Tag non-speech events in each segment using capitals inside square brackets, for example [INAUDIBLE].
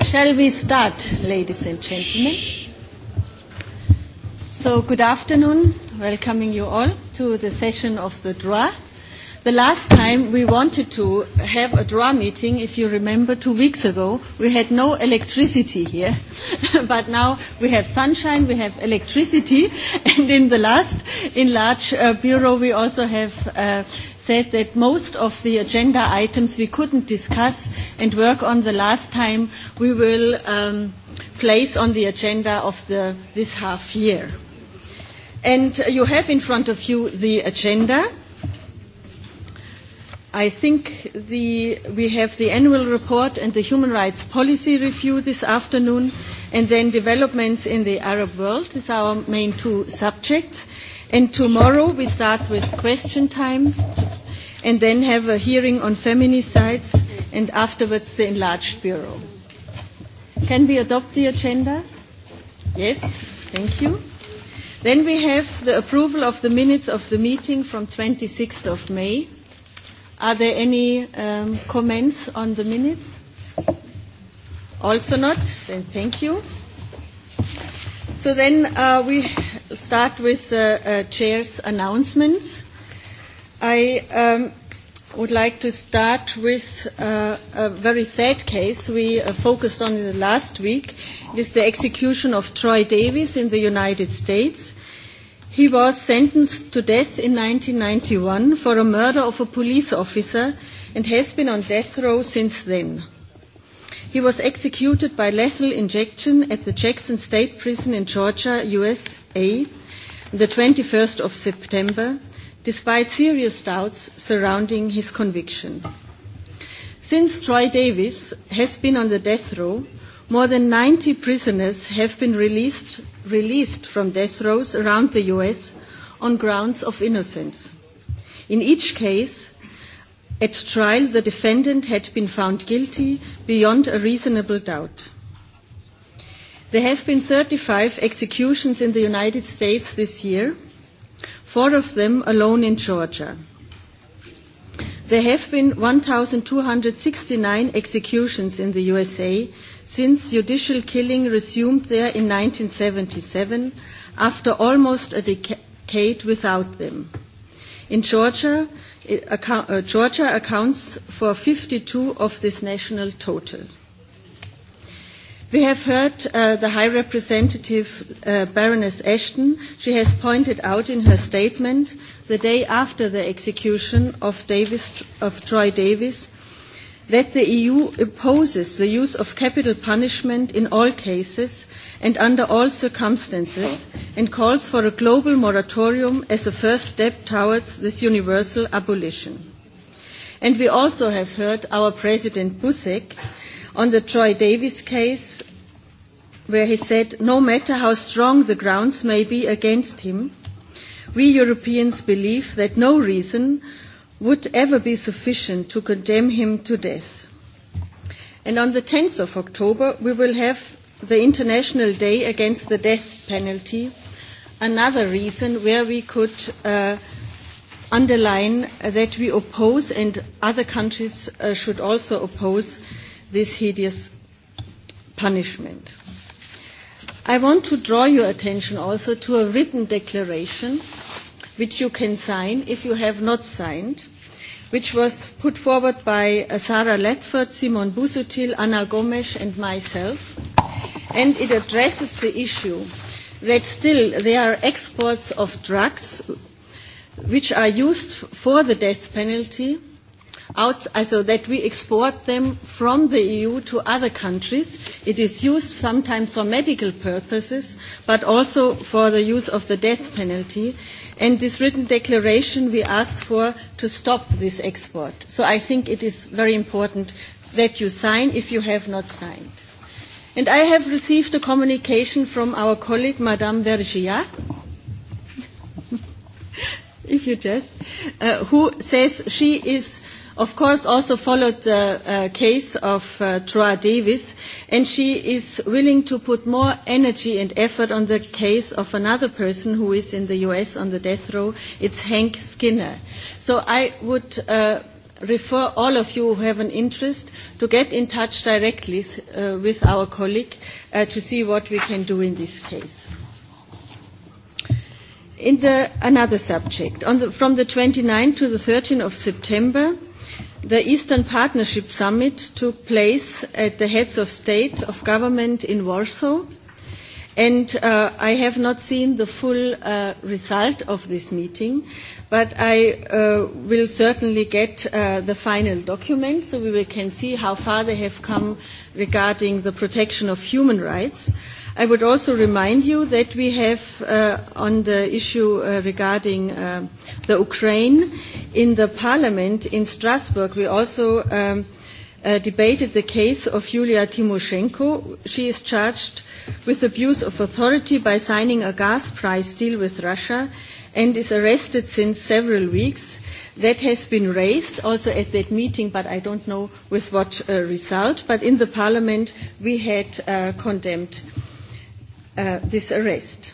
Shall we start, ladies and gentlemen? So, good afternoon. Welcoming you all to the session of the DRA. The last time we wanted to have a DRA meeting, if you remember, two weeks ago, we had no electricity here. [LAUGHS] but now we have sunshine, we have electricity, [LAUGHS] and in the last enlarged uh, bureau we also have uh, said that most of the agenda items we couldn't discuss and work on the last time we will um, place on the agenda of the, this half year. And you have in front of you the agenda. I think the, we have the annual report and the human rights policy review this afternoon, and then developments in the Arab world is our main two subjects. And tomorrow we start with question time and then have a hearing on feminicides and afterwards the enlarged bureau. Can we adopt the agenda? Yes, thank you. Then we have the approval of the minutes of the meeting from 26th of May. Are there any um, comments on the minutes? Also not, then thank you. So then uh, we start with the uh, chair's announcements. I um, would like to start with uh, a very sad case we uh, focused on in the last week. It is the execution of Troy Davis in the United States. He was sentenced to death in 1991 for a murder of a police officer and has been on death row since then. He was executed by lethal injection at the Jackson State Prison in Georgia, USA, the 21st of September, despite serious doubts surrounding his conviction. Since Troy Davis has been on the death row, more than 90 prisoners have been released, released from death rows around the US on grounds of innocence. In each case, At trial, the defendant had been found guilty beyond a reasonable doubt. There have been 35 executions in the United States this year, four of them alone in Georgia. There have been 1,269 executions in the USA since judicial killing resumed there in 1977 after almost a decade without them. In Georgia, Uh, Georgia accounts for 52 of this national total. We have heard uh, the High Representative uh, Baroness Ashton. She has pointed out in her statement the day after the execution of, Davis, of Troy Davis that the EU opposes the use of capital punishment in all cases and under all circumstances and calls for a global moratorium as a first step towards this universal abolition. And we also have heard our President Buzek on the Troy Davis case where he said, no matter how strong the grounds may be against him, we Europeans believe that no reason would ever be sufficient to condemn him to death. And on the 10th of October, we will have the International Day Against the Death Penalty, another reason where we could uh, underline that we oppose and other countries uh, should also oppose this hideous punishment. I want to draw your attention also to a written declaration which you can sign if you have not signed, which was put forward by uh, Sarah Ledford, Simon Busutil, Anna Gomes and myself and it addresses the issue that still there are exports of drugs which are used for the death penalty, out, so that we export them from the EU to other countries. It is used sometimes for medical purposes, but also for the use of the death penalty. And this written declaration we asked for to stop this export. So I think it is very important that you sign if you have not signed. And I have received a communication from our colleague, Madame Vergia, [LAUGHS] if you just, uh, who says she is, of course, also followed the uh, case of uh, Troy Davis, and she is willing to put more energy and effort on the case of another person who is in the U.S. on the death row. It's Hank Skinner. So I would. Uh, refer all of you who have an interest to get in touch directly uh, with our colleague uh, to see what we can do in this case. In the, another subject, on the, from the 29th to the 13th of September, the Eastern Partnership Summit took place at the heads of state of government in Warsaw. And uh, I have not seen the full uh, result of this meeting, but I uh, will certainly get uh, the final document so we can see how far they have come regarding the protection of human rights. I would also remind you that we have uh, on the issue uh, regarding uh, the Ukraine in the parliament in Strasbourg, we also um, uh, debated the case of Yulia Tymoshenko. She is charged with abuse of authority by signing a gas price deal with Russia and is arrested since several weeks. That has been raised also at that meeting, but I don't know with what uh, result. But in the parliament, we had uh, condemned uh, this arrest.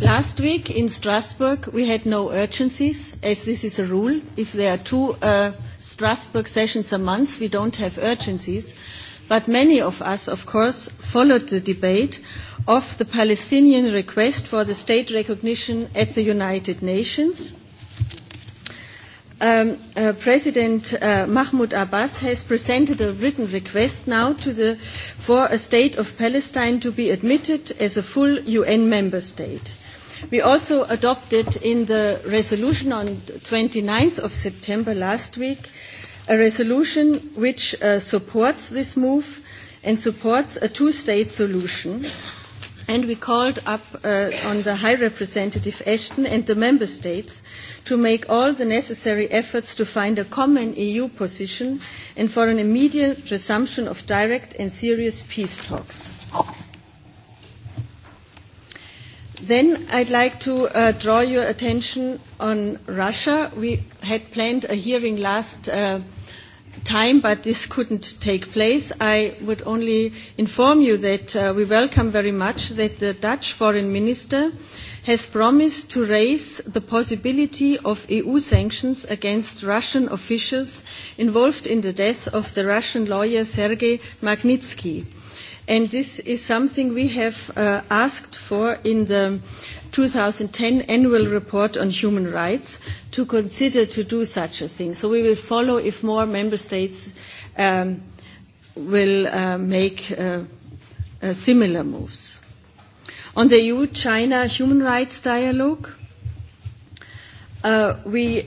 Last week in Strasbourg, we had no urgencies, as this is a rule. If there are two uh, Strasbourg sessions a month. We don't have urgencies. But many of us, of course, followed the debate of the Palestinian request for the state recognition at the United Nations. Um, uh, President uh, Mahmoud Abbas has presented a written request now the, for a state of Palestine to be admitted as a full UN member state. We also adopted in the resolution on 29th of September last week a resolution which uh, supports this move and supports a two-state solution. And we called up uh, on the High Representative Ashton and the Member States to make all the necessary efforts to find a common EU position and for an immediate resumption of direct and serious peace talks. Then I'd like to uh, draw your attention on Russia. We had planned a hearing last uh, time, but this couldn't take place. I would only inform you that uh, we welcome very much that the Dutch foreign minister has promised to raise the possibility of EU sanctions against Russian officials involved in the death of the Russian lawyer Sergei Magnitsky and this is something we have uh, asked for in the 2010 annual report on human rights to consider to do such a thing. So we will follow if more member states um, will uh, make uh, uh, similar moves. On the EU-China human rights dialogue, uh, we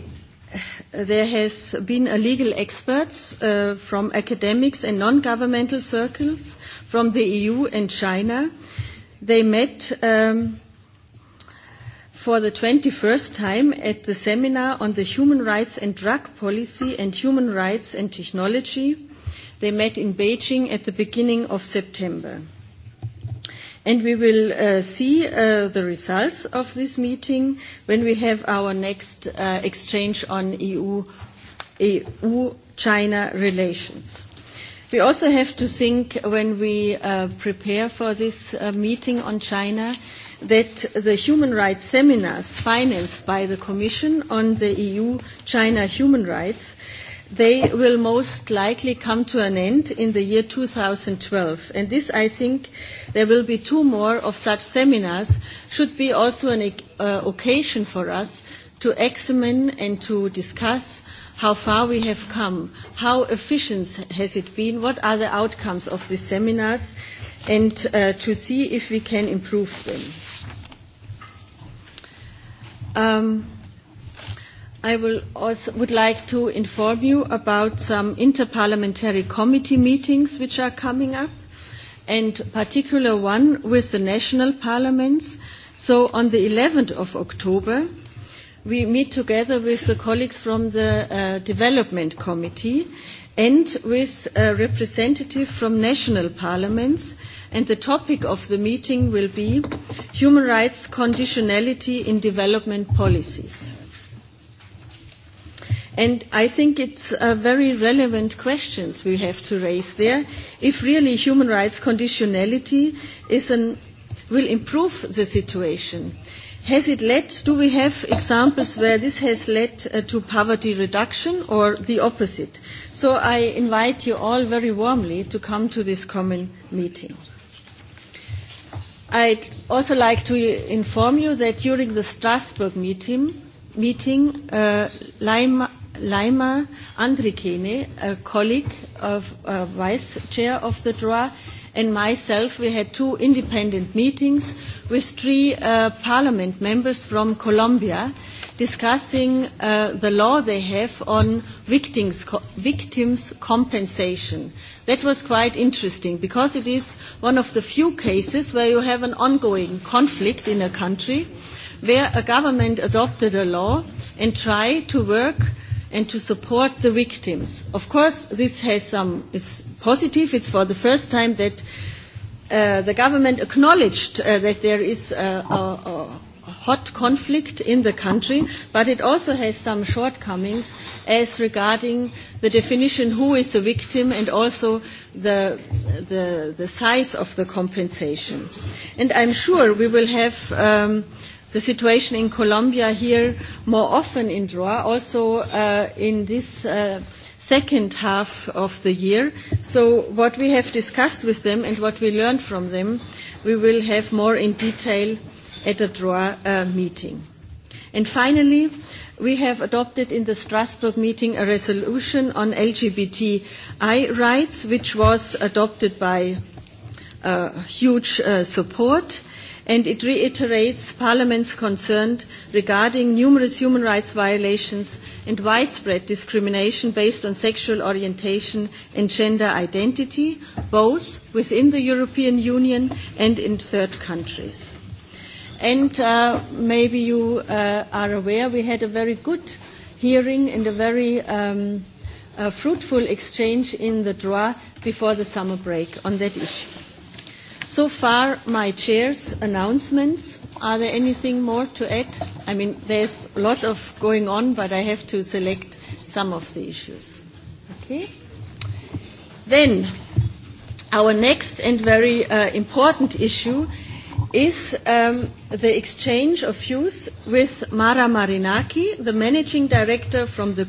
there has been a legal experts uh, from academics and non-governmental circles from the EU and China. They met um, for the 21st time at the seminar on the human rights and drug policy and human rights and technology. They met in Beijing at the beginning of September. And we will uh, see uh, the results of this meeting when we have our next uh, exchange on EU, EU China relations. We also have to think when we uh, prepare for this uh, meeting on China that the human rights seminars financed by the Commission on the EU China human rights uh, they will most likely come to an end in the year 2012. And this, I think, there will be two more of such seminars, should be also an uh, occasion for us to examine and to discuss how far we have come, how efficient has it been, what are the outcomes of the seminars, and uh, to see if we can improve them. Um, i will also would like to inform you about some interparliamentary committee meetings which are coming up, and particular one with the national parliaments. So on the 11th of October, we meet together with the colleagues from the uh, Development Committee and with a representative from national parliaments. And the topic of the meeting will be human rights conditionality in development policies. And I think it's a very relevant questions we have to raise there. If really human rights conditionality is an, will improve the situation, has it led, do we have examples where this has led uh, to poverty reduction or the opposite? So I invite you all very warmly to come to this common meeting. I'd also like to inform you that during the Strasbourg meeting, meeting uh, Laima Andrikene, a colleague of uh, vice chair of the DROA, and myself, we had two independent meetings with three uh, parliament members from Colombia discussing uh, the law they have on victims, co- victims compensation. That was quite interesting because it is one of the few cases where you have an ongoing conflict in a country where a government adopted a law and tried to work and to support the victims. Of course, this has some is positive. It's for the first time that uh, the government acknowledged uh, that there is a, a, a hot conflict in the country, but it also has some shortcomings as regarding the definition who is a victim and also the, the, the size of the compensation. And I'm sure we will have. Um, the situation in Colombia here more often in Droit, also uh, in this uh, second half of the year. So what we have discussed with them and what we learned from them, we will have more in detail at the Droit uh, meeting. And finally, we have adopted in the Strasbourg meeting a resolution on LGBTI rights, which was adopted by uh, huge uh, support and it reiterates Parliament's concern regarding numerous human rights violations and widespread discrimination based on sexual orientation and gender identity, both within the European Union and in third countries. And uh, maybe you uh, are aware we had a very good hearing and a very um, fruitful exchange in the DROA before the summer break on that issue. So far, my chair's announcements. Are there anything more to add? I mean, there's a lot of going on, but I have to select some of the issues. Okay? Then, our next and very uh, important issue is um, the exchange of views with Mara Marinaki, the managing director from the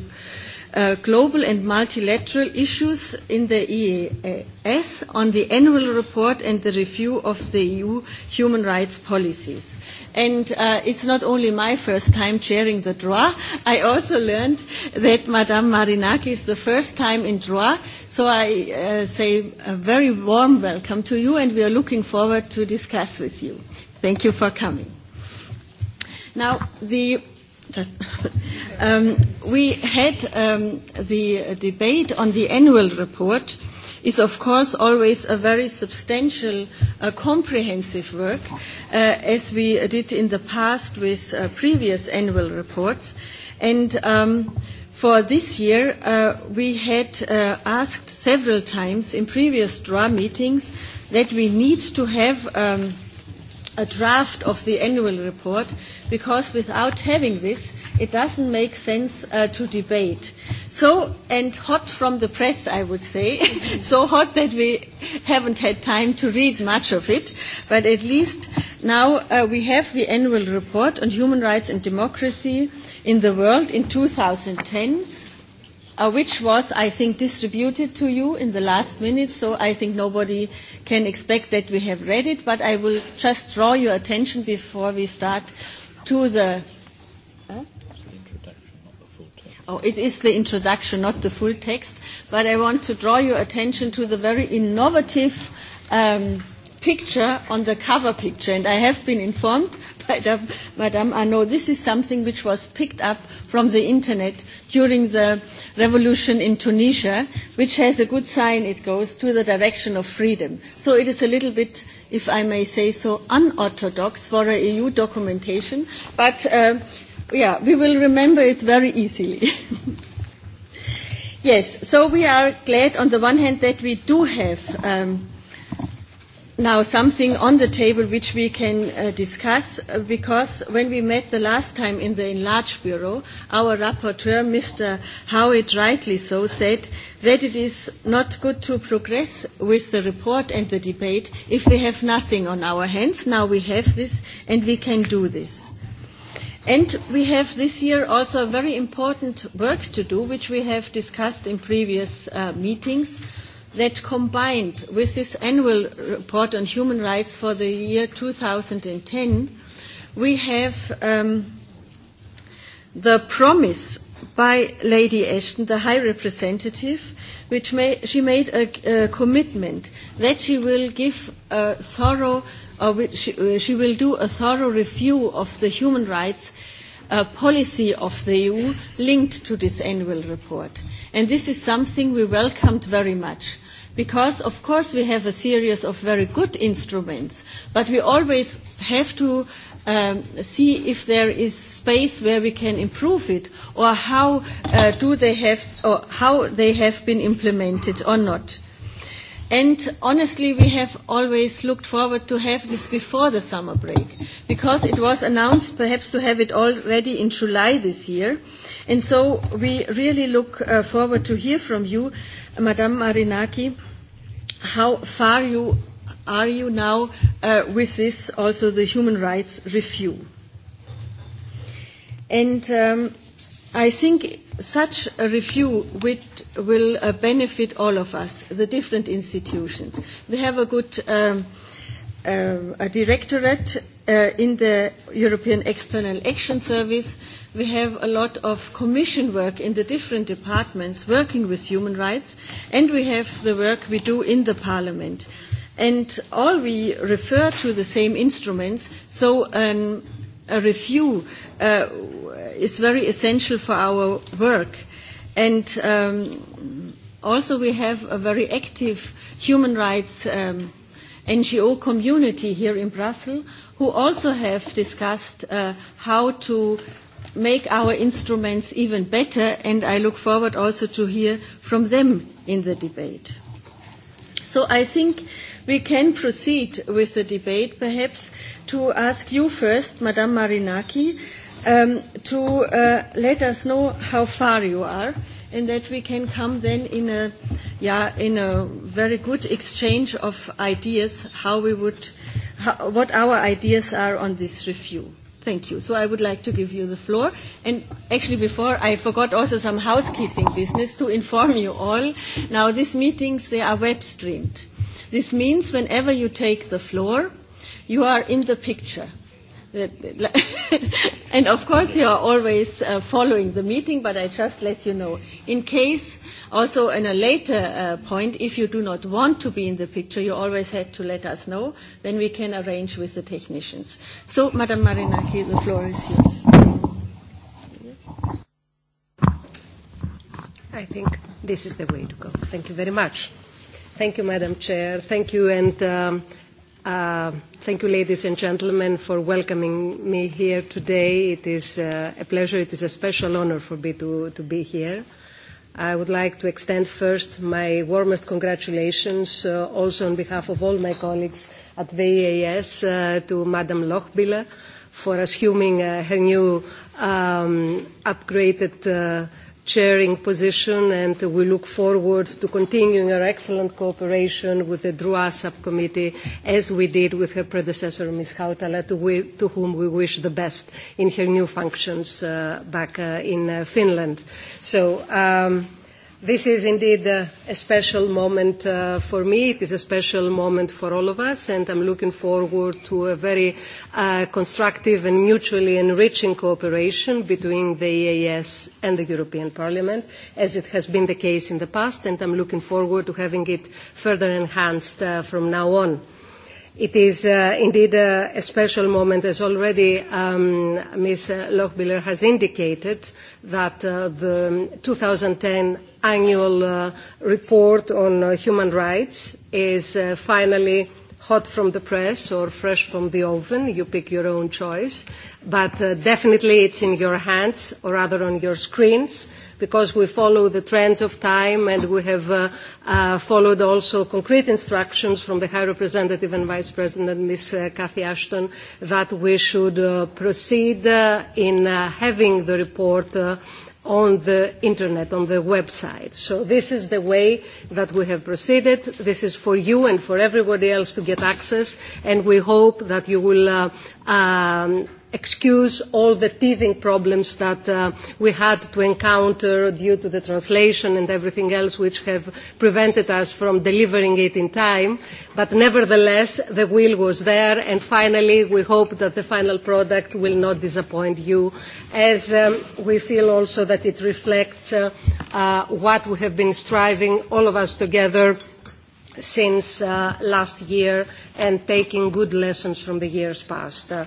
Uh, global and multilateral issues in the EAS on the annual report and the review of the EU human rights policies. And uh, it's not only my first time chairing the DROA, I also learned that Madame Marinaki is the first time in DROA, so I uh, say a very warm welcome to you and we are looking forward to discuss with you. Thank you for coming. Now, the just um, we had um, the debate on the annual report is of course always a very substantial, uh, comprehensive work, uh, as we did in the past with uh, previous annual reports. And um, for this year, uh, we had uh, asked several times in previous draw meetings that we need to have um, – a draft of the annual report because without having this, it doesn't make sense uh, to debate. So, and hot from the press, I would say, [LAUGHS] so hot that we haven't had time to read much of it, but at least now uh, we have the annual report on human rights and democracy in the world in 2010 uh, which was, I think, distributed to you in the last minute, so I think nobody can expect that we have read it, but I will just draw your attention before we start to the... Oh, it is the introduction, not the full text, but I want to draw your attention to the very innovative um, picture on the cover picture. And I have been informed side of Madame Arnaud, this is something which was picked up from the internet during the revolution in Tunisia, which has a good sign it goes to the direction of freedom. So it is a little bit, if I may say so, unorthodox for an EU documentation, but uh, yeah, we will remember it very easily. [LAUGHS] yes, so we are glad on the one hand that we do have. Um, now something on the table which we can uh, discuss uh, because when we met the last time in the enlarged bureau, our rapporteur, Mr. Howitt, rightly so said that it is not good to progress with the report and the debate if we have nothing on our hands. Now we have this and we can do this. And we have this year also very important work to do, which we have discussed in previous uh, meetings that combined with this annual report on human rights for the year 2010, we have um, the promise by Lady Ashton, the High Representative, which may, she made a, a commitment that she will give a thorough, or she, uh, she will do a thorough review of the human rights uh, policy of the EU linked to this annual report. And this is something we welcomed very much because of course we have a series of very good instruments, but we always have to um, see if there is space where we can improve it or how uh, do they have or how they have been implemented or not. And honestly, we have always looked forward to have this before the summer break, because it was announced perhaps to have it already in July this year. And so we really look uh, forward to hear from you, Madame Marinaki, how far you are you now uh, with this, also the human rights review. And um, I think such a review which will uh, benefit all of us, the different institutions. We have a good um, uh, a directorate uh, in the European External Action Service. We have a lot of commission work in the different departments working with human rights, and we have the work we do in the Parliament. And all we refer to the same instruments, so um, a review uh, is very essential for our work. And um, also we have a very active human rights um, NGO community here in Brussels who also have discussed uh, how to make our instruments even better and I look forward also to hear from them in the debate. So I think we can proceed with the debate perhaps to ask you first, Madame Marinaki, um, to uh, let us know how far you are and that we can come then in a, yeah, in a very good exchange of ideas how we would, how, what our ideas are on this review. Thank you. So I would like to give you the floor. And actually, before I forgot also some housekeeping business to [LAUGHS] inform you all. Now, these meetings, they are web streamed. This means whenever you take the floor, you are in the picture. [LAUGHS] and of course you are always uh, following the meeting, but I just let you know. In case, also in a later uh, point, if you do not want to be in the picture, you always had to let us know, then we can arrange with the technicians. So, Madam Marinaki, the floor is yours. I think this is the way to go. Thank you very much. Thank you, Madam Chair. Thank you, and um, uh, Thank you, ladies and gentlemen, for welcoming me here today. It is uh, a pleasure. It is a special honor for me to, to be here. I would like to extend first my warmest congratulations uh, also on behalf of all my colleagues at the EAS uh, to Madam Lochbihler for assuming uh, her new um, upgraded uh, chairing position, and we look forward to continuing our excellent cooperation with the DRUA subcommittee, as we did with her predecessor, Ms. Hautala, to, we, to whom we wish the best in her new functions uh, back uh, in uh, Finland. So. Um, This is indeed a, a special moment uh, for me. It is a special moment for all of us, and I'm looking forward to a very uh, constructive and mutually enriching cooperation between the EAS and the European Parliament, as it has been the case in the past, and I'm looking forward to having it further enhanced uh, from now on. It is uh, indeed uh, a special moment, as already um, Ms. Lochbihler has indicated, that uh, the 2010 annual uh, report on uh, human rights is uh, finally hot from the press or fresh from the oven. You pick your own choice. But uh, definitely it's in your hands, or rather on your screens, because we follow the trends of time and we have uh, uh, followed also concrete instructions from the High Representative and Vice President, Ms. Uh, Cathy Ashton, that we should uh, proceed uh, in having the report on the internet, on the website. So this is the way that we have proceeded. This is for you and for everybody else to get access, and we hope that you will uh, um, excuse all the teething problems that uh, we had to encounter due to the translation and everything else which have prevented us from delivering it in time. But nevertheless, the will was there and finally we hope that the final product will not disappoint you as um, we feel also that it reflects uh, uh, what we have been striving, all of us together, since uh, last year and taking good lessons from the years past. Uh,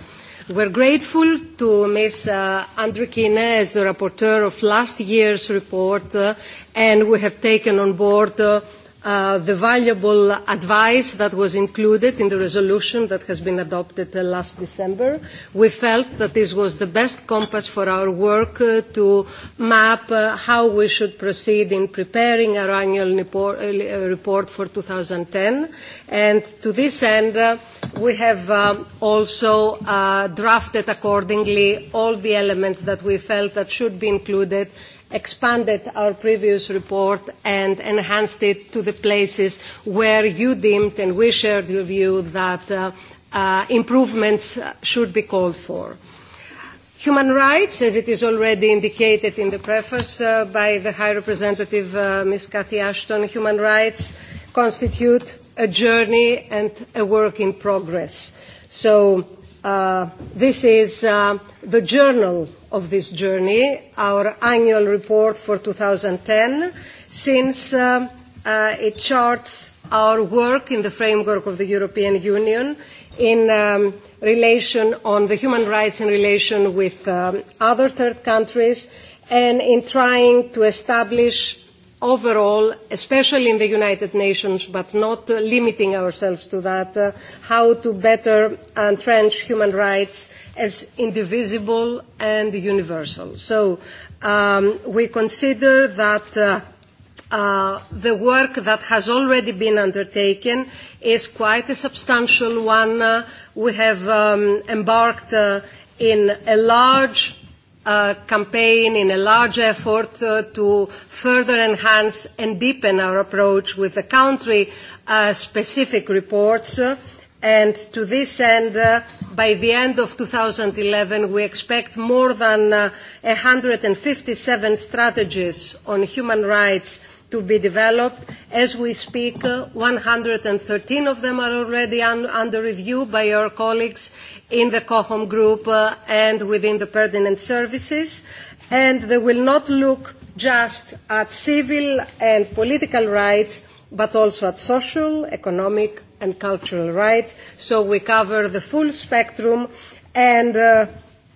We are grateful to Ms. Uh, Andrikine as the rapporteur of last year's report, uh, and we have taken on board uh, Uh, the valuable advice that was included in the resolution that has been adopted uh, last December. We felt that this was the best compass for our work uh, to map uh, how we should proceed in preparing our annual report, report for ten And to this end, we have um, also drafted accordingly all the elements that we felt that should be included expanded our previous report and enhanced it to the places where you deemed and we shared your view that uh, uh, improvements should be called for. Human rights, as it is already indicated in the preface uh, by the High Representative uh, Ms. Cathy Ashton, human rights constitute a journey and a work in progress. So Uh, this is uh, the journal of this journey, our annual report for 2010, since uh, uh, it charts our work in the framework of the European Union in um, relation on the human rights in relation with um, other third countries and in trying to establish overall, especially in the United Nations, but not limiting ourselves to that, uh, how to better entrench human rights as indivisible and universal. So um, we consider that uh, Uh, the work that has already been undertaken is quite a substantial one. Uh, we have um, embarked uh, in a large a campaign in a large effort uh, to further enhance and deepen our approach with the country uh, specific reports uh, and to this end uh, by the end of 2011 we expect more than uh, 157 strategies on human rights to be developed. As we speak, 113 of them are already un under review by our colleagues in the COHOM group uh, and within the pertinent services. And they will not look just at civil and political rights, but also at social, economic, and cultural rights. So we cover the full spectrum and uh,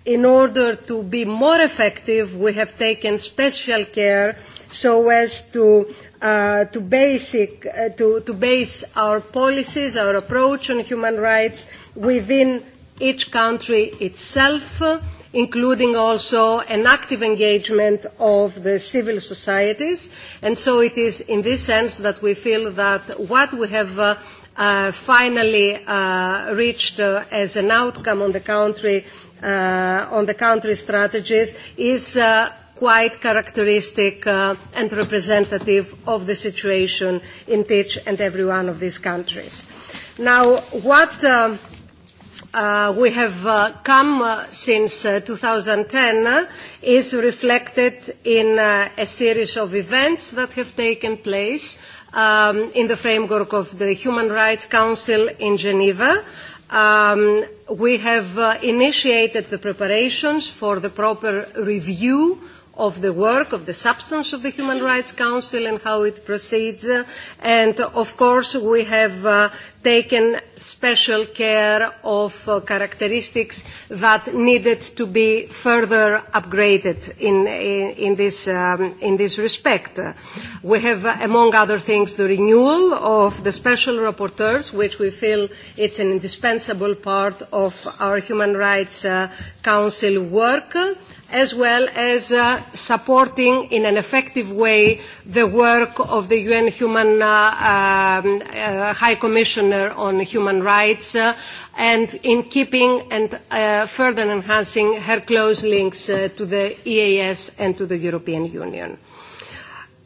in order to be more effective, we have taken special care so as to Uh, to, basic, uh, to, to, base our policies, our approach on human rights within each country itself, including also an active engagement of the civil societies. And so it is in this sense that we feel that what we have uh, uh, finally uh, reached uh, as an outcome on the country uh, on the country strategies is uh, quite characteristic uh, and representative of the situation in each and every one of these countries. Now, what uh, uh, we have uh, come uh, since uh, 2010 uh, is reflected in uh, a series of events that have taken place um, in the framework of the Human Rights Council in Geneva. Um, we have uh, initiated the preparations for the proper review of the work, of the substance of the Human Rights Council and how it proceeds. And of course, we have uh, taken special care of uh, characteristics that needed to be further upgraded in, in, in, this, um, in this respect. We have, uh, among other things, the renewal of the special rapporteurs, which we feel it's an indispensable part of our human rights uh, council work as well as uh, supporting in an effective way the work of the UN Human uh, um, uh, High Commissioner Commissioner on Human Rights, uh, and in keeping and uh, further enhancing her close links uh, to the EAS and to the European Union.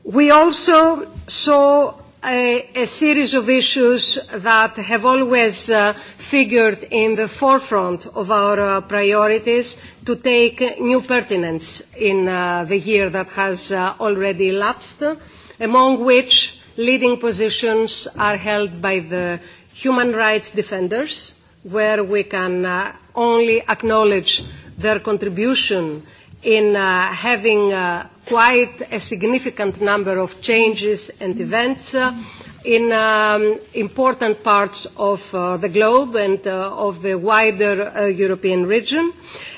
We also saw a, a series of issues that have always uh, figured in the forefront of our uh, priorities to take new pertinence in uh, the year that has uh, already elapsed, among which leading positions are held by the human rights defenders, where we can uh, only acknowledge their contribution in uh, having uh, quite a significant number of changes and events uh, in um, important parts of uh, the globe and uh, of the wider uh, European region,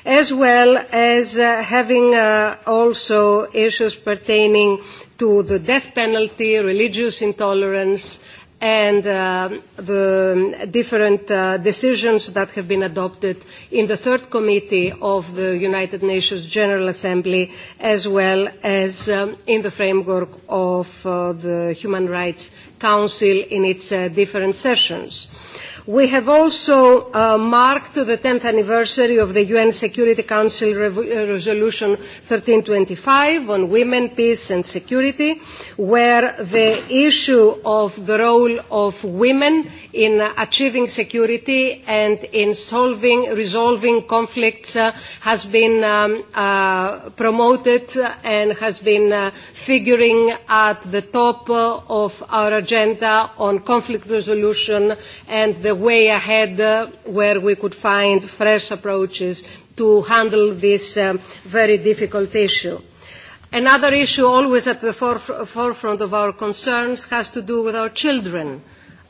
as well as uh, having uh, also issues pertaining to the death penalty, religious intolerance, and uh, the different uh, decisions that have been adopted in the third committee of the United Nations General Assembly, as well as um, in the framework of uh, the Human Rights Council in its uh, different sessions. We have also uh, marked the 10th anniversary of the UN Security Council Rev uh, Resolution 1325 on women, peace and security, where the issue of the role of women in achieving security and in solving, resolving conflicts uh, has been um, uh, promoted and has been uh, figuring at the top uh, of our agenda on conflict resolution and the way ahead uh, where we could find fresh approaches to handle this um, very difficult issue. Another issue always at the foref forefront of our concerns has to do with our children.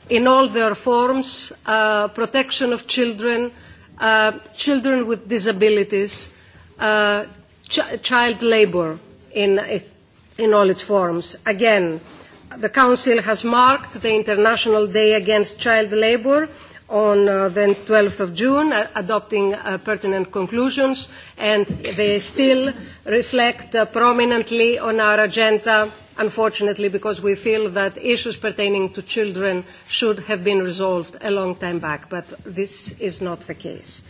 In all their forms, uh, protection of children, uh, children with disabilities, uh, ch child labour in, in all its forms. Again, the Council has marked the International Day Against Child Labour on uh, the 12th of June, uh, adopting uh, pertinent conclusions, and they still reflect uh, prominently on our agenda, unfortunately, because we feel that issues pertaining to children should have been resolved a long time back, but this is not the case.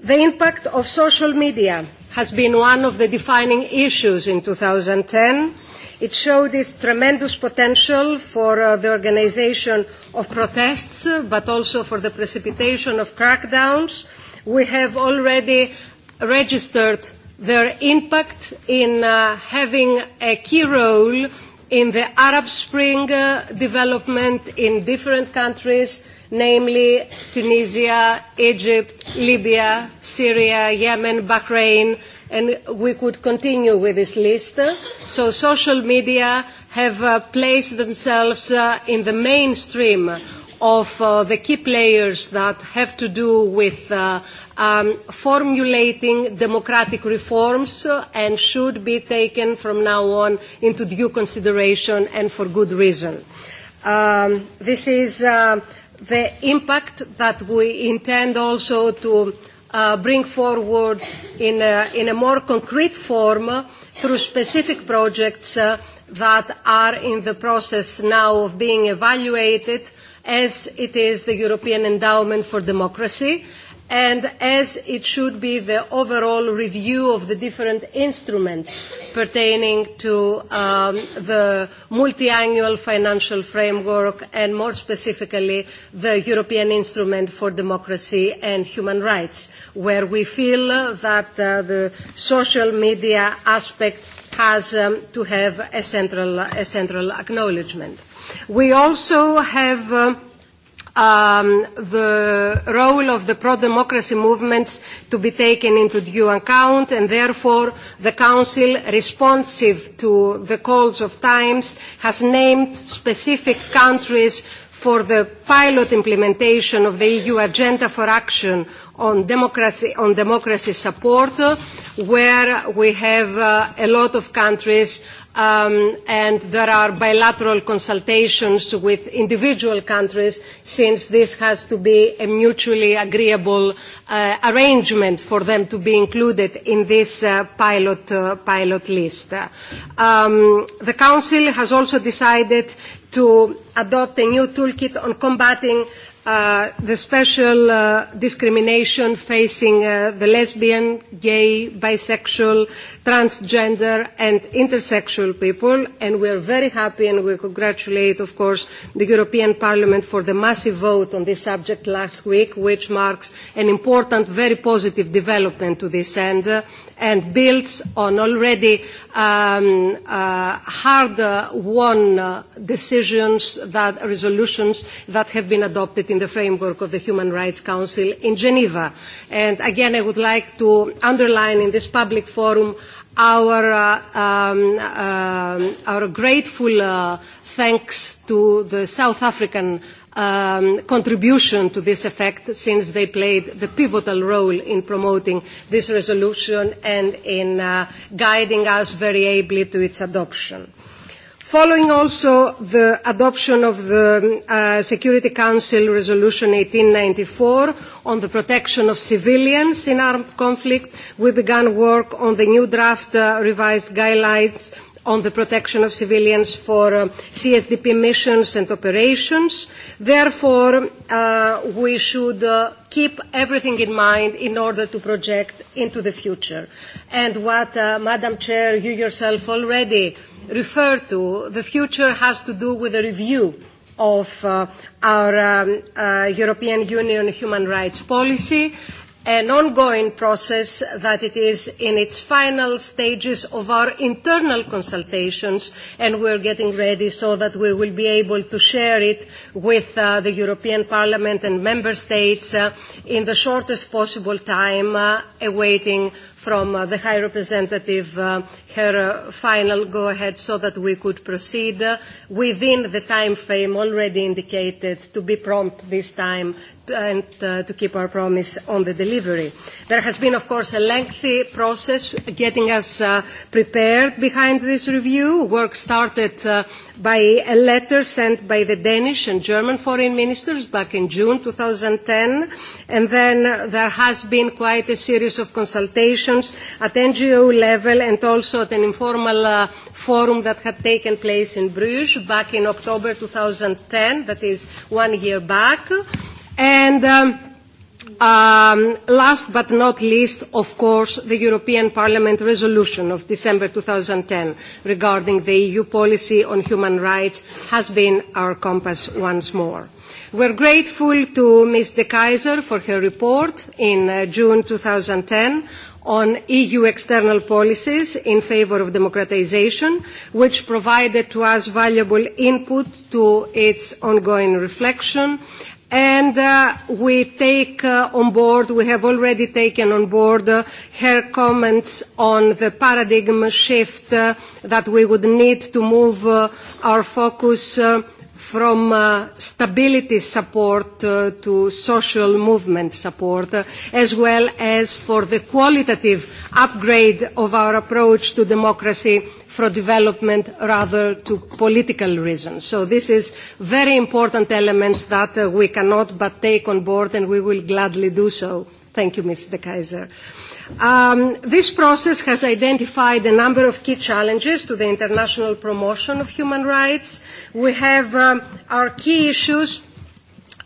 The impact of social media has been one of the defining issues in 2010, It showed its tremendous potential for uh, the organisation of protests, but also for the precipitation of crackdowns. We have already registered their impact in uh, having a key role in the Arab Spring uh, development in different countries, namely Tunisia, Egypt, Libya, Syria, Yemen, Bahrain, and we could continue with this list. So social media have uh, placed themselves uh, in the mainstream of uh, the key players that have to do with uh, um, formulating democratic reforms uh, and should be taken from now on into due consideration and for good reason. Um, this is uh, the impact that we intend also to Uh, bring forward in a, in a more concrete form through specific projects uh, that are in the process now of being evaluated as it is the European Endowment for Democracy and as it should be the overall review of the different instruments pertaining to um, the multiannual financial framework and more specifically the European Instrument for Democracy and Human Rights, where we feel that uh, the social media aspect has um, to have a central, a central acknowledgement. We also have um, um, the role of the pro-democracy movements to be taken into due account and therefore the Council, responsive to the calls of times, has named specific countries for the pilot implementation of the EU agenda for action on democracy, on democracy support, where we have uh, a lot of countries um, and there are bilateral consultations with individual countries since this has to be a mutually agreeable uh, arrangement for them to be included in this uh, pilot, uh, pilot list. Um, the Council has also decided to adopt a new toolkit on combating Uh, the special uh, discrimination facing uh, the lesbian, gay, bisexual, transgender and intersexual people and we are very happy and we congratulate of course the European Parliament for the massive vote on this subject last week which marks an important very positive development to this end. Uh, and builds on already um, uh, hard-won uh, uh, decisions, that resolutions that have been adopted in the framework of the Human Rights Council in Geneva. And again, I would like to underline in this public forum our, uh, um, uh, our grateful uh, thanks to the South African um, contribution to this effect since they played the pivotal role in promoting this resolution and in uh, guiding us very ably to its adoption. Following also the adoption of the uh, Security Council Resolution ninety four on the protection of civilians in armed conflict, we began work on the new draft uh, revised guidelines on the protection of civilians for uh, CSDP missions and operations. Therefore, uh, we should uh, keep everything in mind in order to project into the future. And what, uh, Madam Chair, you yourself already referred to, the future has to do with a review of uh, our um, uh, European Union human rights policy an ongoing process that it is in its final stages of our internal consultations and we are getting ready so that we will be able to share it with uh, the European Parliament and Member States uh, in the shortest possible time uh, awaiting from uh, the High Representative uh, her uh, final go-ahead so that we could proceed uh, within the time frame already indicated to be prompt this time to, and uh, to keep our promise on the delivery. There has been, of course, a lengthy process getting us uh, prepared behind this review. Work started uh, by a letter sent by the Danish and German foreign ministers back in June 2010. And then there has been quite a series of consultations at NGO level and also at an informal uh, forum that had taken place in Bruges back in October 2010, that is one year back. And... Um, Um, last but not least, of course, the European Parliament resolution of December ten regarding the EU policy on human rights has been our compass once more. We are grateful to Ms. De Keyser for her report in uh, June ten on EU external policies in favour of democratisation, which provided to us valuable input to its ongoing reflection and uh, we take uh, on board, we have already taken on board uh, her comments on the paradigm shift uh, that we would need to move uh, our focus uh, from uh, stability support uh, to social movement support, uh, as well as for the qualitative upgrade of our approach to democracy for development rather to political reasons. So this is very important elements that uh, we cannot but take on board and we will gladly do so. Thank you, Ms. De Keyser. Um, this process has identified a number of key challenges to the international promotion of human rights. We have um, our key issues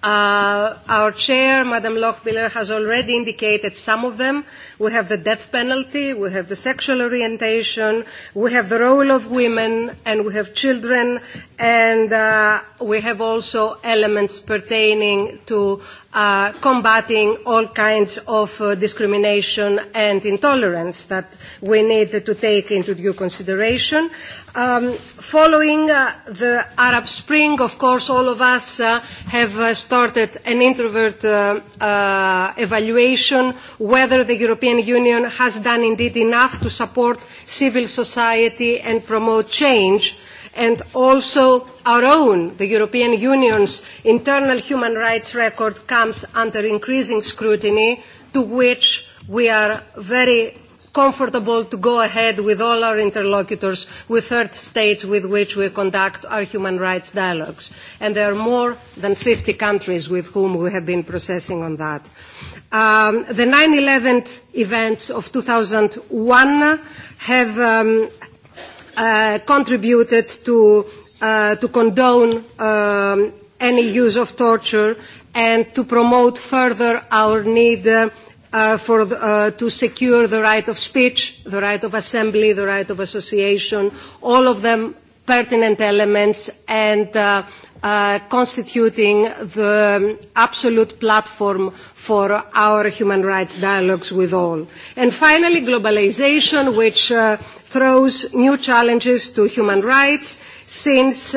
Uh, our chair, Madam Lochbiller, has already indicated some of them. We have the death penalty, we have the sexual orientation, we have the role of women, and we have children, and uh, we have also elements pertaining to uh, combating all kinds of uh, discrimination and intolerance that we need to take into due consideration. Uh, Um, following uh, the Arab Spring, of course, all of us uh, have uh, started an introvert uh, uh, evaluation whether the European Union has done indeed enough to support civil society and promote change and also our own, the European Union's internal human rights record comes under increasing scrutiny to which we are very comfortable to go ahead with all our interlocutors with third states with which we conduct our human rights dialogues. And there are more than 50 countries with whom we have been processing on that. Um, the 9-11 events of 2001 have um, uh, contributed to, uh, to condone um, any use of torture and to promote further our need uh, Uh, for the, uh, to secure the right of speech, the right of assembly, the right of association, all of them pertinent elements and uh, uh constituting the um, absolute platform for our human rights dialogues with all. And finally, globalisation, which uh, throws new challenges to human rights since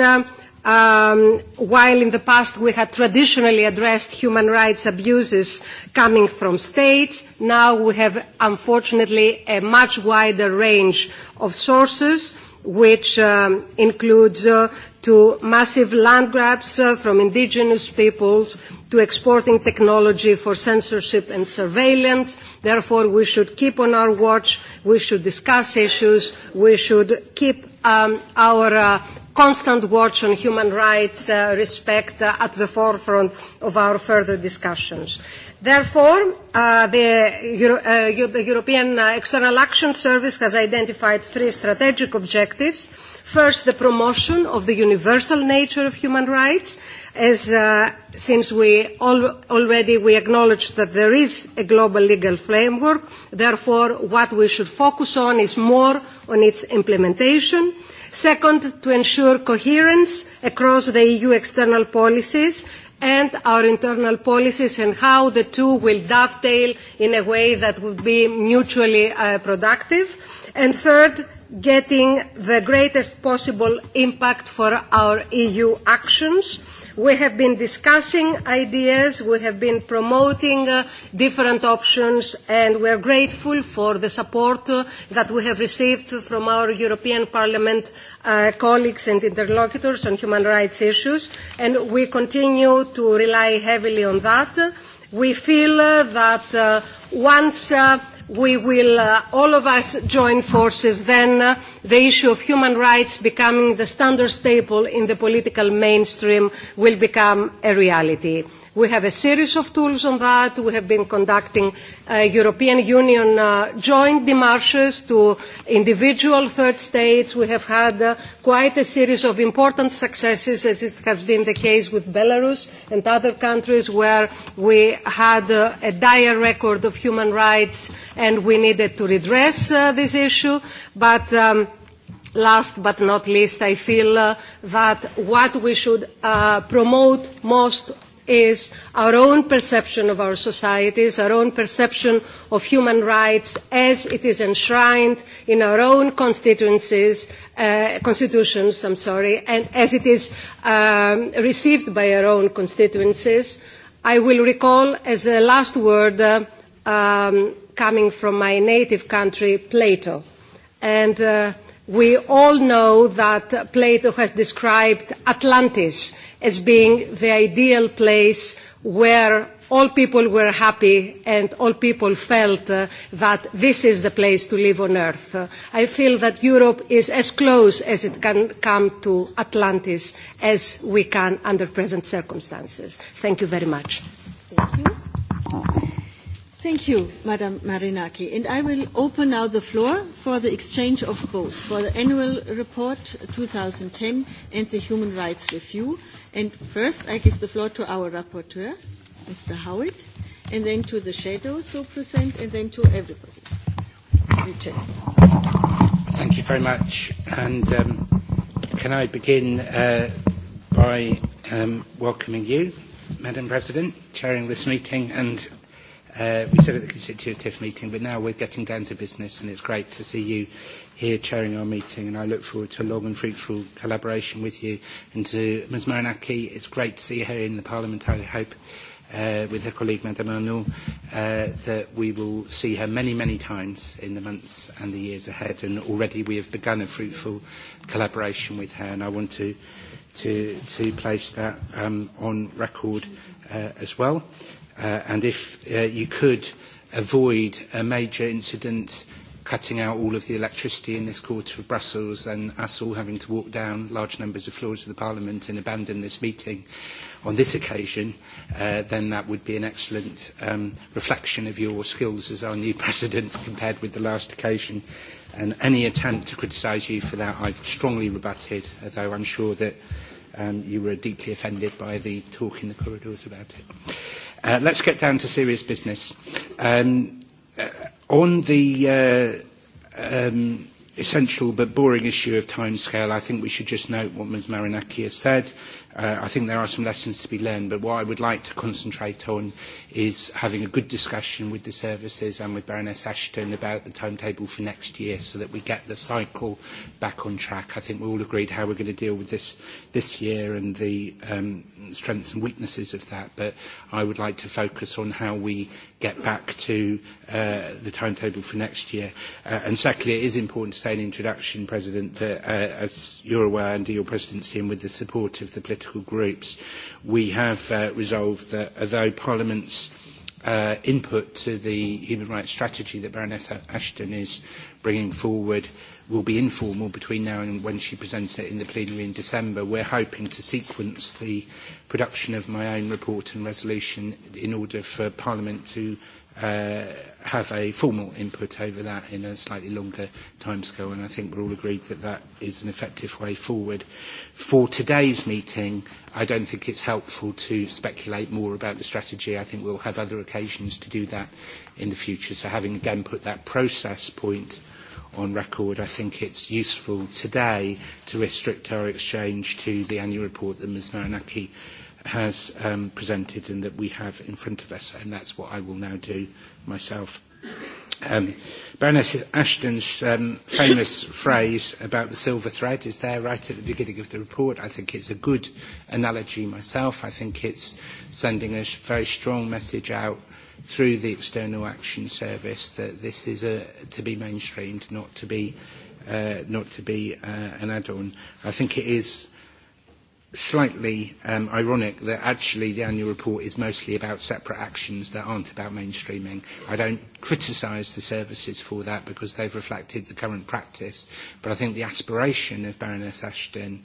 Um, while in the past we had traditionally addressed human rights abuses coming from states, now we have unfortunately a much wider range of sources which um, includes uh, to massive land grabs uh, from indigenous peoples to exporting technology for censorship and surveillance. Therefore, we should keep on our watch, we should discuss issues, we should keep um, our uh, constant watch on human rights uh, respect uh, at the forefront of our further discussions. Therefore, uh, the, Euro uh, the European uh, External Action Service has identified three strategic objectives. First, the promotion of the universal nature of human rights, as uh, since we al already we acknowledge that there is a global legal framework, therefore what we should focus on is more on its implementation. Second, to ensure coherence across the EU external policies and our internal policies and how the two will dovetail in a way that will be mutually uh, productive. And third, getting the greatest possible impact for our EU actions We have been discussing ideas, we have been promoting uh, different options, and we are grateful for the support uh, that we have received from our European Parliament uh, colleagues and interlocutors on human rights issues, and we continue to rely heavily on that. We feel uh, that uh, once uh, we will uh, all of us join forces, then uh, the issue of human rights becoming the standard staple in the political mainstream will become a reality. We have a series of tools on that. We have been conducting uh, European Union uh, joint demarches to individual third states. We have had uh, quite a series of important successes, as it has been the case with Belarus and other countries where we had uh, a dire record of human rights and we needed to redress uh, this issue. But um, last but not least, I feel uh, that what we should uh, promote most is our own perception of our societies, our own perception of human rights as it is enshrined in our own constituencies, uh, constitutions, I'm sorry, and as it is um, received by our own constituencies. I will recall as a last word uh, um, coming from my native country, Plato. And uh, we all know that Plato has described Atlantis as being the ideal place where all people were happy and all people felt uh, that this is the place to live on earth. Uh, I feel that Europe is as close as it can come to Atlantis as we can under present circumstances. Thank you very much. Thank you, Madam Marinaki. I will open now the floor for the exchange of votes for the annual report 2010 and the human rights review. first, I give the floor to our rapporteur, Mr. Howitt, and then to the shadows who present, and then to everybody. Richard. Thank you very much. Um, can I begin uh, by um, welcoming you, Madam President, chairing this meeting, and Uh, we said at the constitutive meeting, but now we're getting down to business, and it's great to see you here chairing our meeting, and I look forward to a long and fruitful collaboration with you. And to Ms Maranaki, it's great to see her in the Parliament. I hope uh, with her colleague Madame Arnault uh, that we will see her many, many times in the months and the years ahead. And already we have begun a fruitful collaboration with her, and I want to, to, to place that um, on record uh, as well. Uh, Uh, and if uh, you could avoid a major incident cutting out all of the electricity in this quarter of Brussels and us all having to walk down large numbers of floors of the Parliament and abandon this meeting on this occasion, uh, then that would be an excellent um, reflection of your skills as our new [LAUGHS] President compared with the last occasion. And any attempt to criticise you for that, I've strongly rebutted, although I'm sure that um, you were deeply offended by the talk in the corridors about it. Let uh, let's get down to serious business. Um, uh, on the uh, um, essential but boring issue of timescale, I think we should just note what Ms. Marinaki has said. Uh, I think there are some lessons to be learned, but what I would like to concentrate on is having a good discussion with the services and with Baroness Ashton about the timetable for next year so that we get the cycle back on track. I think we all agreed how we're going to deal with this this year and the um, strengths and weaknesses of that, but I would like to focus on how we get back to uh, the timetable for next year. Uh, and secondly, it is important to say in introduction, President, that uh, as you're aware, under your presidency and with the support of the political groups, we have resolved that although Parliament's input to the human rights strategy that Baroness Ashton is bringing forward will be informal between now and when she presents it in the plenary in December. We're hoping to sequence the production of my own report and resolution in order for Parliament to uh, have a formal input over that in a slightly longer timescale, and I think we're all agreed that that is an effective way forward. For today's meeting, I don't think it's helpful to speculate more about the strategy. I think we'll have other occasions to do that in the future. So having again put that process point on record, I think it's useful today to restrict our exchange to the annual report that Ms. Maranaki has um, presented and that we have in front of us, and that's what I will now do myself. Um, Baroness Ashton's um, famous [LAUGHS] phrase about the silver thread is there right at the beginning of the report. I think it's a good analogy myself. I think it's sending a very strong message out through the External Action Service that this is a, to be mainstreamed, not to be, uh, not to be uh, an add-on. I think it is slightly um, ironic that actually the annual report is mostly about separate actions that aren't about mainstreaming. I don't criticise the services for that because they've reflected the current practice, but I think the aspiration of Baroness Ashton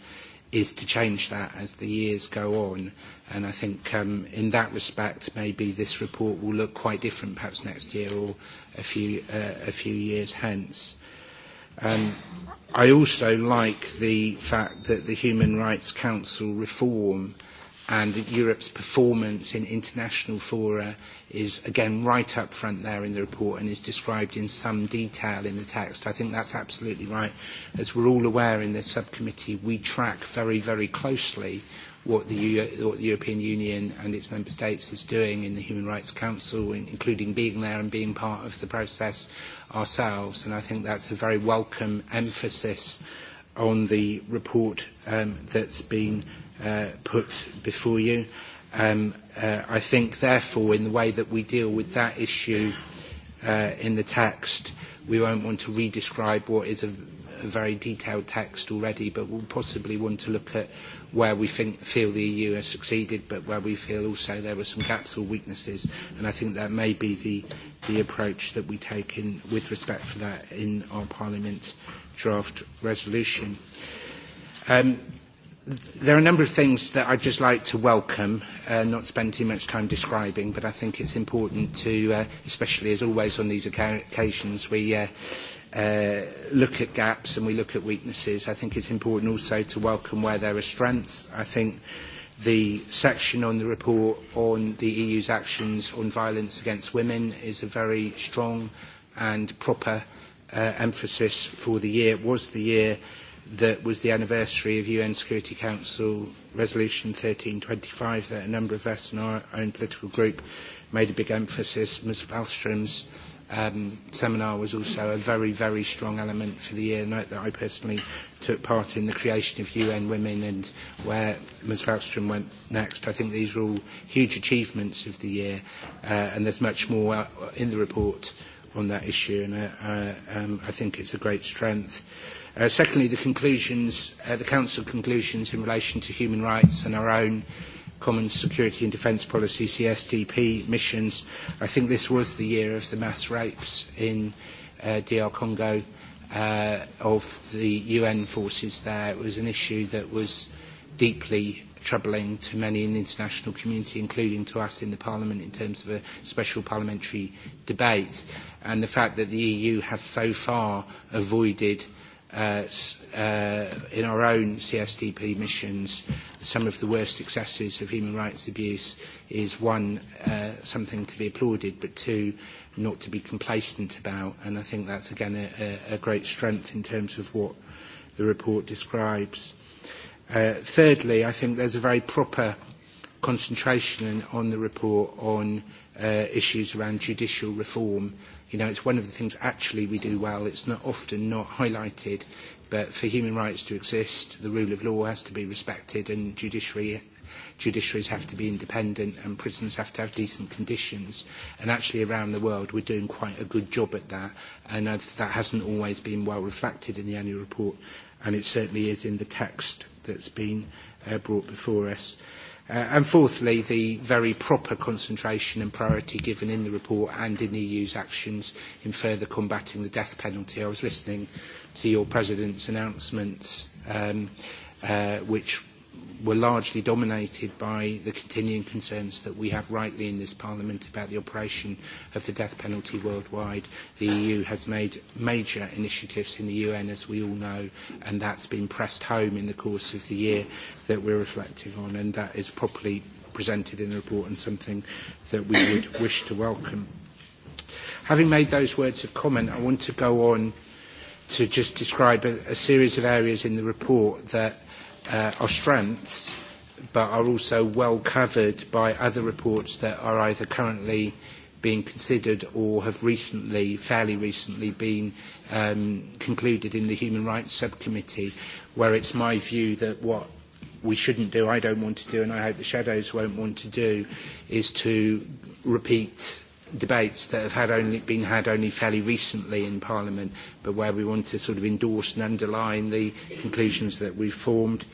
is to change that as the years go on And I think um, in that respect, maybe this report will look quite different perhaps next year or a few, uh, a few years hence. Um, I also like the fact that the Human Rights Council reform and Europe's performance in international fora is again right up front there in the report and is described in some detail in the text. I think that's absolutely right. As we're all aware in this subcommittee, we track very, very closely what the, U uh, what the European Union and its member states is doing in the Human Rights Council, in, including being there and being part of the process ourselves. And I think that's a very welcome emphasis on the report um, that's been uh, put before you. Um, uh, I think, therefore, in the way that we deal with that issue uh, in the text, we won't want to re describe what is a, a very detailed text already, but we'll possibly want to look at where we think, feel the EU has succeeded, but where we feel also there were some gaps or weaknesses. And I think that may be the, the approach that we take in, with respect for that in our Parliament draft resolution. Um, there are a number of things that I'd just like to welcome, uh, not spend too much time describing, but I think it's important to, uh, especially as always on these occasions, we uh, uh, look at gaps and we look at weaknesses. I think it's important also to welcome where there are strengths. I think the section on the report on the EU's actions on violence against women is a very strong and proper uh, emphasis for the year. It was the year that was the anniversary of UN Security Council Resolution 1325 that a number of us in our own political group made a big emphasis. Ms. Wallström's um, seminar was also a very, very strong element for the year that I personally took part in the creation of UN Women and where Ms Falstrom went next. I think these are all huge achievements of the year uh, and there's much more uh, in the report on that issue and uh, uh, um, I think it's a great strength. Uh, secondly, the conclusions, uh, the Council conclusions in relation to human rights and our own uh, Common Security and Defence Policy, CSDP missions. I think this was the year of the mass rapes in uh, DR Congo uh, of the UN forces there. It was an issue that was deeply troubling to many in the international community, including to us in the Parliament in terms of a special parliamentary debate. And the fact that the EU has so far avoided Uh, uh, in our own CSDP missions, some of the worst excesses of human rights abuse is one, uh, something to be applauded, but two, not to be complacent about. And I think that's, again, a, a great strength in terms of what the report describes. Uh, thirdly, I think there's a very proper concentration on the report on uh, issues around judicial reform You know, it's one of the things actually we do well. It's not often not highlighted, but for human rights to exist, the rule of law has to be respected, and judiciary judiciaries have to be independent and prisons have to have decent conditions. And actually around the world we're doing quite a good job at that and that hasn't always been well reflected in the annual report and it certainly is in the text that's been uh, brought before us. Uh, and fourthly, the very proper concentration and priority given in the report and in the EU's actions in further combating the death penalty. I was listening to your President's announcements, um, uh, which were largely dominated by the continuing concerns that we have rightly in this Parliament about the operation of the death penalty worldwide. The EU has made major initiatives in the UN, as we all know, and that's been pressed home in the course of the year that we're reflecting on, and that is properly presented in the report and something that we would [COUGHS] wish to welcome. Having made those words of comment, I want to go on to just describe a, a series of areas in the report that – uh, are strengths, but are also well covered by other reports that are either currently being considered or have recently, fairly recently, been um, concluded in the Human Rights Subcommittee, where it's my view that what we shouldn't do, I don't want to do, and I hope the shadows won't want to do, is to repeat debates that have had only, been had only fairly recently in Parliament, but where we want to sort of endorse and underline the conclusions that we've formed.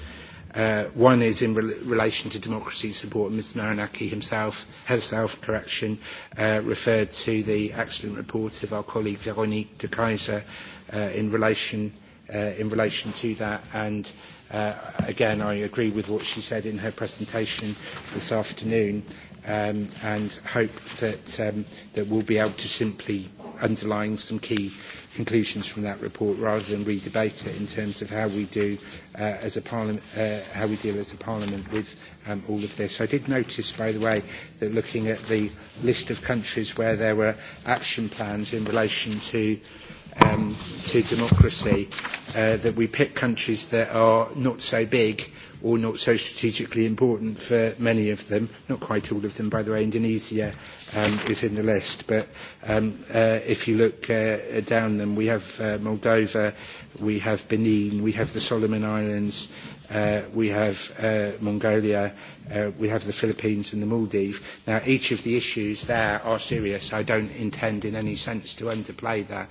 Uh, one is in re relation to democracy support. Ms. Maranaki himself, herself, correction, uh, referred to the excellent report of our colleague Veronique de Keyser uh, in, relation, uh, in relation to that. And uh, again, I agree with what she said in her presentation this afternoon. Um, and hope that, um, that we'll be able to simply underline some key conclusions from that report rather than re debate it in terms of how we do uh, as a parliament, uh, how we deal as a parliament with um, all of this. I did notice, by the way, that looking at the list of countries where there were action plans in relation to um, to democracy, uh, that we pick countries that are not so big or not so strategically important for many of them, not quite all of them, by the way. Indonesia um, is in the list, but um, uh, if you look uh, down them, we have uh, Moldova, we have Benin, we have the Solomon Islands, uh, we have uh, Mongolia, uh, we have the Philippines and the Maldives. Now, each of the issues there are serious. I don't intend in any sense to underplay that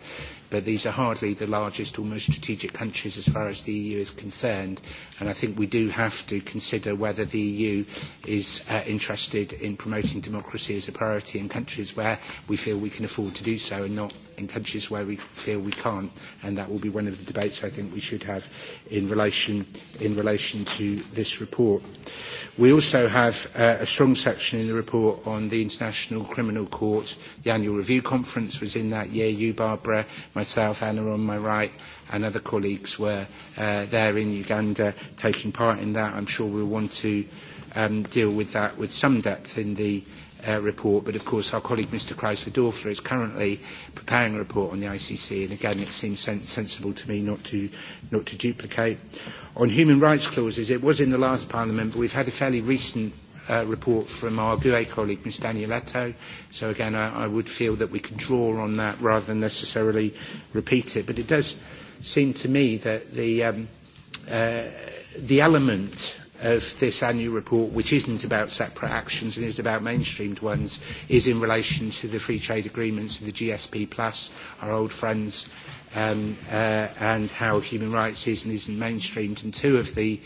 but these are hardly the largest or most strategic countries as far as the EU is concerned. And I think we do have to consider whether the EU is uh, interested in promoting democracy as a priority in countries where we feel we can afford to do so and not in countries where we feel we can't. And that will be one of the debates I think we should have in relation, in relation to this report. We also have uh, a strong section in the report on the International Criminal Court. The annual review conference was in that year. You, Barbara, myself, Anna on my right, and other colleagues were uh, there in Uganda taking part in that. I'm sure we'll want to um, deal with that with some depth in the uh, report, but of course our colleague Mr Chrysler Dorfler is currently preparing a report on the ICC, and again it seems sen sensible to me not to, not to duplicate. On human rights clauses, it was in the last Parliament, but we've had a fairly recent uh, report from our GUE colleague, Ms. Danieletto. So again, I, I would feel that we could draw on that rather than necessarily repeat it. But it does seem to me that the, um, uh, the element of this annual report, which isn't about separate actions and is about mainstreamed ones, is in relation to the free trade agreements of the GSP plus, our old friends um, uh, and how human rights is and isn't mainstreamed. And two of the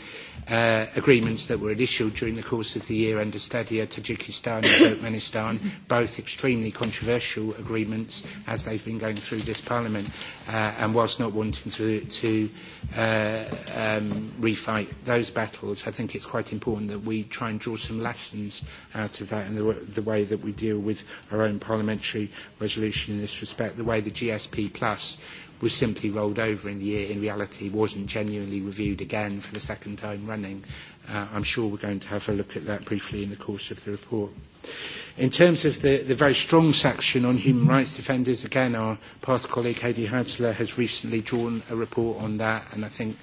uh, agreements that were at issue during the course of the year under Stadia, Tajikistan and [COUGHS] Turkmenistan, both extremely controversial agreements as they've been going through this Parliament, uh, and whilst not wanting to, to uh, um, refight those battles, I think it's quite important that we try and draw some lessons out of that and the, the way that we deal with our own parliamentary resolution in this respect, the way the GSP Plus was simply rolled over in the year in reality wasn't genuinely reviewed again for the second time running. Uh, I'm sure we're going to have a look at that briefly in the course of the report. In terms of the, the very strong section on human rights defenders, again, our past colleague Heidi Hautala has recently drawn a report on that, and I think,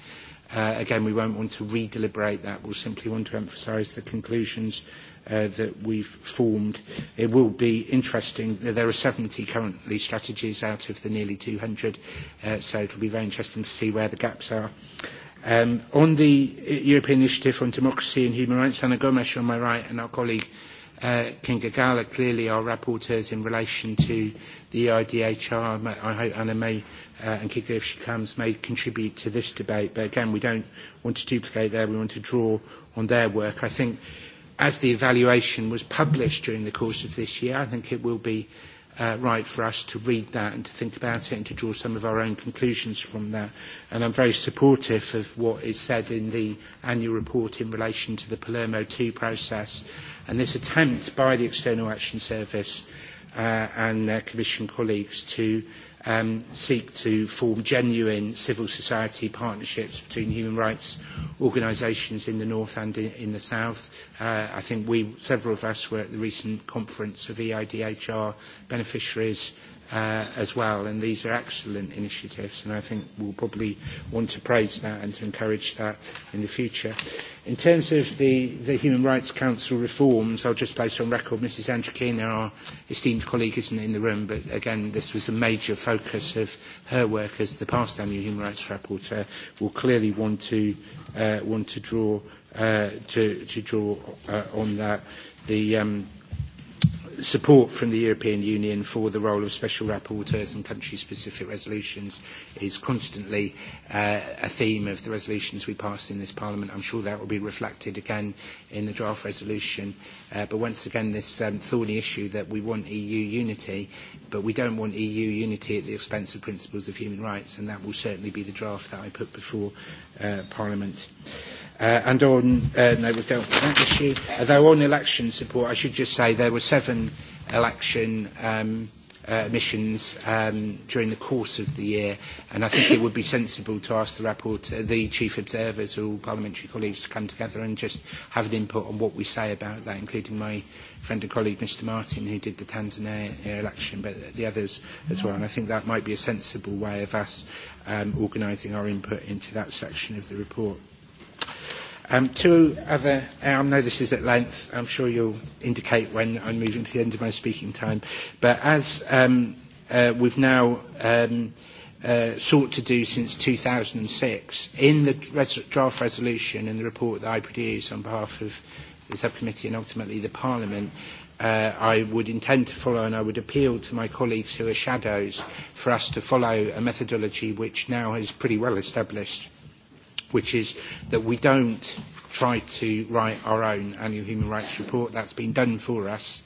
uh, again, we won't want to re deliberate that. We'll simply want to emphasise the conclusions uh, that we've formed. It will be interesting. There are 70 currently strategies out of the nearly 200, uh, so it'll be very interesting to see where the gaps are. Uh, Um, on the European Initiative on Democracy and Human Rights, Anna Gomes on my right and our colleague uh, Kinga Gala clearly are rapporteurs in relation to the EIDHR. I hope Anna may uh, and Kinga, if she comes, may contribute to this debate. But again, we don't want to duplicate there. We want to draw on their work. I think as the evaluation was published during the course of this year, I think it will be uh, right for us to read that and to think about it and to draw some of our own conclusions from that. And I'm very supportive of what is said in the annual report in relation to the Palermo 2 process and this attempt by the External Action Service uh, and their Commission colleagues to um, seek to form genuine civil society partnerships between human rights organisations in the north and in, in the south. Uh, I think we, several of us were at the recent conference of EIDHR beneficiaries uh, as well. And these are excellent initiatives, and I think we'll probably want to praise that and to encourage that in the future. In terms of the, the Human Rights Council reforms, I'll just place on record Mrs. Andrikina, our esteemed colleague, isn't in the room, but again, this was a major focus of her work as the past annual Human Rights Rapporteur. Will clearly want to, uh, want to draw, uh, to, to draw uh, on that. The, um, support from the European Union for the role of special rapporteurs and country-specific resolutions is constantly uh, a theme of the resolutions we pass in this Parliament. I'm sure that will be reflected again in the draft resolution. Uh, but once again, this um, thorny issue that we want EU unity, but we don't want EU unity at the expense of principles of human rights, and that will certainly be the draft that I put before uh, Parliament. Uh, Uh, and on, uh, no, we dealt with that issue. Although on election support, I should just say there were seven election um, uh, missions um, during the course of the year, and I think it would be sensible to ask the rapporteur, uh, the chief observers, all parliamentary colleagues to come together and just have an input on what we say about that, including my friend and colleague, Mr. Martin, who did the Tanzania election, but the others as well. And I think that might be a sensible way of us um, organising our input into that section of the report. Um, two other, I um, know this is at length, I'm sure you'll indicate when I'm moving to the end of my speaking time, but as um, uh, we've now um, uh, sought to do since 2006, in the res draft resolution and the report that I produce on behalf of the subcommittee and ultimately the Parliament, uh, I would intend to follow and I would appeal to my colleagues who are shadows for us to follow a methodology which now is pretty well established which is that we don't try to write our own annual human rights report. That's been done for us.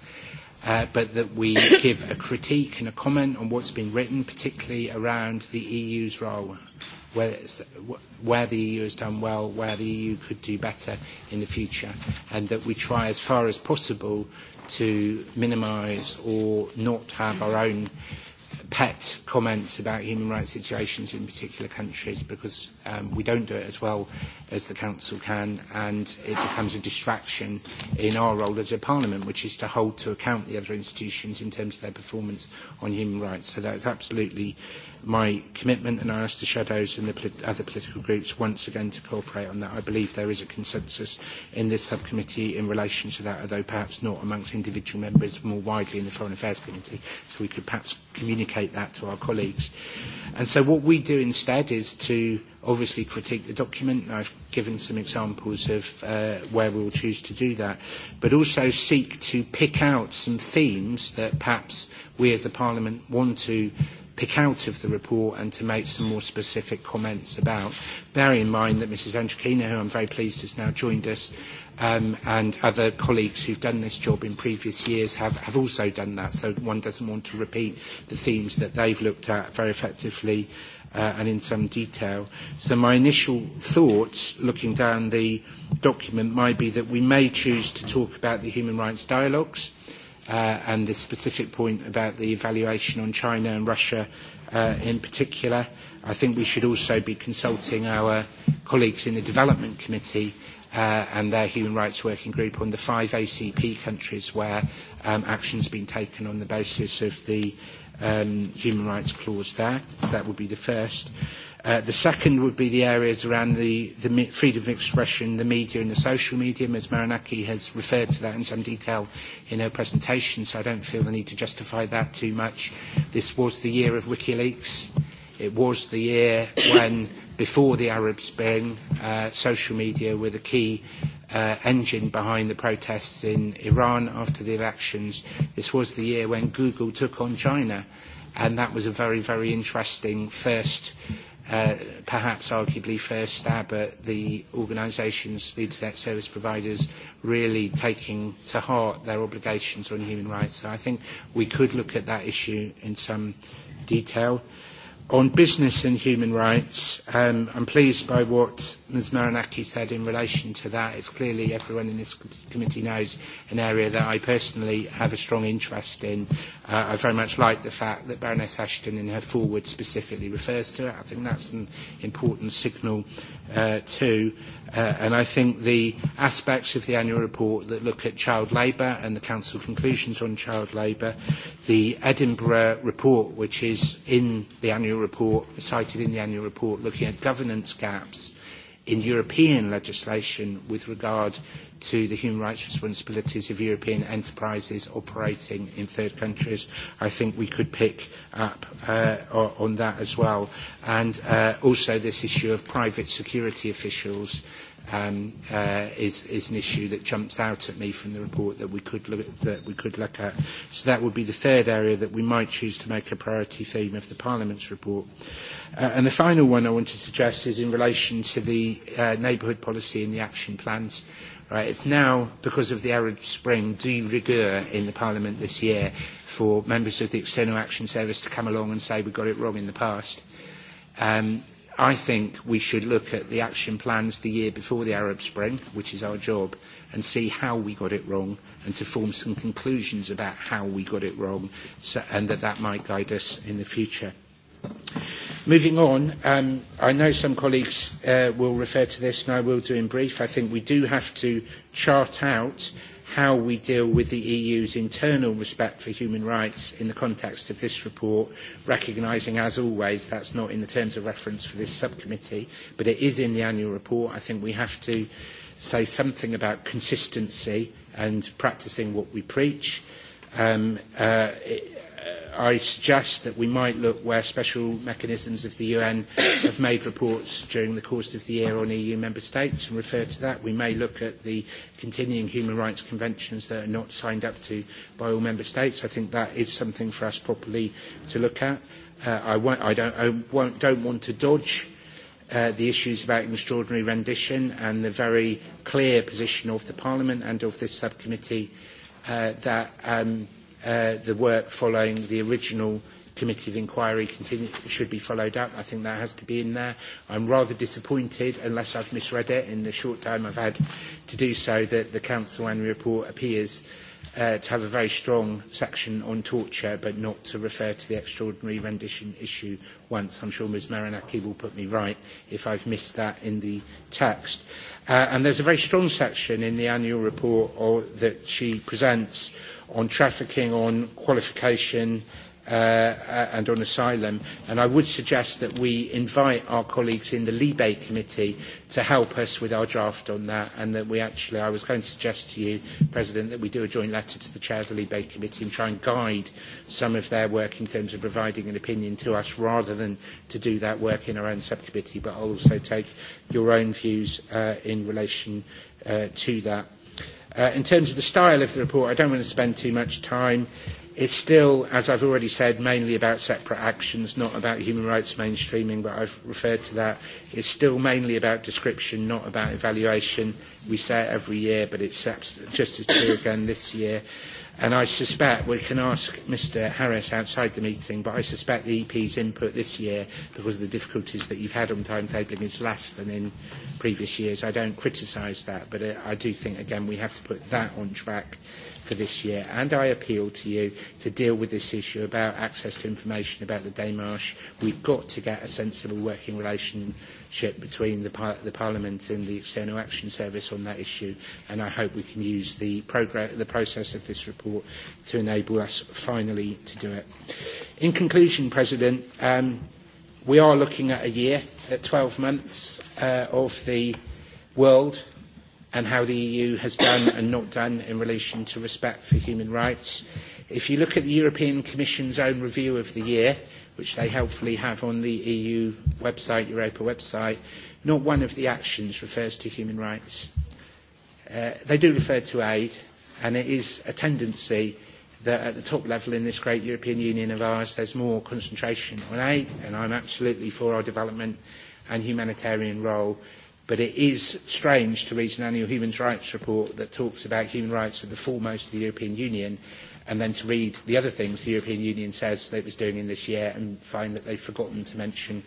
Uh, but that we [COUGHS] give a critique and a comment on what's been written, particularly around the EU's role, where, where the EU has done well, where the EU could do better in the future, and that we try as far as possible to minimise or not have our own uh, pet comments about human rights situations in particular countries because um, we don't do it as well as the Council can and it becomes a distraction in our role as a Parliament which is to hold to account the other institutions in terms of their performance on human rights. So that is absolutely my commitment and I ask the shadows and the polit other political groups once again to cooperate on that. I believe there is a consensus in this subcommittee in relation to that, although perhaps not amongst individual members, more widely in the Foreign Affairs Committee. So we could perhaps communicate that to our colleagues. And so what we do instead is to obviously critique the document. I've given some examples of uh, where we will choose to do that, but also seek to pick out some themes that perhaps we as a Parliament want to pick out of the report and to make some more specific comments about. Bearing in mind that Mrs. Andrikina, who I'm very pleased has now joined us, um, and other colleagues who've done this job in previous years have, have also done that, so one doesn't want to repeat the themes that they've looked at very effectively uh, and in some detail. So my initial thoughts, looking down the document, might be that we may choose to talk about the human rights dialogues. Uh, and this specific point about the evaluation on China and Russia uh, in particular. I think we should also be consulting our colleagues in the Development Committee uh, and their Human Rights Working Group on the five ACP countries where um, action has been taken on the basis of the um, Human Rights Clause there. So that would be the first. Uh, Uh, the second would be the areas around the, the freedom of expression, the media and the social media. Ms Maranaki has referred to that in some detail in her presentation, so I don't feel the need to justify that too much. This was the year of WikiLeaks. It was the year [COUGHS] when, before the Arab Spring, uh, social media were the key uh, engine behind the protests in Iran after the elections. This was the year when Google took on China, and that was a very, very interesting first Uh, perhaps arguably first stab at the organisations, the internet service providers, really taking to heart their obligations on human rights. So I think we could look at that issue in some detail. On business and human rights, um, I'm pleased by what Ms. Maranaki said in relation to that. It's clearly everyone in this committee knows an area that I personally have a strong interest in. Uh, I very much like the fact that Baroness Ashton in her forward specifically refers to it. I think that's an important signal uh, too. Uh, and I think the aspects of the annual report that look at child labour and the Council conclusions on child labour, the Edinburgh report, which is in the annual report, cited in the annual report, looking at governance gaps in European legislation with regard to the human rights responsibilities of European enterprises operating in third countries. I think we could pick up uh, on that as well. And uh, also this issue of private security officials um, uh, is, is an issue that jumps out at me from the report that we, could look at, that we could look at. So that would be the third area that we might choose to make a priority theme of the Parliament's report. Uh, and the final one I want to suggest is in relation to the uh, neighbourhood policy and the action plans. Right, it's now, because of the Arab Spring, de rigueur in the Parliament this year for members of the External Action Service to come along and say we got it wrong in the past. Um, I think we should look at the action plans the year before the Arab Spring, which is our job, and see how we got it wrong and to form some conclusions about how we got it wrong so, and that that might guide us in the future. Moving on, um, I know some colleagues uh, will refer to this, and I will do in brief. I think we do have to chart out how we deal with the EU's internal respect for human rights in the context of this report, recognising, as always, that's not in the terms of reference for this subcommittee, but it is in the annual report. I think we have to say something about consistency and practising what we preach. Um, uh, i suggest that we might look where special mechanisms of the UN have made reports during the course of the year on EU member states and refer to that. We may look at the continuing human rights conventions that are not signed up to by all member states. I think that is something for us properly to look at. Uh, I, won't, I, don't, I won't, don't want to dodge uh, the issues about an extraordinary rendition and the very clear position of the Parliament and of this subcommittee uh, that um, uh, the work following the original committee of inquiry continue, should be followed up. I think that has to be in there. I'm rather disappointed, unless I've misread it in the short time I've had to do so, that the Council Annual Report appears uh, to have a very strong section on torture, but not to refer to the extraordinary rendition issue once. I'm sure Ms Maranaki will put me right if I've missed that in the text. Uh, and there's a very strong section in the annual report or, that she presents on trafficking, on qualification, uh, uh, and on asylum. And I would suggest that we invite our colleagues in the Libe Committee to help us with our draft on that, and that we actually, I was going to suggest to you, President, that we do a joint letter to the Chair of the Libe Committee and try and guide some of their work in terms of providing an opinion to us rather than to do that work in our own subcommittee, but also take your own views uh, in relation uh, to that. Uh, in terms of the style of the report, I don't want to spend too much time. It's still, as I've already said, mainly about separate actions, not about human rights mainstreaming, but I've referred to that. It's still mainly about description, not about evaluation. We say it every year, but it's just as true again this year. And I suspect we can ask Mr Harris outside the meeting, but I suspect the EP's input this year, because of the difficulties that you've had on timetabling, is less than in previous years. I don't criticise that, but uh, I do think, again, we have to put that on track for this year, and I appeal to you to deal with this issue about access to information about the Démarche. We've got to get a sensible working relationship between the, par the Parliament and the External Action Service on that issue, and I hope we can use the, the process of this report to enable us finally to do it. In conclusion, President, um, we are looking at a year, at 12 months uh, of the world and how the EU has done and not done in relation to respect for human rights. If you look at the European Commission's own review of the year, which they helpfully have on the EU website, Europa website, not one of the actions refers to human rights. Uh, they do refer to aid, and it is a tendency that at the top level in this great European Union of ours, there's more concentration on aid, and I'm absolutely for our development and humanitarian role But it is strange to read an annual human rights report that talks about human rights at the foremost of the European Union and then to read the other things the European Union says that it was doing in this year and find that they've forgotten to mention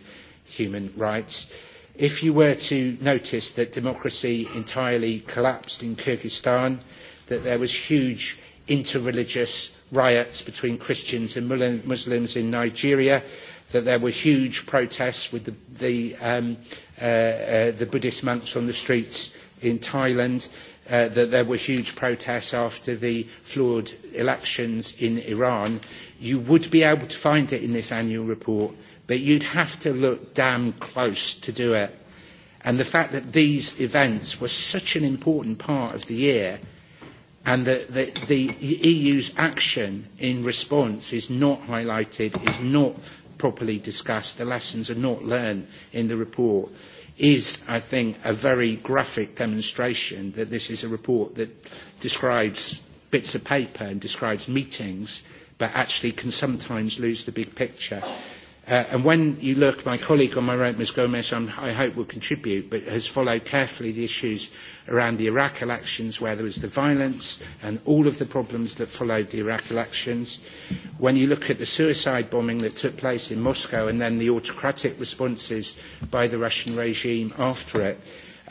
human rights. If you were to notice that democracy entirely collapsed in Kyrgyzstan, that there was huge interreligious riots between Christians and Muslims in Nigeria, that there were huge protests with the, the um, uh, uh, the Buddhist monks on the streets in Thailand, uh, that there were huge protests after the flawed elections in Iran. You would be able to find it in this annual report, but you'd have to look damn close to do it. And the fact that these events were such an important part of the year and that the, the EU's action in response is not highlighted, is not properly discussed, the lessons are not learned in the report, is, I think, a very graphic demonstration that this is a report that describes bits of paper and describes meetings, but actually can sometimes lose the big picture Uh, and when you look, my colleague on my right, Ms Gomez, I'm, um, I hope will contribute, but has followed carefully the issues around the Iraq elections, where there was the violence and all of the problems that followed the Iraq elections. When you look at the suicide bombing that took place in Moscow and then the autocratic responses by the Russian regime after it,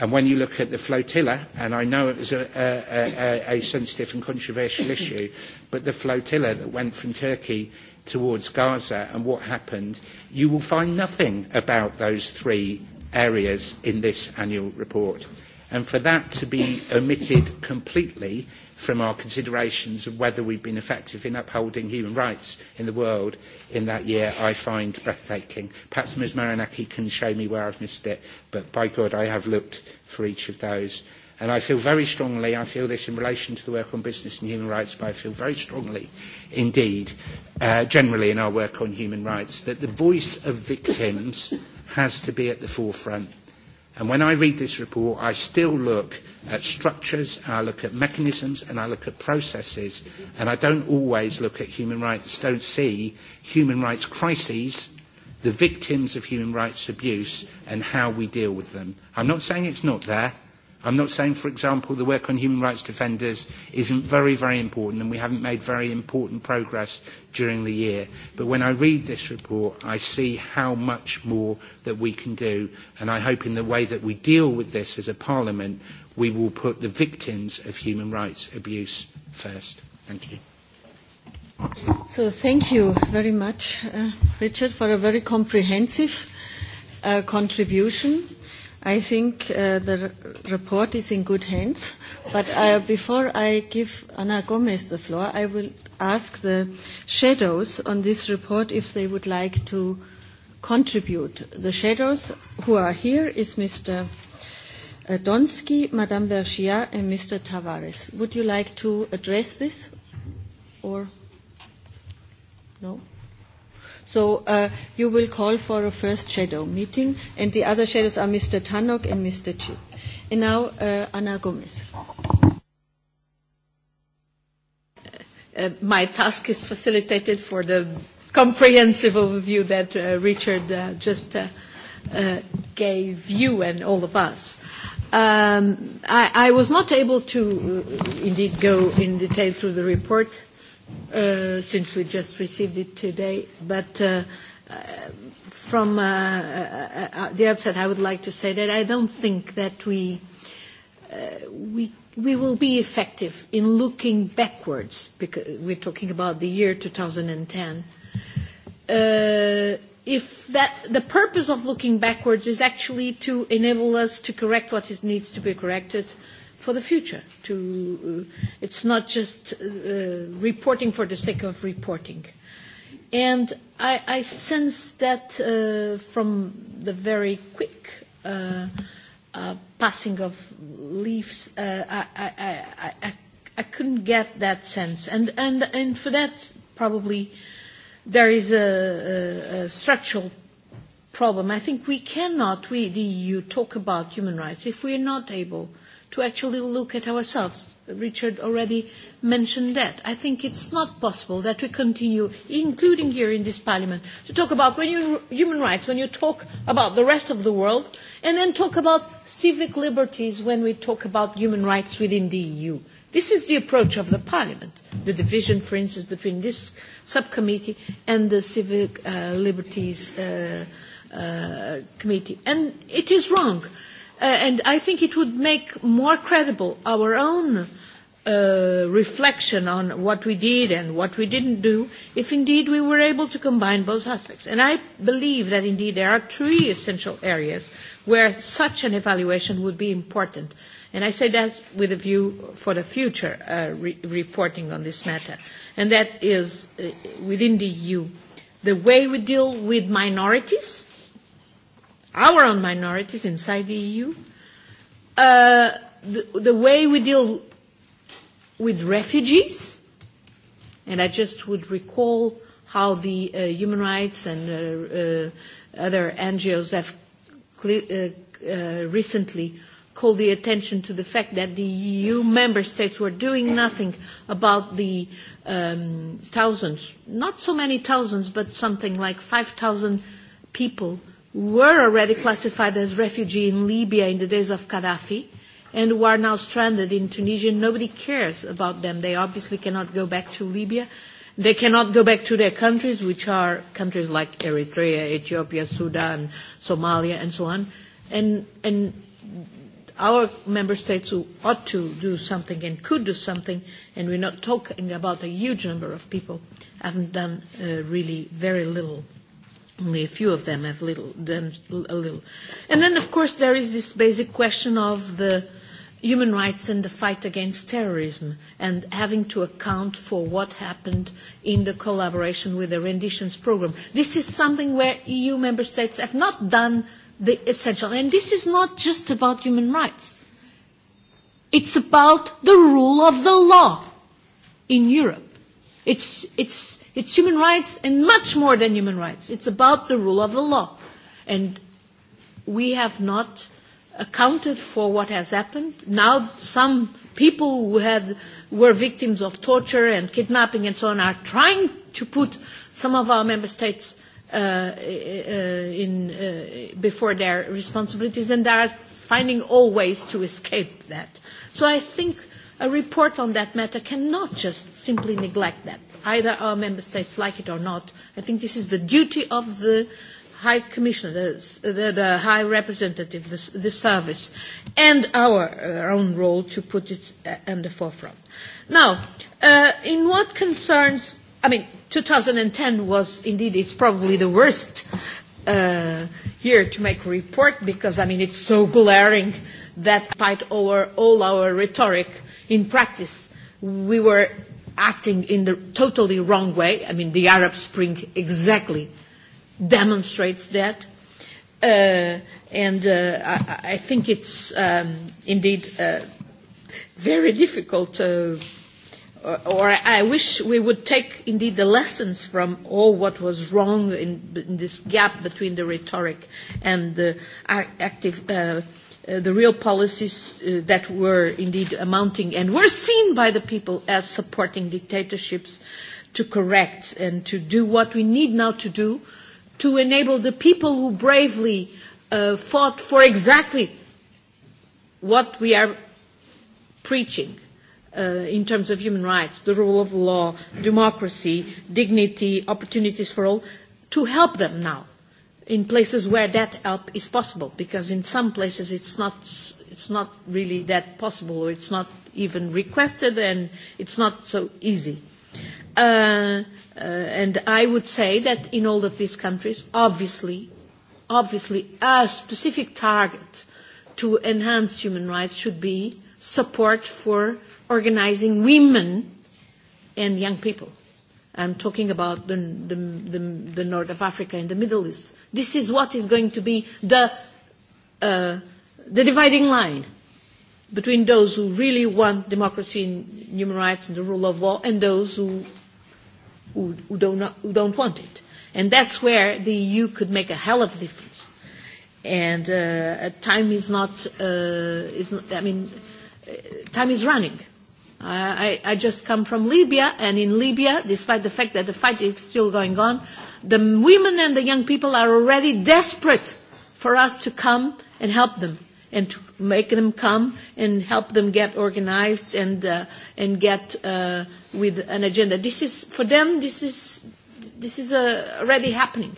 And when you look at the flotilla, and I know it was a, a, a, a sensitive and controversial issue, but the flotilla that went from Turkey towards Gaza and what happened, you will find nothing about those three areas in this annual report. And for that to be omitted completely from our considerations of whether we've been effective in upholding human rights in the world in that year, I find breathtaking. Perhaps Ms. Maranaki can show me where I've missed it, but by God, I have looked for each of those. And I feel very strongly, I feel this in relation to the work on business and human rights, but I feel very strongly indeed, uh, generally in our work on human rights, that the voice of victims has to be at the forefront. And when I read this report, I still look at structures, I look at mechanisms, and I look at processes, and I don't always look at human rights, don't see human rights crises, the victims of human rights abuse, and how we deal with them. I'm not saying it's not there. I'm not saying, for example, the work on human rights defenders isn't very, very important and we haven't made very important progress during the year. But when I read this report, I see how much more that we can do. And I hope in the way that we deal with this as a parliament, we will put the victims of human rights abuse first. Thank you. So thank you very much, uh, Richard, for a very comprehensive uh, contribution. I think uh, the report is in good hands. But uh, before I give Ana Gomez the floor, I will ask the shadows on this report if they would like to contribute. The shadows who are here is Mr. Uh, Donsky, Madame Bergia, and Mr. Tavares. Would you like to address this or no? So uh, you will call for a first shadow meeting, and the other shadows are Mr. Tannock and Mr. Chi. And now, uh, Anna Gomez. Uh, my task is facilitated for the comprehensive overview that uh, Richard uh, just uh, uh, gave you and all of us. Um, I, I was not able to uh, indeed go in detail through the report uh, since we just received it today. But uh, uh from uh, uh, uh, the outset, I would like to say that I don't think that we, uh, we, we will be effective in looking backwards, because we're talking about the year 2010. Uh, if that, the purpose of looking backwards is actually to enable us to correct what is, needs to be corrected, for the future. To, uh, it's not just uh, reporting for the sake of reporting. And I, I sense that uh, from the very quick uh, uh, passing of leaves, uh, I, I, I, I, I couldn't get that sense. And, and, and for that, probably there is a, a, a structural problem. I think we cannot, we, the EU, talk about human rights if we are not able to actually look at ourselves. Richard already mentioned that. I think it's not possible that we continue, including here in this parliament, to talk about when you, human rights, when you talk about the rest of the world, and then talk about civic liberties when we talk about human rights within the EU. This is the approach of the parliament, the division, for instance, between this subcommittee and the civic uh, liberties uh, uh, committee. And it is wrong. Uh, Uh, and I think it would make more credible our own uh, reflection on what we did and what we didn't do if indeed we were able to combine both aspects. And I believe that indeed there are three essential areas where such an evaluation would be important. And I say that with a view for the future uh, re- reporting on this matter. And that is uh, within the EU, the way we deal with minorities – our own minorities inside the EU, uh, the, the way we deal with refugees, and I just would recall how the uh, human rights and uh, uh, other NGOs have cle- uh, uh, recently called the attention to the fact that the EU member states were doing nothing about the um, thousands, not so many thousands, but something like 5,000 people were already classified as refugees in Libya in the days of Gaddafi and who are now stranded in Tunisia. Nobody cares about them. They obviously cannot go back to Libya. They cannot go back to their countries, which are countries like Eritrea, Ethiopia, Sudan, Somalia, and so on. And, and our member states who ought to do something and could do something, and we're not talking about a huge number of people, haven't done uh, really very little. Only a few of them have little, them a little. And then, of course, there is this basic question of the human rights and the fight against terrorism and having to account for what happened in the collaboration with the renditions program. This is something where EU member states have not done the essential. And this is not just about human rights. It's about the rule of the law in Europe. It's, it's It's human rights and much more than human rights. It's about the rule of the law. And we have not accounted for what has happened. Now some people who had, were victims of torture and kidnapping and so on are trying to put some of our member states uh, uh, uh in, uh, before their responsibilities and they are finding all ways to escape that. So I think a report on that matter cannot just simply neglect that. Either our member states like it or not. I think this is the duty of the High Commissioner, the, the, the High Representative, the, the service, and our, our own role to put it uh, in the forefront. Now, uh, in what concerns, I mean, 2010 was indeed, it's probably the worst uh, year to make a report because, I mean, it's so glaring that despite our, all our rhetoric, in practice, we were acting in the totally wrong way. I mean, the Arab Spring exactly demonstrates that. Uh, and uh, I, I think it's um, indeed uh, very difficult, to uh, or, or I wish we would take indeed the lessons from all what was wrong in, in this gap between the rhetoric and the active. Uh, Uh, the real policies uh, that were indeed amounting and were seen by the people as supporting dictatorships to correct and to do what we need now to do to enable the people who bravely uh, fought for exactly what we are preaching uh, in terms of human rights, the rule of law, democracy, dignity, opportunities for all, to help them now in places where that help is possible, because in some places it's not, it's not really that possible, or it's not even requested, and it's not so easy. Uh, uh, and I would say that in all of these countries, obviously, obviously, a specific target to enhance human rights should be support for organizing women and young people. I'm talking about the, the, the, the north of Africa and the Middle East This is what is going to be the, uh, the dividing line between those who really want democracy and human rights and the rule of law and those who, who, who, don't, not, who don't want it. And that's where the EU could make a hell of a difference. And uh, time is not, uh, is not, I mean, uh, time is running. I, I just come from Libya, and in Libya, despite the fact that the fight is still going on, the women and the young people are already desperate for us to come and help them and to make them come and help them get organized and uh, and get uh, with an agenda. This is for them. This is this is uh, already happening,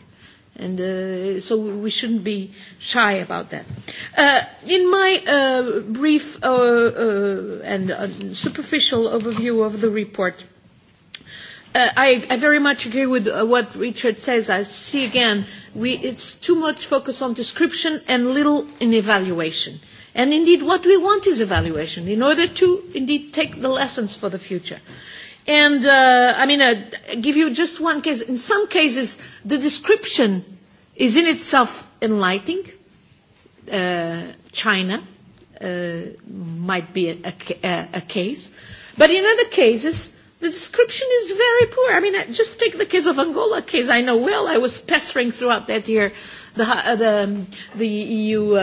and uh, so we shouldn't be shy about that. Uh, in my uh, brief uh, uh, and uh, superficial overview of the report. Uh, I, I very much agree with uh, what Richard says. I see again, we, it's too much focus on description and little in evaluation. And indeed, what we want is evaluation in order to indeed take the lessons for the future. And uh, I mean, uh, give you just one case. In some cases, the description is in itself enlightening. Uh, China uh, might be a, a, a case. But in other cases, the description is very poor. I mean, just take the case of Angola case. I know well. I was pestering throughout that year the, uh, the, um, the EU uh,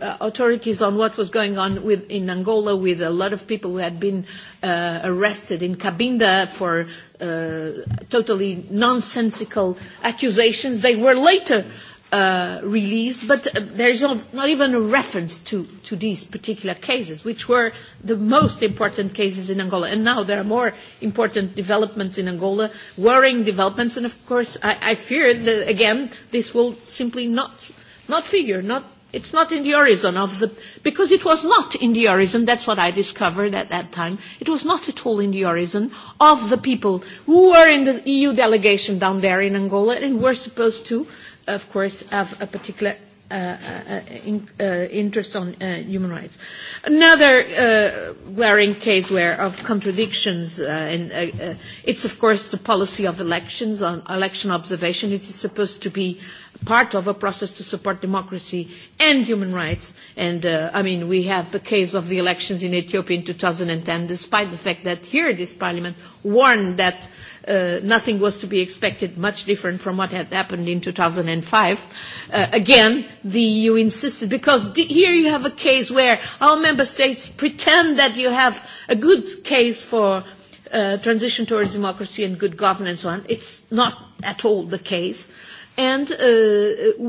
uh, authorities on what was going on with, in Angola with a lot of people who had been uh, arrested in Cabinda for uh, totally nonsensical accusations. They were later. Mm-hmm uh, released, but uh, there is no, not even a reference to, to these particular cases, which were the most important cases in Angola. And now there are more important developments in Angola, worrying developments, and of course I, I fear that, again, this will simply not, not figure, not It's not in the horizon of the, because it was not in the horizon, that's what I discovered at that time, it was not at all in the horizon of the people who were in the EU delegation down there in Angola and were supposed to of course, have a particular uh, uh, in, uh, interest on uh, human rights. Another uh, glaring case where of contradictions, uh, and uh, uh, it's of course the policy of elections on election observation. It is supposed to be part of a process to support democracy and human rights. And uh, I mean, we have the case of the elections in Ethiopia in 2010, despite the fact that here this parliament warned that uh, nothing was to be expected much different from what had happened in 2005. Uh, again, the EU insisted, because d- here you have a case where our member states pretend that you have a good case for uh, transition towards democracy and good governance on. It's not at all the case. And uh,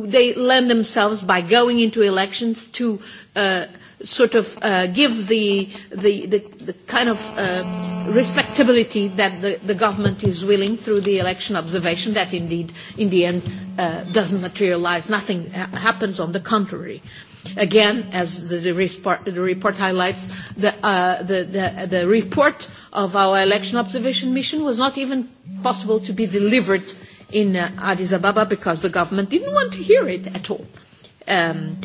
they lend themselves by going into elections to uh, sort of uh, give the, the, the, the kind of uh, respectability that the, the government is willing through the election observation that indeed in the end uh, doesn't materialize. Nothing ha- happens on the contrary. Again, as the, the, report, the report highlights, the, uh, the, the, the report of our election observation mission was not even possible to be delivered in uh, Addis Ababa because the government didn't want to hear it at all. Um,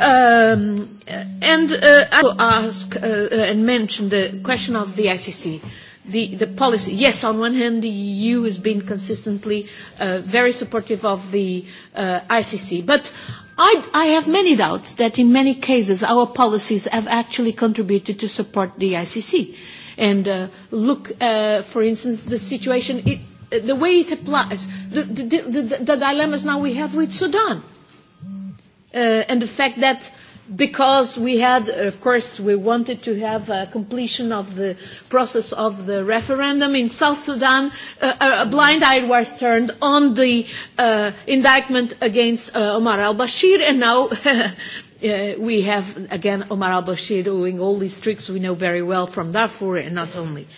um, and uh, I also ask uh, uh and mention the question of the ICC. The, the policy, yes, on one hand, the EU has been consistently uh, very supportive of the uh, ICC, but I, I have many doubts that in many cases our policies have actually contributed to support the ICC. And uh, look, uh, for instance, the situation, it, the way it applies, the, the, the, the the dilemmas now we have with Sudan. Uh, uh, and the fact that because we had, of course, we wanted to have a completion of the process of the referendum in South Sudan, uh, a blind eye was turned on the uh, indictment against uh, Omar al-Bashir, and now [LAUGHS] uh, we have, again, Omar al-Bashir doing all these tricks we know very well from Darfur, and not only.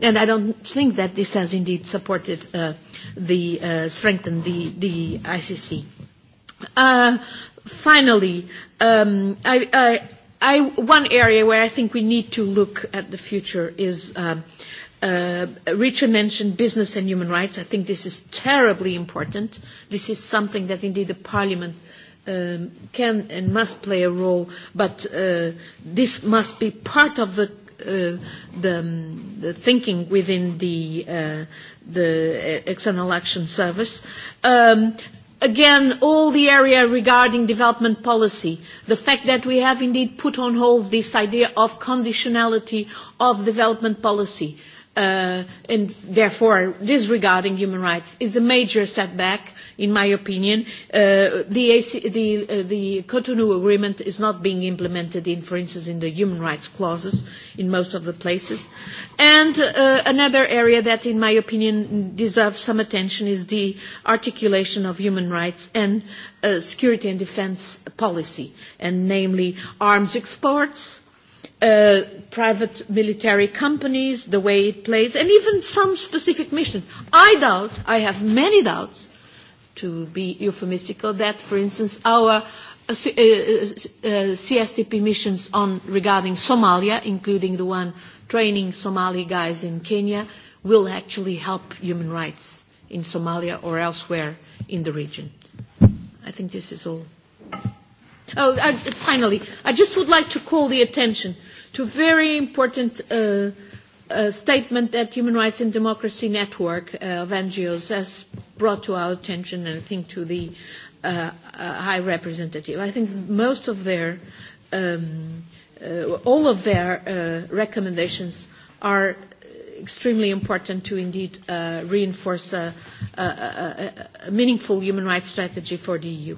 And I don't think that this has indeed supported uh, the, uh, strengthened the, the ICC. Uh, Finally, um, I, I, I, one area where I think we need to look at the future is uh, uh, Richard mentioned business and human rights. I think this is terribly important. This is something that indeed the Parliament um, can and must play a role, but uh, this must be part of the uh, the, um, the thinking within the uh, the uh, external action service. Um, Again, all the area regarding development policy, the fact that we have indeed put on hold this idea of conditionality of development policy, uh, and therefore disregarding human rights is a major setback in my opinion uh, the, AC, the, uh, the Cotonou agreement is not being implemented in for instance in the human rights clauses in most of the places and uh, another area that in my opinion deserves some attention is the articulation of human rights and uh, security and defense policy and namely arms exports Uh, private military companies, the way it plays, and even some specific missions. I doubt, I have many doubts, to be euphemistical, that, for instance, our uh, uh, uh, uh CSCP missions on, regarding Somalia, including the one training Somali guys in Kenya, will actually help human rights in Somalia or elsewhere in the region. I think this is all. Oh, uh, finally, I just would like to call the attention to a very important uh, uh, statement that Human Rights and Democracy Network uh, of NGOs has brought to our attention, and I think to the uh, uh, High Representative. I think most of their, um, uh, all of their uh, recommendations are extremely important to indeed uh, reinforce a, a, a, a meaningful human rights strategy for the EU.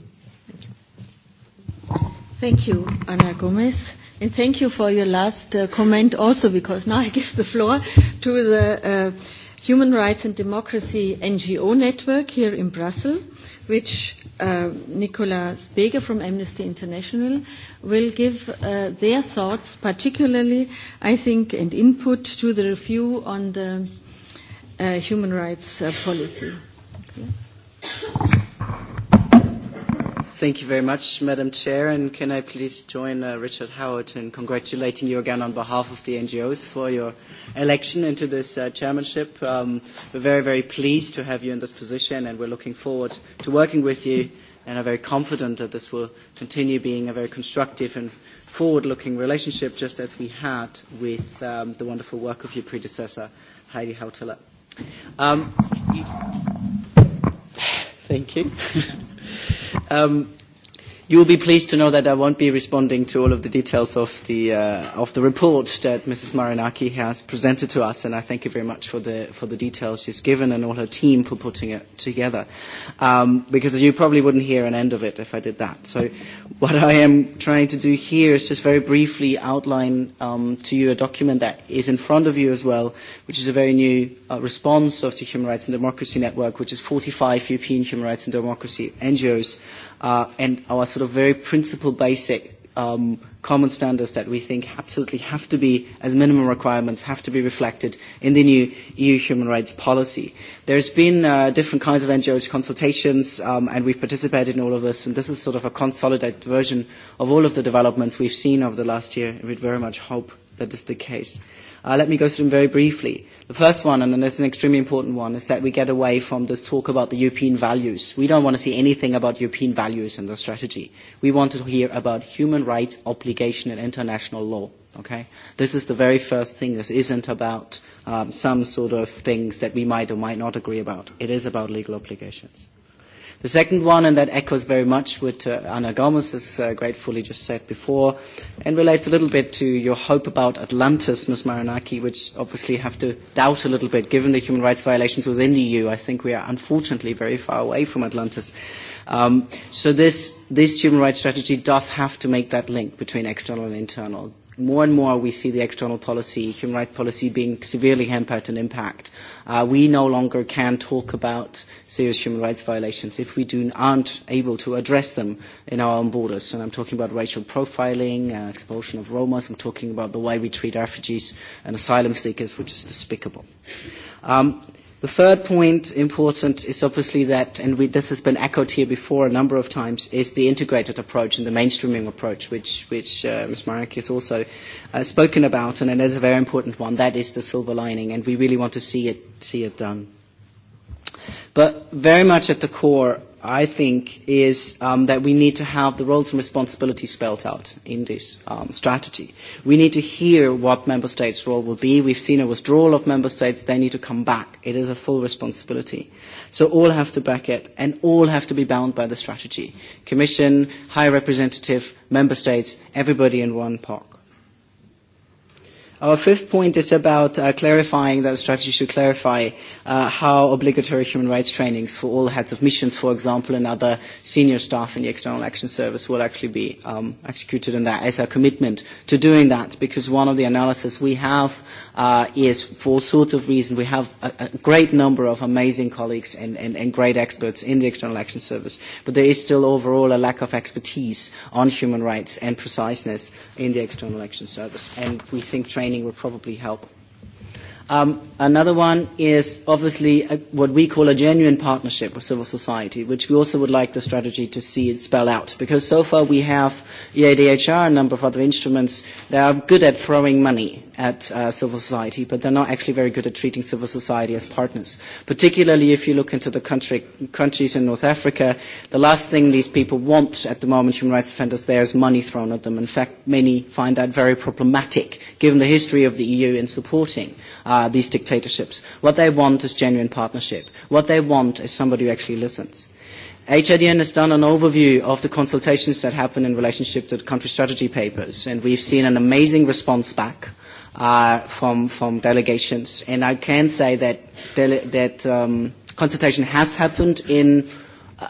Thank you, Ana Gomez. And thank you for your last uh, comment also, because now I give the floor to the uh, Human Rights and Democracy NGO Network here in Brussels, which uh, Nicola Speger from Amnesty International will give uh, their thoughts, particularly, I think, and input to the review on the uh, human rights uh, policy. Okay. Thank you very much, Madam Chair, and can I please join uh, Richard Howard in congratulating you again on behalf of the NGOs for your election into this uh, chairmanship. Um, we're very, very pleased to have you in this position, and we're looking forward to working with you and are very confident that this will continue being a very constructive and forward-looking relationship, just as we had with um, the wonderful work of your predecessor, Heidi Hautala. Um, you Thank you. um, You will be pleased to know that I won't be responding to all of the details of the, uh, of the report that Mrs. Marinaki has presented to us, and I thank you very much for the, for the details she's given and all her team for putting it together, um, because you probably wouldn't hear an end of it if I did that. So what I am trying to do here is just very briefly outline um, to you a document that is in front of you as well, which is a very new uh, response of the Human Rights and Democracy Network, which is 45 European human rights and democracy NGOs uh, and our sort of very principle basic um, common standards that we think absolutely have to be, as minimum requirements, have to be reflected in the new EU human rights policy. There's been uh, different kinds of NGOs consultations, um, and we've participated in all of this, and this is sort of a consolidated version of all of the developments we've seen over the last year, and we very much hope that is the case. Uh, let me go through them very briefly. The first one, and it's an extremely important one, is that we get away from this talk about the European values. We don't want to see anything about European values in the strategy. We want to hear about human rights, obligation, and international law. Okay? This is the very first thing. This isn't about um, some sort of things that we might or might not agree about. It is about legal obligations. The second one, and that echoes very much what uh, Ana Gomes has uh, gratefully just said before, and relates a little bit to your hope about Atlantis, Ms. Maranaki, which obviously have to doubt a little bit given the human rights violations within the EU. I think we are unfortunately very far away from Atlantis. Um, so this, this human rights strategy does have to make that link between external and internal more and more we see the external policy, human rights policy being severely hampered and impact. Uh, we no longer can talk about serious human rights violations if we do, aren't able to address them in our own borders. And I'm talking about racial profiling, uh, expulsion of Romas, I'm talking about the way we treat refugees and asylum seekers, which is despicable. Um, The third point important is obviously that, and we, this has been echoed here before a number of times, is the integrated approach and the mainstreaming approach, which, which uh, Ms. Marek has also uh, spoken about, and is a very important one. That is the silver lining, and we really want to see it, see it done. But very much at the core i think, is um, that we need to have the roles and responsibilities spelled out in this um, strategy. We need to hear what member states' role will be. We've seen a withdrawal of member states. They need to come back. It is a full responsibility. So all have to back it, and all have to be bound by the strategy. Commission, High Representative, member states, everybody in one pot. Our fifth point is about uh, clarifying that the strategy should clarify uh, how obligatory human rights trainings for all heads of missions, for example, and other senior staff in the External Action Service will actually be um, executed, and that is our commitment to doing that because one of the analysis we have uh, is for sorts of reasons we have a, a great number of amazing colleagues and, and, and great experts in the External Action Service, but there is still overall a lack of expertise on human rights and preciseness in the External Action Service, and we think training training would probably help. Um, another one is obviously a, what we call a genuine partnership with civil society, which we also would like the strategy to see it spell out. Because so far we have EADHR, a number of other instruments that are good at throwing money at uh, civil society, but they're not actually very good at treating civil society as partners. Particularly if you look into the country, countries in North Africa, the last thing these people want at the moment, human rights defenders, there is money thrown at them. In fact, many find that very problematic, given the history of the EU in supporting uh, these dictatorships. What they want is genuine partnership. What they want is somebody who actually listens. HIDN has done an overview of the consultations that happen in relationship to the country strategy papers, and we've seen an amazing response back uh, from, from delegations. And I can say that, dele- that um, consultation has happened in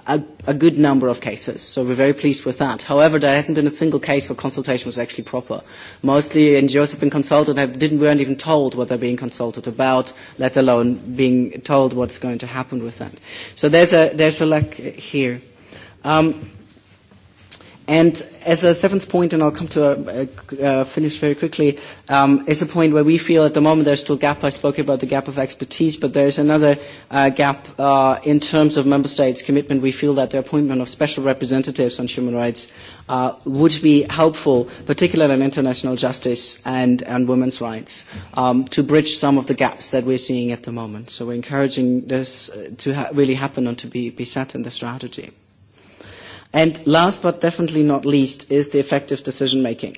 a, a good number of cases, so we're very pleased with that. However, there hasn't been a single case where consultation was actually proper. Mostly NGOs have been consulted and didn't, weren't even told what they're being consulted about, let alone being told what's going to happen with that. So there's a, there's a lack here. Um, And as a seventh point, and I'll come to a, a, uh, finish very quickly, um, is a point where we feel at the moment there's still a gap. I spoke about the gap of expertise, but there's another uh, gap uh, in terms of member states' commitment. We feel that the appointment of special representatives on human rights uh, would be helpful, particularly in international justice and, and women's rights, um, to bridge some of the gaps that we're seeing at the moment. So we're encouraging this uh, to ha- really happen and to be, be set in the strategy. And last but definitely not least is the effective decision making.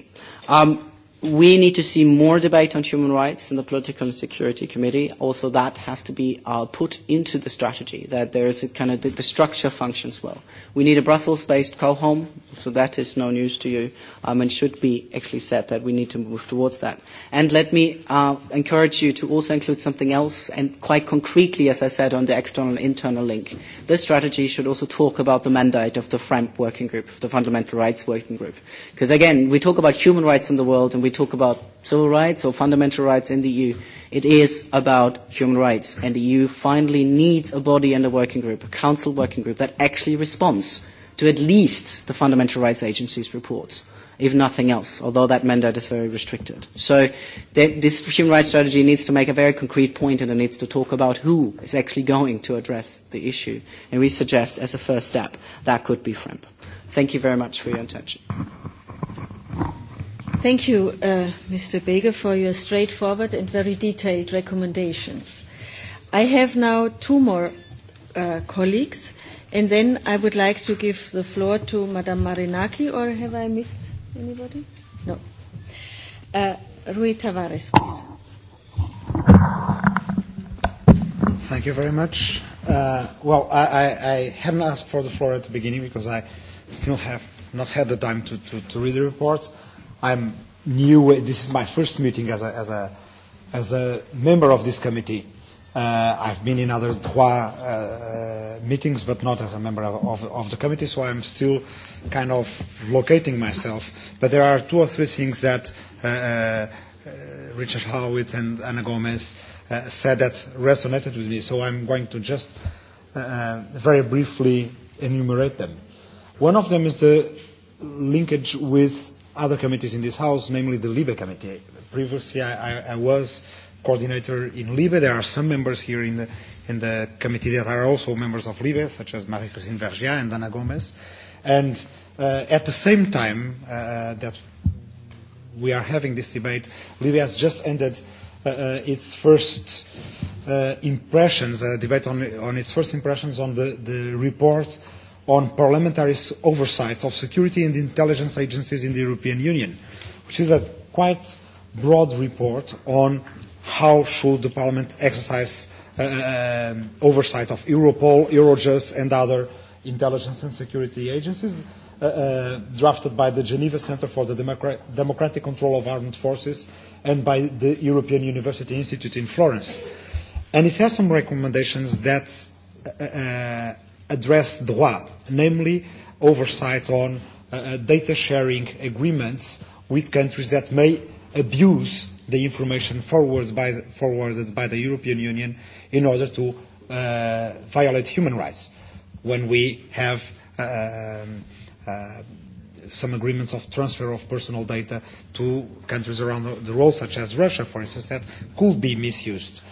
Um, we need to see more debate on human rights in the Political and Security Committee. Also, that has to be uh, put into the strategy, that there is a kind of the, the structure functions well. We need a Brussels-based COHOM, so that is no news to you, um, and should be actually said that we need to move towards that. And let me uh, encourage you to also include something else, and quite concretely, as I said, on the external-internal and link. This strategy should also talk about the mandate of the FRAMP working group, the Fundamental Rights Working Group. Because again, we talk about human rights in the world, and we talk about civil rights or fundamental rights in the EU, it is about human rights. And the EU finally needs a body and a working group, a council working group, that actually responds to at least the Fundamental Rights Agency's reports, if nothing else, although that mandate is very restricted. So this human rights strategy needs to make a very concrete point and it needs to talk about who is actually going to address the issue. And we suggest, as a first step, that could be FREMP. Thank you very much for your attention. Thank you, uh, Mr. Beger, for your straightforward and very detailed recommendations. I have now two more uh, colleagues, and then I would like to give the floor to Madame Marinaki, or have I missed anybody? No. Uh, Rui Tavares, please. Thank you very much. Uh, well, I, I, I haven't asked for the floor at the beginning because I still have not had the time to, to, to read the report. I'm new. Uh, this is my first meeting as a, as a, as a member of this committee. Uh, I've been in other trois uh, uh meetings, but not as a member of, of, of the committee, so I'm still kind of locating myself. But there are two or three things that uh, uh, uh Richard Howitt and Ana Gomez uh, said that resonated with me, so I'm going to just uh, uh very briefly enumerate them. One of them is the linkage with other committees in this House, namely the Libe Committee. Previously, I, I, I was coordinator in Libe. There are some members here in the, in the committee that are also members of Libe, such as Marie-Christine Vergia and Ana Gomez. And uh, at the same time uh, uh, that we are having this debate, Libe has just ended uh, uh, its first uh, impressions, a uh, debate on, on its first impressions on the, the report uh, on parliamentary oversight of security and intelligence agencies in the European Union, which is a quite broad report on how should the parliament exercise uh, uh oversight of Europol, Eurojust and other intelligence and security agencies uh, uh, drafted by the Geneva Center for the Democratic Control of Armed Forces and by the European University Institute in Florence. And it has some recommendations that uh, uh address droit, namely oversight on uh, uh, data sharing agreements with countries that may abuse the information forwarded by the, forwarded by the European Union in order to uh, violate human rights when we have uh, um, uh, some agreements of transfer of personal data to countries around the, world, such as Russia, for instance, that could be misused.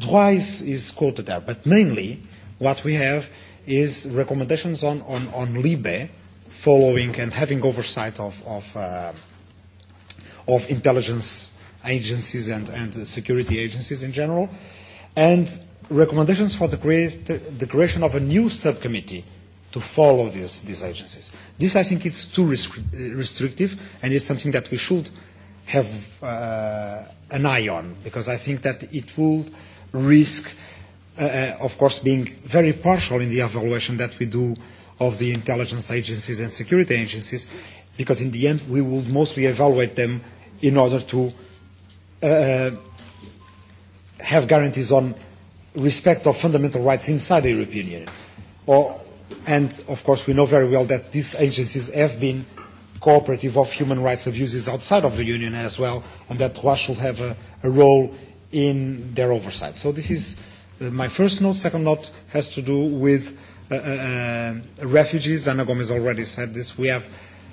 Twice is quoted there, but mainly what we have is recommendations on, on, on LIBE following and having oversight of, of, uh, of intelligence agencies and, and security agencies in general, and recommendations for the, create, the creation of a new subcommittee to follow these, these agencies. This, I think, is too restrictive, and it's something that we should have uh, an eye on, because I think that it will risk Uh, uh, of course, being very partial in the evaluation that we do of the intelligence agencies and security agencies, because in the end we will mostly evaluate them in order to uh, uh, have guarantees on respect of fundamental rights inside the European Union. Or, and of course, we know very well that these agencies have been cooperative of human rights abuses outside of the Union as well, and that Russia should have a, a role in their oversight. So this is. Mm-hmm Uh, my first note, second note, has to do with uh, uh, uh refugees. Ana Gomes already said this. We have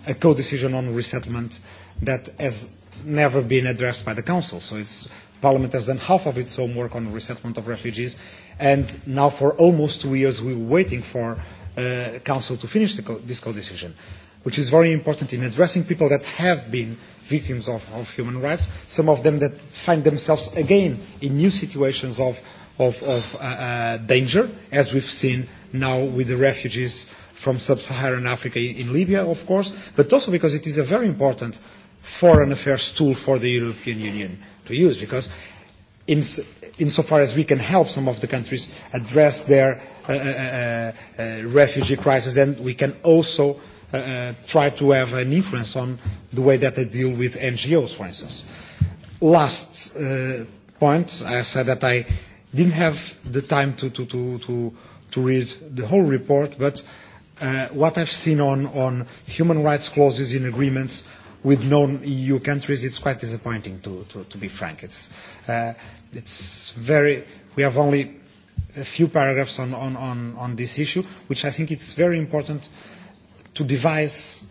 a co-decision on resettlement that has never been addressed by the Council. So it's, Parliament has done half of its homework on resettlement of refugees. And now for almost two years, we were waiting for uh, Council to finish the co- this co-decision, which is very important in addressing people that have been victims of, of human rights, some of them that find themselves again in new situations of of, of uh, uh, danger, as we've seen now with the refugees from sub-Saharan Africa in Libya, of course, but also because it is a very important foreign affairs tool for the European Union to use, because in, insofar as we can help some of the countries address their uh, uh, uh, uh refugee crisis, and we can also uh, uh, try to have an influence on the way that they deal with NGOs, for instance. Last uh, point, I said that I didn't have the time to, to, to, to, to read the whole report, but uh, what I've seen on, on human rights clauses in agreements with non-EU countries, it's quite disappointing, to, to, to be frank. It's, uh, it's very, we have only a few paragraphs on, on, on, on this issue, which I think it's very important to devise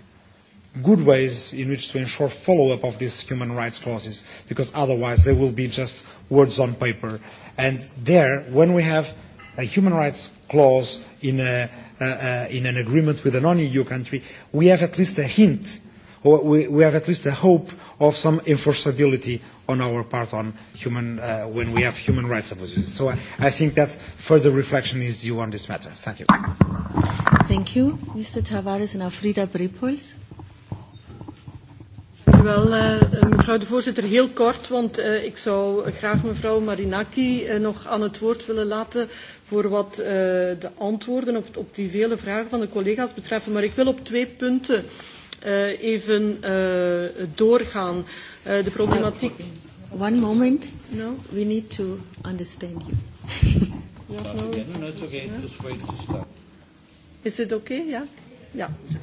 good ways in which to ensure follow-up of these human rights clauses, because otherwise they will be just words on paper uh, And there, when we have a human rights clause in, a, in an agreement with a non-EU country, we have at least a hint, or we, we have at least a hope of some enforceability on our part on human, uh, when we have human rights abuses. So I, uh, I think that further reflection is due on this matter. Thank you. Thank you. Mr. Tavares and Bripols. Eh, mevrouw de voorzitter. Heel kort, want eh, ik zou graag mevrouw Marinaki eh, nog aan het woord willen laten voor wat de antwoorden op, die vele vragen van de collega's betreft. Maar ik wil op twee punten even doorgaan. de problematiek. Uh, one moment. No? We need to understand you. yeah, no, it's okay. Just wait to start. Is it okay? Ja. Yeah? Ja. Yeah.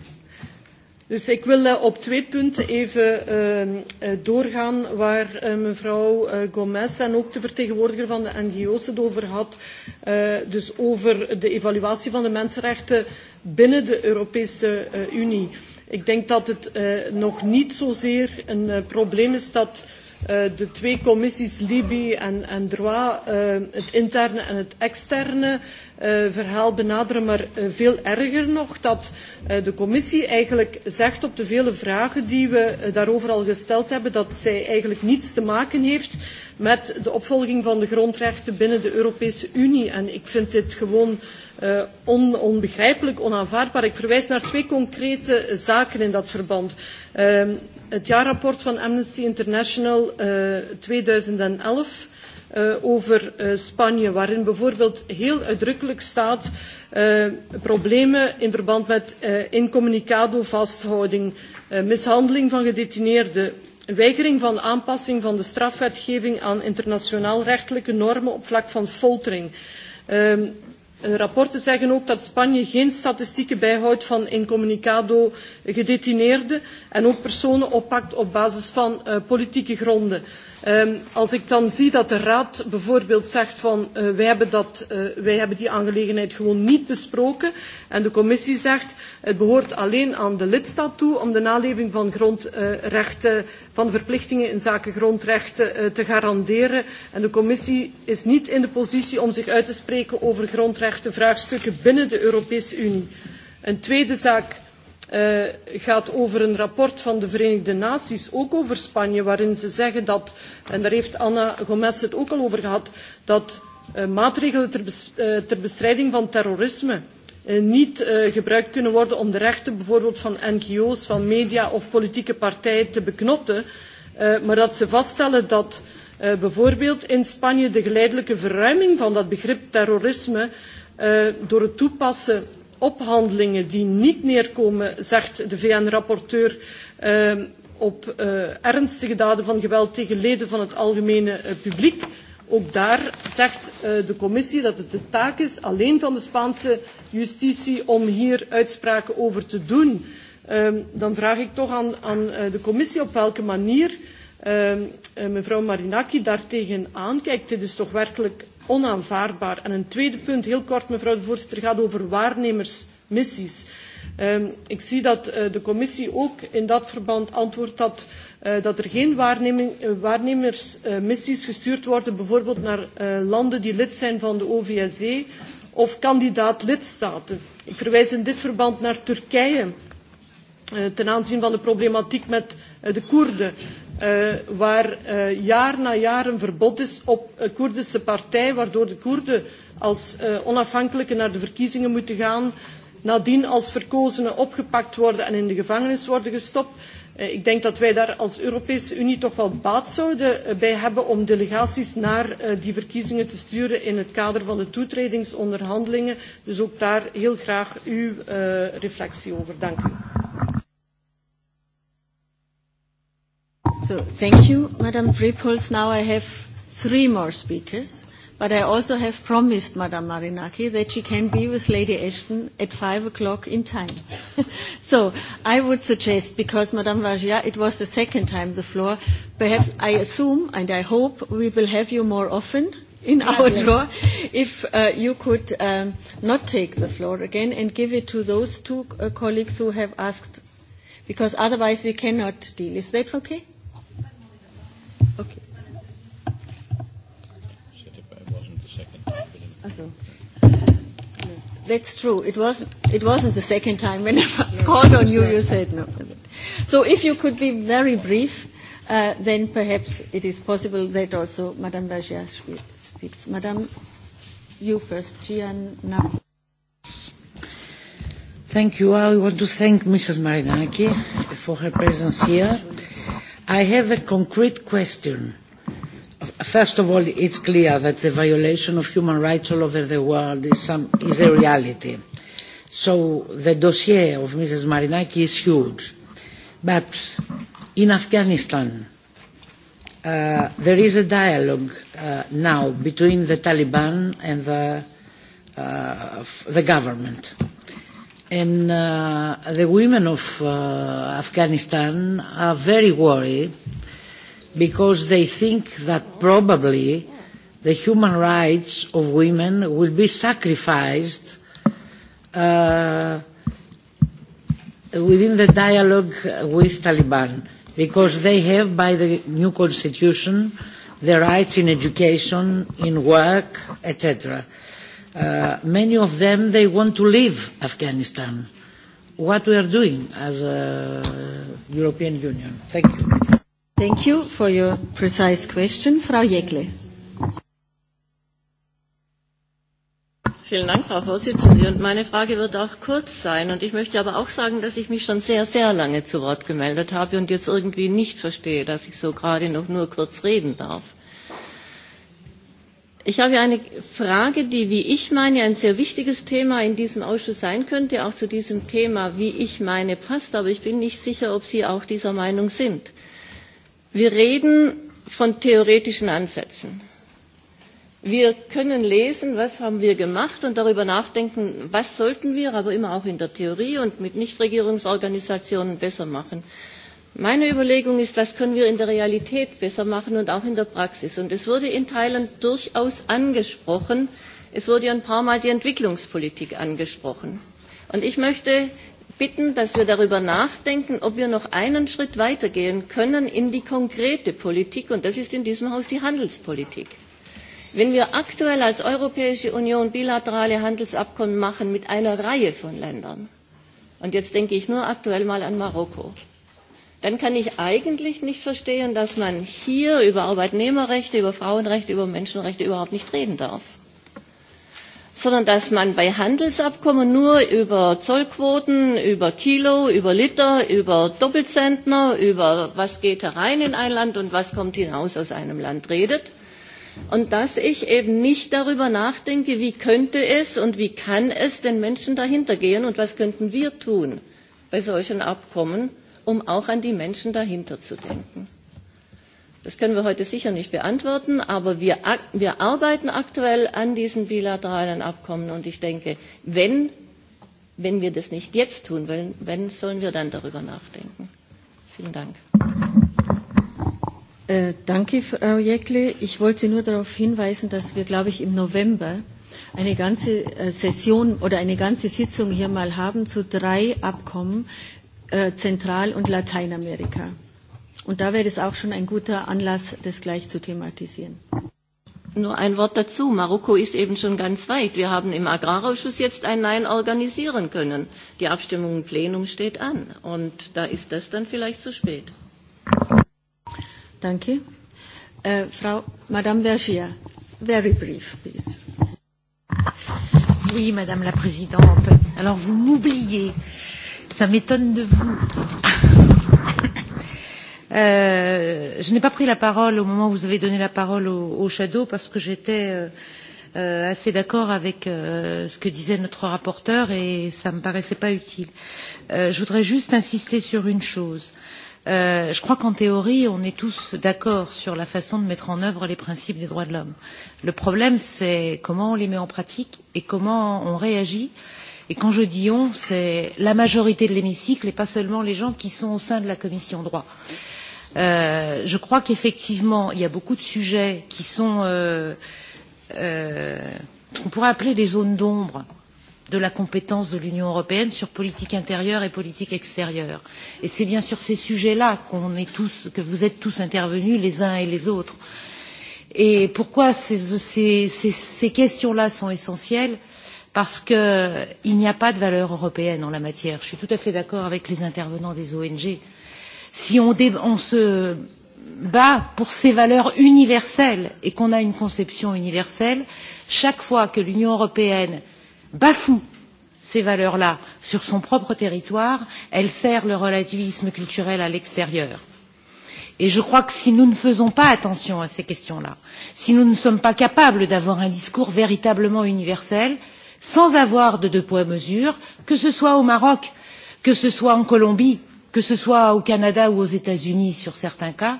Dus ik wil eh, op twee punten even ehm, eh, doorgaan waar eh, mevrouw Gomez en ook de vertegenwoordiger van de NGO's het over had. dus over de evaluatie van de mensenrechten binnen de Europese Unie. Ik denk dat het nog niet zozeer een probleem is dat Eh, de twee commissies Libi en, en Droit eh, het interne en het externe eh, verhaal benaderen, maar veel erger nog dat de commissie eigenlijk zegt op de vele vragen die we daarover al gesteld hebben, dat zij eigenlijk niets te maken heeft met de opvolging van de grondrechten binnen de Europese Unie. En ik vind dit gewoon uh, on, onbegrijpelijk, onaanvaardbaar. Ik verwijs naar twee concrete zaken in dat verband. Uh, het jaarrapport van Amnesty International uh, 2011 uh, over uh, Spanje, waarin bijvoorbeeld heel uitdrukkelijk staat uh, problemen in verband met uh, incommunicado vasthouding, uh, mishandeling van gedetineerden, weigering van aanpassing van de strafwetgeving aan internationaal rechtelijke normen op vlak van foltering. Uh, rapporten zeggen ook dat Spanje geen statistieken bijhoudt van incommunicado gedetineerden en ook personen oppakt op basis van eh, politieke gronden. Ehm, als ik dan zie dat de Raad bijvoorbeeld zegt van uh, wij, hebben dat, uh, wij hebben die aangelegenheid gewoon niet besproken en de commissie zegt het behoort alleen aan de lidstaat toe om de naleving van, grondrechten, van verplichtingen in zaken grondrechten uh, te garanderen en de commissie is niet in de positie om zich uit te spreken over grondrechtenvraagstukken binnen de Europese Unie. Een tweede zaak uh, gaat over een rapport van de Verenigde Naties, ook over Spanje, waarin ze zeggen dat, en daar heeft Anna Gomez het ook al over gehad, dat uh, maatregelen ter, bes uh, ter, bestrijding van terrorisme niet gebruikt kunnen worden om de rechten bijvoorbeeld van NGO's, van media of politieke partijen te beknotten, maar dat ze vaststellen dat bijvoorbeeld in Spanje de geleidelijke verruiming van dat begrip terrorisme door het toepassen ophandelingen die niet neerkomen, zegt de VN-rapporteur, uh, ehm, op uh, ernstige daden van geweld tegen leden van het algemene eh, publiek. Ook daar zegt eh, de commissie dat het de taak is alleen van de Spaanse justitie om hier uitspraken over te doen. Ehm, dan vraag ik toch aan, aan de commissie op welke manier ehm, mevrouw Marinaki daartegen aankijkt. Dit is toch werkelijk onaanvaardbaar. En een tweede punt, heel kort mevrouw de voorzitter, gaat over waarnemersmissies. Um, ehm, ik zie dat uh, de commissie ook in dat verband antwoordt dat, uh, dat er geen eh, waarnemersmissies gestuurd worden, bijvoorbeeld naar landen die lid zijn van de OVSE of kandidaat lidstaten. Ik verwijs in dit verband naar Turkije ten aanzien van de problematiek met de Koerden. Uh, waar uh, jaar na jaar een verbod is op een Koerdische partij, waardoor de Koerden als eh, onafhankelijke naar de verkiezingen moeten gaan, nadien als verkozenen opgepakt worden en in de gevangenis worden gestopt. ik denk dat wij daar als Europese Unie toch wel baat zouden bij hebben om delegaties naar die verkiezingen te sturen in het kader van de toetredingsonderhandelingen. Dus ook daar heel graag uw reflectie over. Dank u. thank you, Madam Prepols. Now I have three more speakers, but I also have promised Madame Marinaki that she can be with Lady Ashton at five o'clock in time. [LAUGHS] so I would suggest, because Madame Vajia, it was the second time the floor, perhaps I assume and I hope we will have you more often in our draw if uh, you could um, not take the floor again and give it to those two uh, colleagues who have asked because otherwise we cannot deal. Is that okay? Also. That's true. It, was, it wasn't the second time when [LAUGHS] I was no, called on you, no. you said no. So if you could be very brief, uh, then perhaps it is possible that also Madame Bajia speaks. Madame, you first. Gian, Gianna. Thank you. I want to thank Mrs. Marinaki for her presence here. I have a concrete question First of all, it's clear that the violation of human rights all over the world is, some, is a reality. So the dossier of Mrs. Marinaki is huge. But in Afghanistan, uh, there is a dialogue uh, now between the Taliban and the, uh, the government. And uh, the women of uh, Afghanistan are very worried because they think that probably the human rights of women will be sacrificed uh, within the dialogue with Taliban because they have by the new constitution the rights in education, in work, etc. Uh, many of them, they want to leave Afghanistan. What we are doing as a European Union. Thank you. Thank you for your precise question. Frau Jekle. Vielen Dank, Frau Vorsitzende. Und meine Frage wird auch kurz sein. Und ich möchte aber auch sagen, dass ich mich schon sehr, sehr lange zu Wort gemeldet habe und jetzt irgendwie nicht verstehe, dass ich so gerade noch nur kurz reden darf. Ich habe eine Frage, die, wie ich meine, ein sehr wichtiges Thema in diesem Ausschuss sein könnte, auch zu diesem Thema, wie ich meine, passt. Aber ich bin nicht sicher, ob Sie auch dieser Meinung sind. Wir reden von theoretischen Ansätzen. Wir können lesen, was haben wir gemacht und darüber nachdenken, was sollten wir, aber immer auch in der Theorie und mit Nichtregierungsorganisationen besser machen. Meine Überlegung ist, was können wir in der Realität besser machen und auch in der Praxis. Und es wurde in Teilen durchaus angesprochen. Es wurde ein paar Mal die Entwicklungspolitik angesprochen. Und ich möchte bitten, dass wir darüber nachdenken, ob wir noch einen Schritt weitergehen können in die konkrete Politik, und das ist in diesem Haus die Handelspolitik. Wenn wir aktuell als Europäische Union bilaterale Handelsabkommen machen mit einer Reihe von Ländern, und jetzt denke ich nur aktuell mal an Marokko, dann kann ich eigentlich nicht verstehen, dass man hier über Arbeitnehmerrechte, über Frauenrechte, über Menschenrechte überhaupt nicht reden darf sondern dass man bei Handelsabkommen nur über Zollquoten, über Kilo, über Liter, über Doppelzentner, über was geht herein in ein Land und was kommt hinaus aus einem Land redet. Und dass ich eben nicht darüber nachdenke, wie könnte es und wie kann es den Menschen dahinter gehen und was könnten wir tun bei solchen Abkommen, um auch an die Menschen dahinter zu denken. Das können wir heute sicher nicht beantworten, aber wir, wir arbeiten aktuell an diesen bilateralen Abkommen und ich denke, wenn, wenn wir das nicht jetzt tun wollen, wenn sollen wir dann darüber nachdenken? Vielen Dank. Äh, danke, Frau Jäckle. Ich wollte Sie nur darauf hinweisen, dass wir, glaube ich, im November eine ganze äh, Session oder eine ganze Sitzung hier mal haben zu drei Abkommen äh, Zentral- und Lateinamerika. Und da wäre das auch schon ein guter Anlass, das gleich zu thematisieren. Nur ein Wort dazu. Marokko ist eben schon ganz weit. Wir haben im Agrarausschuss jetzt ein Nein organisieren können. Die Abstimmung im Plenum steht an. Und da ist das dann vielleicht zu spät. Danke. Äh, Frau, Madame Vergier, very brief, please. Oui, Madame la Présidente. Alors, vous m'oubliez. Ça m'étonne de vous. Euh, je n'ai pas pris la parole au moment où vous avez donné la parole aux au shadow parce que j'étais euh, euh assez d'accord avec euh, ce que disait notre rapporteur et ça ne me paraissait pas utile. je voudrais juste insister sur une chose. Euh, je crois qu'en théorie, on est tous d'accord sur la façon de mettre en œuvre les principes des droits de l'homme. Le problème, c'est comment on les met en pratique et comment on réagit. Et quand je dis on, c'est la majorité de l'hémicycle et pas seulement les gens qui sont au sein de la commission droit. Euh, Euh, je crois qu'effectivement, il y a beaucoup de sujets qui sont euh, euh, qu'on pourrait appeler les zones d'ombre de la compétence de l'Union européenne sur politique intérieure et politique extérieure. Et c'est bien sur ces sujets-là qu'on est tous, que vous êtes tous intervenus les uns et les autres. Et pourquoi ces, ces, ces, ces questions-là sont essentielles Parce qu'il n'y a pas de valeur européenne en la matière. Je suis tout à fait d'accord avec les intervenants des ONG. Euh, si on, on se bat pour ces valeurs universelles et qu'on a une conception universelle chaque fois que l'union européenne bafoue ces valeurs là sur son propre territoire elle sert le relativisme culturel à l'extérieur. et je crois que si nous ne faisons pas attention à ces questions là si nous ne sommes pas capables d'avoir un discours véritablement universel sans avoir de deux poids mesures que ce soit au maroc que ce soit en colombie que ce soit au Canada ou aux États-Unis sur certains cas,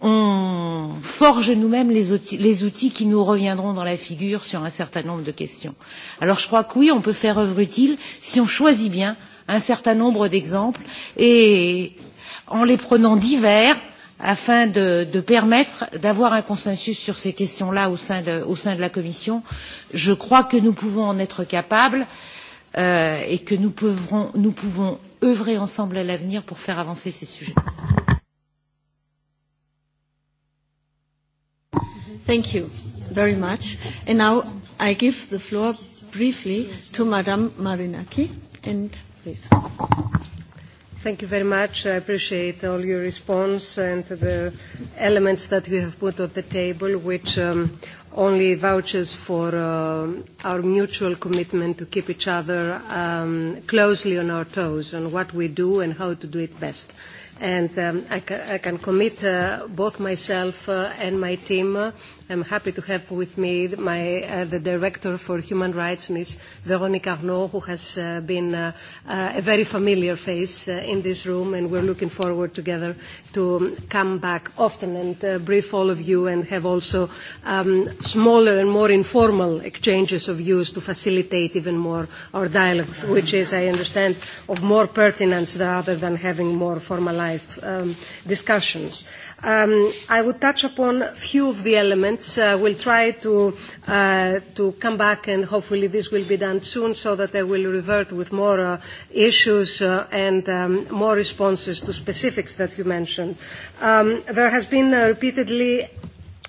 on forge nous-mêmes les, les outils qui nous reviendront dans la figure sur un certain nombre de questions. Alors je crois que oui, on peut faire œuvre utile si on choisit bien un certain nombre d'exemples et en les prenant divers afin de, de permettre d'avoir un consensus sur ces questions là au sein, de, au sein de la commission je crois que nous pouvons en être capables euh, et que nous, nous pouvons œuvrer ensemble à l'avenir pour faire avancer ces sujets. Thank you very much. And now I give the floor briefly to Madame Marinaki. And please. Thank you very much. I appreciate all your response and the elements that you have put on the table, which um, only vouches for uh, our mutual commitment to keep each other um, closely on our toes on what we do and how to do it best. And um, I, ca I can commit uh, both myself uh, and my team uh, I'm happy to have with me my, uh, the Director for Human Rights, Ms. Veronique Arnaud, who has uh, been uh, uh, a very familiar face uh, in this room, and we're looking forward together to come back often and uh, brief all of you and have also um, smaller and more informal exchanges of views to facilitate even more our dialogue, which is, I understand, of more pertinence rather than having more formalized um, discussions. Um, I would touch upon a few of the elements. I uh, will try to, uh, to come back, and hopefully this will be done soon, so that I will revert with more uh, issues uh, and um, more responses to specifics that you mentioned. Um, there has been uh, repeatedly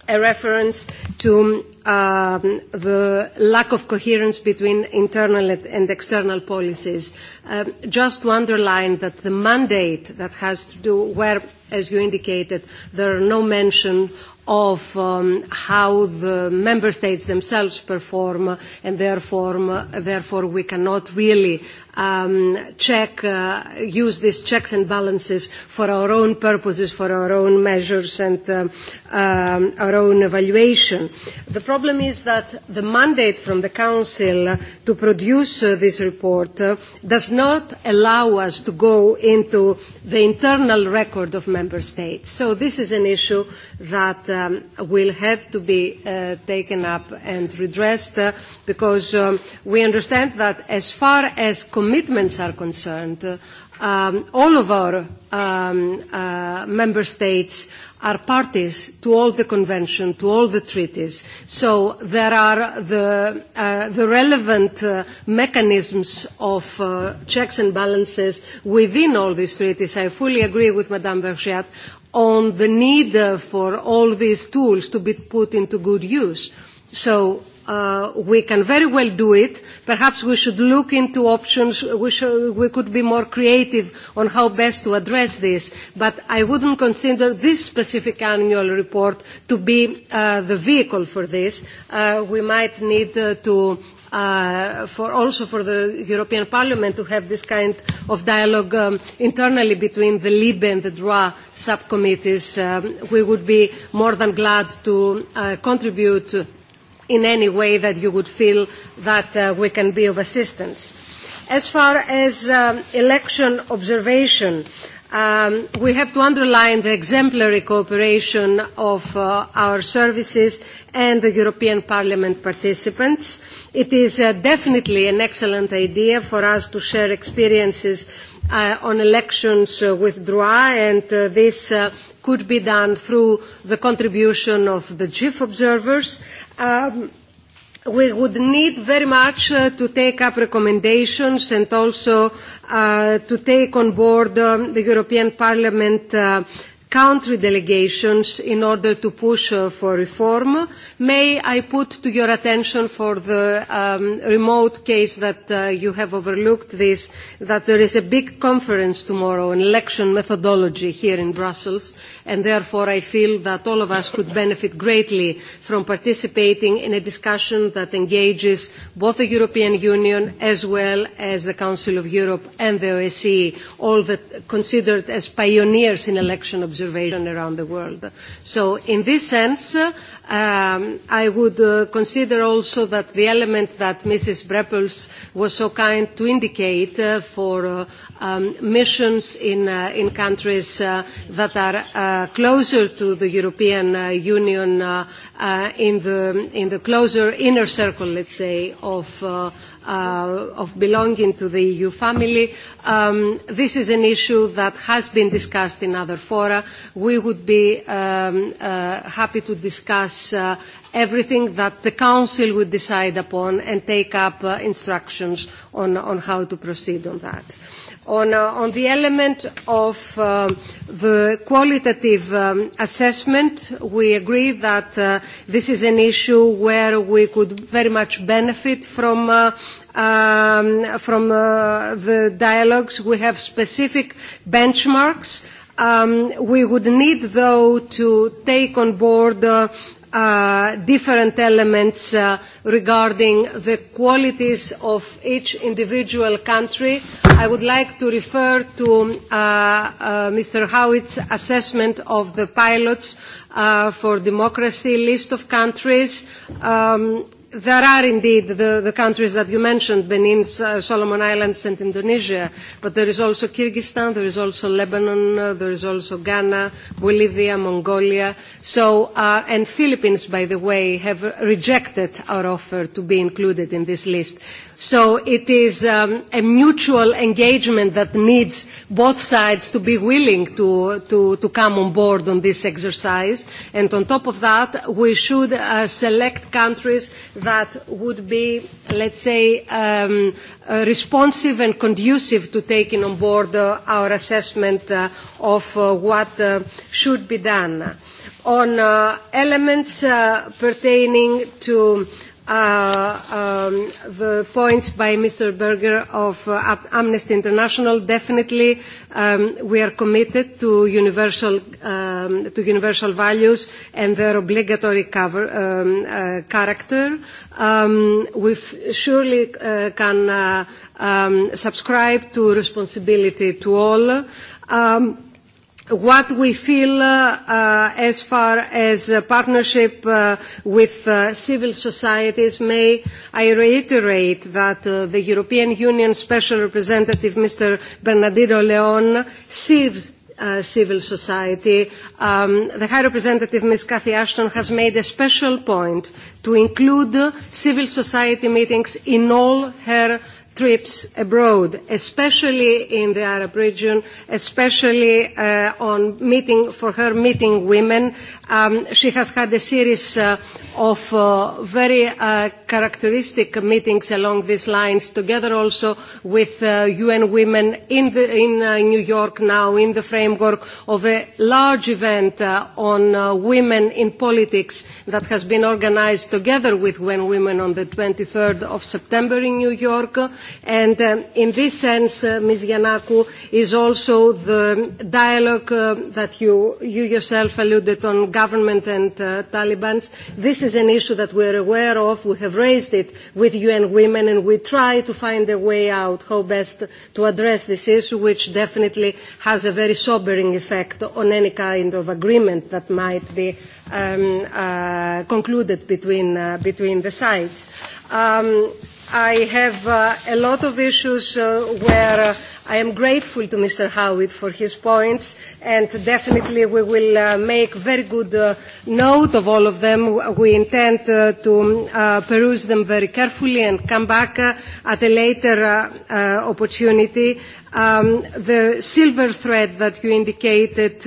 a reference to um, the lack of coherence between internal and external policies. Um, just to underline that the mandate that has to do where, as you indicated, there are no mention of um, how the member states themselves perform and therefore, therefore we cannot really um, check, uh, use these checks and balances for our own purposes, for our own measures and uh, um, our own evaluation. The problem is that the mandate from the Council to produce uh, this report uh, does not allow us to go into the internal record of Member States. So this is an issue that um, will have to be uh, taken up and redressed uh, because um, we understand that as far as commitments are concerned, um, all of our um, uh, member states are parties to all the convention, to all the treaties. So there are the, uh, the relevant uh, mechanisms of uh, checks and balances within all these treaties. I fully agree with Madame Vergiat on the need for all these tools to be put into good use. So uh, we can very well do it. Perhaps we should look into options. We, should, we could be more creative on how best to address this. But I wouldn't consider this specific annual report to be uh, the vehicle for this. Uh, we might need uh, to Uh, for also for the European Parliament to have this kind of dialogue um, internally between the LIBE and the DROA subcommittees. Um, we would be more than glad to uh, contribute in any way that you would feel that uh, we can be of assistance. As far as um, election observation, um, we have to underline the exemplary cooperation of uh, our services and the European Parliament participants. It is uh, definitely an excellent idea for us to share experiences uh, on elections uh, with DROA, and uh, this uh, could be done through the contribution of the chief observers. Um, we would need very much uh, to take up recommendations and also uh, to take on board um, the European Parliament uh, country delegations in order to push uh, for reform. May I put to your attention for the um, remote case that uh, you have overlooked this, that there is a big conference tomorrow on election methodology here in Brussels, and therefore I feel that all of us could benefit greatly from participating in a discussion that engages both the European Union as well as the Council of Europe and the OSCE, all that considered as pioneers in election observation observation around the world. So in this sense, uh, um, I would uh, consider also that the element that Mrs. Breppels was so kind to indicate uh, for uh, um, missions in, uh, in countries uh, that are uh, closer to the European uh, Union uh, uh, in, the, in the closer inner circle, let's say, of uh, uh, of belonging to the EU family. Um, this is an issue that has been discussed in other fora. We would be um, uh, happy to discuss uh, everything that the Council would decide upon and take up uh, instructions on, on how to proceed on that on, uh, on the element of uh, the qualitative um, assessment, we agree that uh, this is an issue where we could very much benefit from, uh, um, from uh, the dialogues. We have specific benchmarks. Um, we would need, though, to take on board uh, uh, different elements uh, regarding the qualities of each individual country. I would like to refer to uh, uh Mr. Howitt's assessment of the pilots uh, for democracy list of countries. Um, there are indeed the, the countries that you mentioned, Benin, uh, Solomon Islands and Indonesia, but there is also Kyrgyzstan, there is also Lebanon, uh, there is also Ghana, Bolivia, Mongolia, so, uh, and Philippines, by the way, have rejected our offer to be included in this list. So it is um, a mutual engagement that needs both sides to be willing to, to, to come on board on this exercise. And on top of that, we should uh, select countries that would be, let's say, um, uh, responsive and conducive to taking on board uh, our assessment uh, of uh, what uh, should be done. On uh, elements uh, pertaining to Uh, um, the points by Mr. Berger of uh, Amnesty International. Definitely, um, we are committed to universal, um, to universal values and their obligatory cover, um, uh, character. Um, we surely uh, can uh, um, subscribe to responsibility to all what we feel uh, uh, as far as a uh, partnership uh, with uh, civil societies may I reiterate that the European Union Special Representative Mr. Bernardino Leon sees Uh, civil society. Um, the High Representative, Ms. Cathy Ashton, has made a special point to include civil society meetings in all her trips abroad, especially in the Arab region, especially uh, on meeting, for her meeting women. Um, she has had a series uh, of uh, very uh, characteristic meetings along these lines, together also with uh, UN women in, the, in uh, New York now, in the framework of a large event uh, on uh, women in politics that has been organized together with UN Women on the 23rd of September in New York. Uh, And um, in this sense, uh, Ms. Giannakou, is also the dialogue uh, that you, you yourself alluded on government and uh, Taliban. This is an issue that we are aware of. We have raised it with UN Women, and we try to find a way out how best to address this issue, which definitely has a very sobering effect on any kind of agreement that might be um, uh, concluded between, uh, between the sides. Um, i have uh, a lot of issues uh, where uh, I am grateful to Mr. Howitt for his points, and definitely we will uh, make very good uh, note of all of them. We intend uh, to peruse them very carefully and come back at a later opportunity. Um, the silver thread that you indicated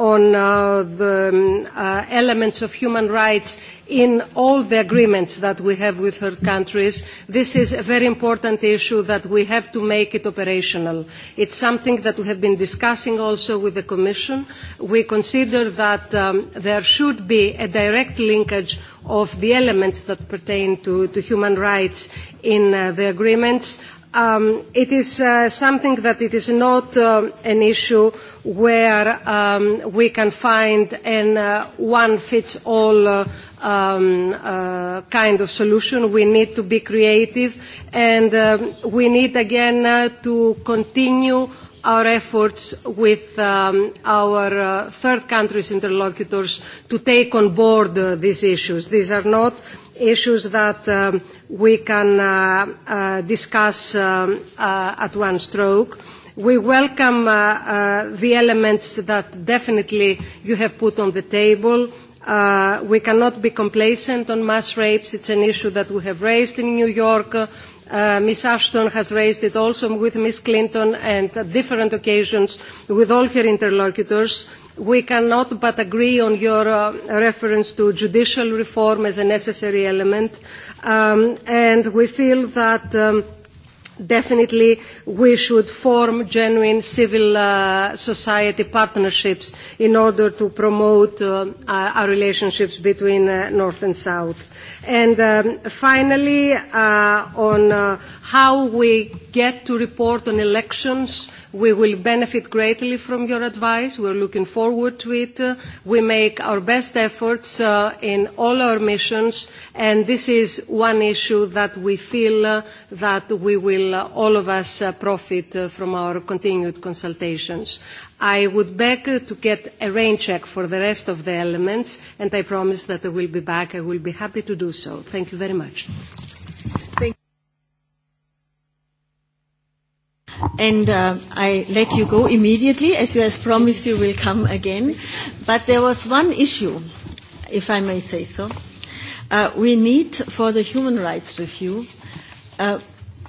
on uh, the um, elements of human rights in all the agreements that we have with third countries. This is a very important issue that we have to make it operational. It is something that we have been discussing also with the Commission. We consider that um, there should be a direct linkage of the elements that pertain to, to human rights in uh, the agreements Um, it is uh, something that it is not uh, an issue where um, we can find an uh, one-fits-all uh, um, uh, kind of solution. We need to be creative, and um, we need, again, uh, to continue our efforts with um, our uh, third countries interlocutors to take on board uh, these issues. These are not issues that um, we can uh, uh, discuss um, uh, at one stroke. We welcome uh, uh, the elements that definitely you have put on the table. Uh, we cannot be complacent on mass rapes. It's an issue that we have raised in New York. Uh, Ms. Ashton has raised it also with Ms. Clinton and at different occasions with all her interlocutors we cannot but agree on your uh, reference to judicial reform as a necessary element, um, and we feel that um, definitely we should form genuine civil uh, society partnerships in order to promote uh, our relationships between uh, North and South. And um, finally, uh, on uh, how we get to report on elections. We will benefit greatly from your advice. We are looking forward to it. we make our best efforts uh, in all our missions, and this is one issue that we feel uh, that we will, uh, all of us, uh, profit uh, from our continued consultations. I would beg to get a rain check for the rest of the elements, and I promise that I will be back. I will be happy to do so. Thank you very much. And uh, I let you go immediately, as you have promised you will come again. But there was one issue, if I may say so. Uh, we need for the human rights review a uh,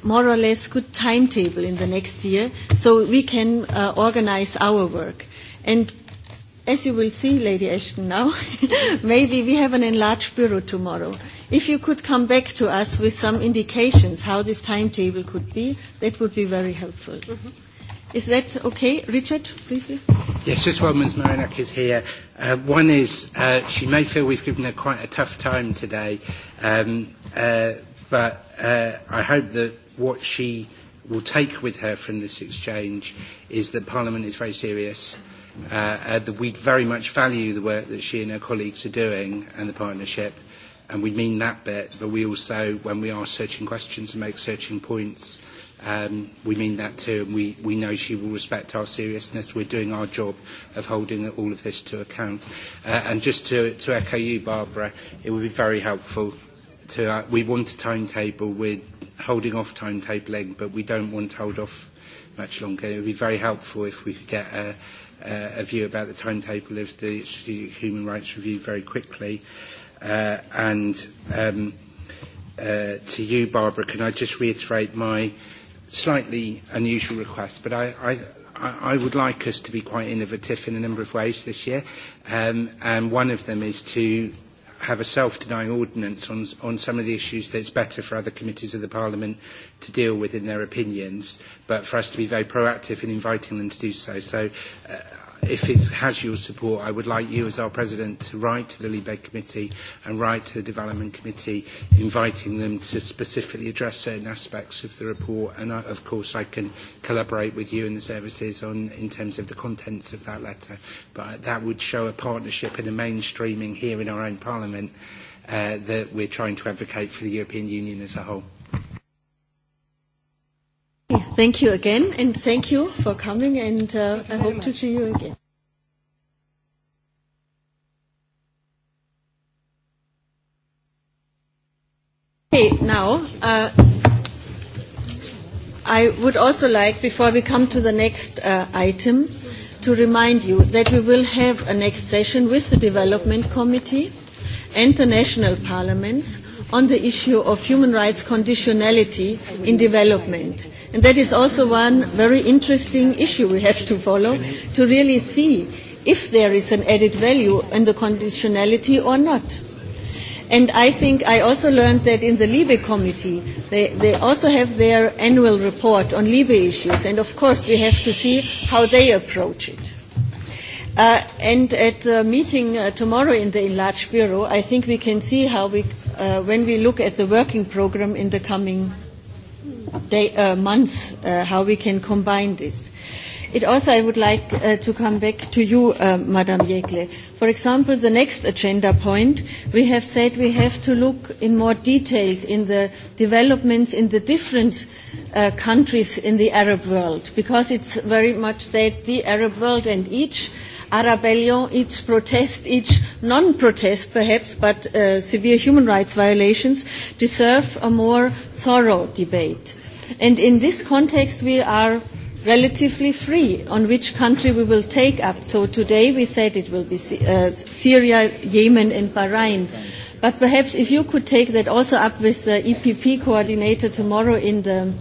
more or less good timetable in the next year so we can uh, organize our work. And as you will see, Lady Ashton, now, [LAUGHS] maybe we have an enlarged bureau tomorrow. If you could come back to us with some indications how this timetable could be, that would be very helpful. Mm-hmm. Is that okay? Richard, briefly? Yes, just while Ms Marinak is here. Uh, one is uh, she may feel we've given her quite a tough time today, um, uh, but uh, I hope that what she will take with her from this exchange is that Parliament is very serious, uh, uh, that we very much value the work that she and her colleagues are doing and the partnership, And we mean that bit, but we also, when we ask searching questions and make searching points, um, we mean that too. And we, we know she will respect our seriousness. We're doing our job of holding all of this to account. Uh, and just to, to echo you, Barbara, it would be very helpful to, uh, we want a timetable. We're holding off timetabling, but we don't want to hold off much longer. It would be very helpful if we could get a, a view about the timetable of the Strategic Human Rights Review very quickly. Uh, and um, uh, to you, Barbara, can I just reiterate my slightly unusual request, but I, I, I would like us to be quite innovative in a number of ways this year, um, and one of them is to have a self-denying ordinance on, on some of the issues that it's better for other committees of the Parliament to deal with in their opinions, but for us to be very proactive in inviting them to do so. So uh, if it has your support, I would like you as our President to write to the Libe Committee and write to the Development Committee inviting them to specifically address certain aspects of the report and I, uh, of course I can collaborate with you and the services on in terms of the contents of that letter but that would show a partnership and a mainstreaming here in our own Parliament uh, that we're trying to advocate for the European Union as a whole. Thank you again, and thank you for coming, and much. I hope to see you again. Okay, now, uh, I would also like, before we come to the next uh, item, to remind you that we will have a next session with the Development Committee and the national parliaments on the issue of human rights conditionality in development. And that is also one very interesting issue we have to follow to really see if there is an added value in the conditionality or not. And I think I also learned that in the Libe committee, they, they also have their annual report on Libe issues. And of course, we have to see how they approach it. Uh, and at the meeting uh, tomorrow in the enlarged bureau, I think we can see how we uh, when we look at the working program in the coming day, uh, months, uh, how we can combine this. It also, I would like uh, to come back to you, uh, Madam Jekle. For example, the next agenda point, we have said we have to look in more detail in the developments in the different uh, countries in the Arab world, because it's very much said the Arab world and each Arabello, each protest, each non-protest perhaps, but uh, severe human rights violations deserve a more thorough debate. And in this context, we are relatively free on which country we will take up. So today we said it will be uh, Syria, Yemen, and Bahrain. But perhaps if you could take that also up with the EPP coordinator tomorrow in the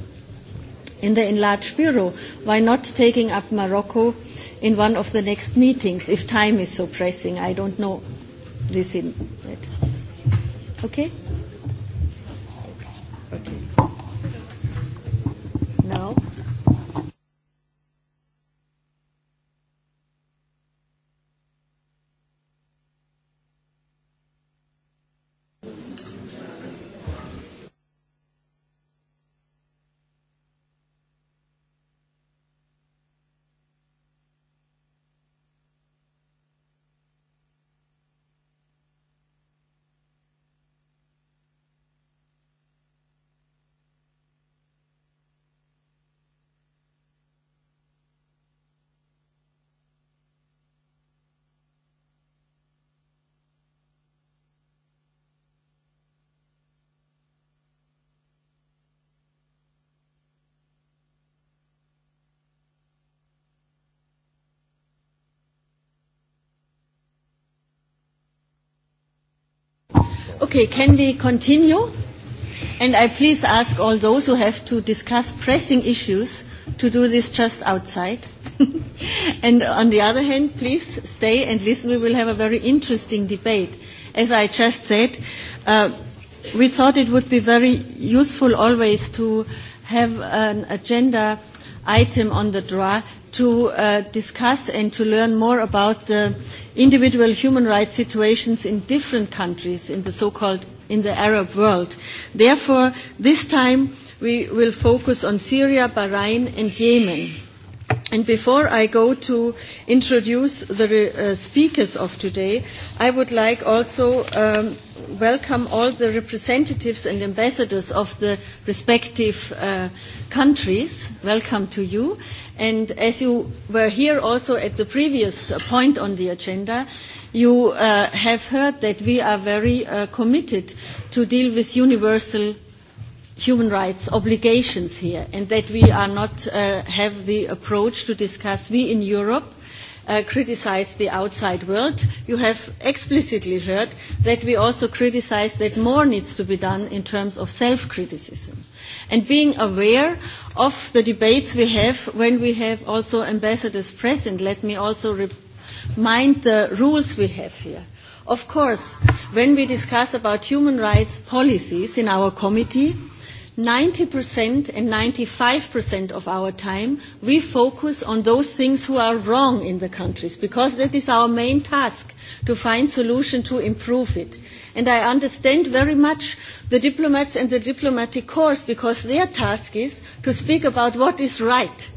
in the enlarged bureau. Why not taking up Morocco in one of the next meetings if time is so pressing? I don't know this in it. Okay? Okay. Okay, can we continue? And I please ask all those who have to discuss pressing issues to do this just outside. [LAUGHS] and on the other hand, please stay and listen. We will have a very interesting debate. As I just said, uh, we thought it would be very useful always to have an agenda item on the draw to uh, discuss and to learn more about the individual human rights situations in different countries in the so-called in the Arab world. Therefore, this time we will focus on Syria, Bahrain and Yemen. And before I go to introduce the uh, speakers of today, I would like also um, welcome all the representatives and ambassadors of the respective uh, countries. Welcome to you. And as you were here also at the previous uh, point on the agenda, you uh, have heard that we are very uh, committed to deal with universal human rights obligations here and that we are not uh, have the approach to discuss we in Europe uh, criticize the outside world. You have explicitly heard that we also criticize that more needs to be done in terms of self-criticism. And being aware of the debates we have when we have also ambassadors present, let me also remind the rules we have here. Of course, when we discuss about human rights policies in our committee, 90% and 95% of our time, we focus on those things who are wrong in the countries, because that is our main task, to find solution to improve it. And I understand very much the diplomats and the diplomatic corps, because their task is to speak about what is right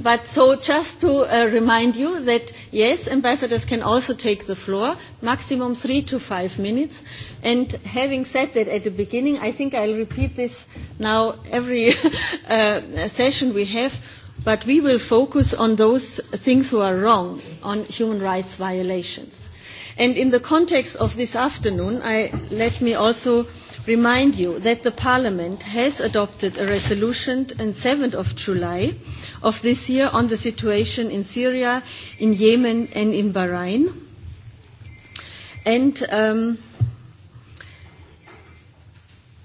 But so just to uh, remind you that yes, ambassadors can also take the floor, maximum three to five minutes. And having said that at the beginning, I think I'll repeat this now every [LAUGHS] uh, session we have, but we will focus on those things who are wrong, on human rights violations. And in the context of this afternoon, I, let me also remind you that the Parliament has adopted a resolution on 7th of July of this year on the situation in Syria, in Yemen, and in Bahrain. And um,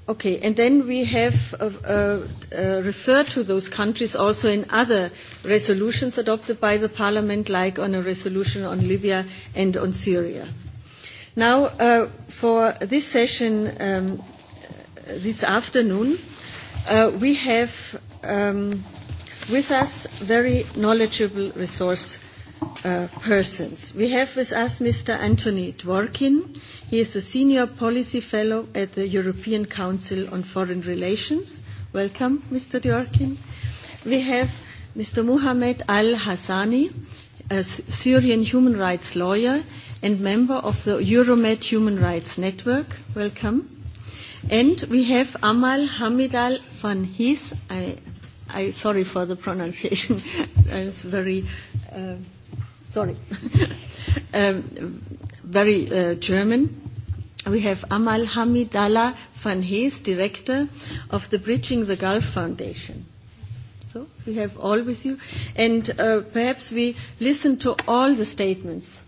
Okay, and then we have uh, uh, uh referred to those countries also in other resolutions adopted by the Parliament, like on a resolution on Libya and on Syria. Now, uh, for this session um, this afternoon, uh, we have um, with us very knowledgeable resource uh, persons. We have with us Mr. Anthony Dworkin. He is the Senior Policy Fellow at the European Council on Foreign Relations. Welcome, Mr. Dworkin. We have Mr. Mohamed Al Hassani, a Syrian human rights lawyer and member of the Euromed Human Rights Network. Welcome. And we have Amal Hamidal van Hees. I, I sorry for the pronunciation. [LAUGHS] it's very uh, sorry, [LAUGHS] um, very uh, German. We have Amal Hamidala van Hees, director of the Bridging the Gulf Foundation. So we have all with you, and uh, perhaps we listen to all the statements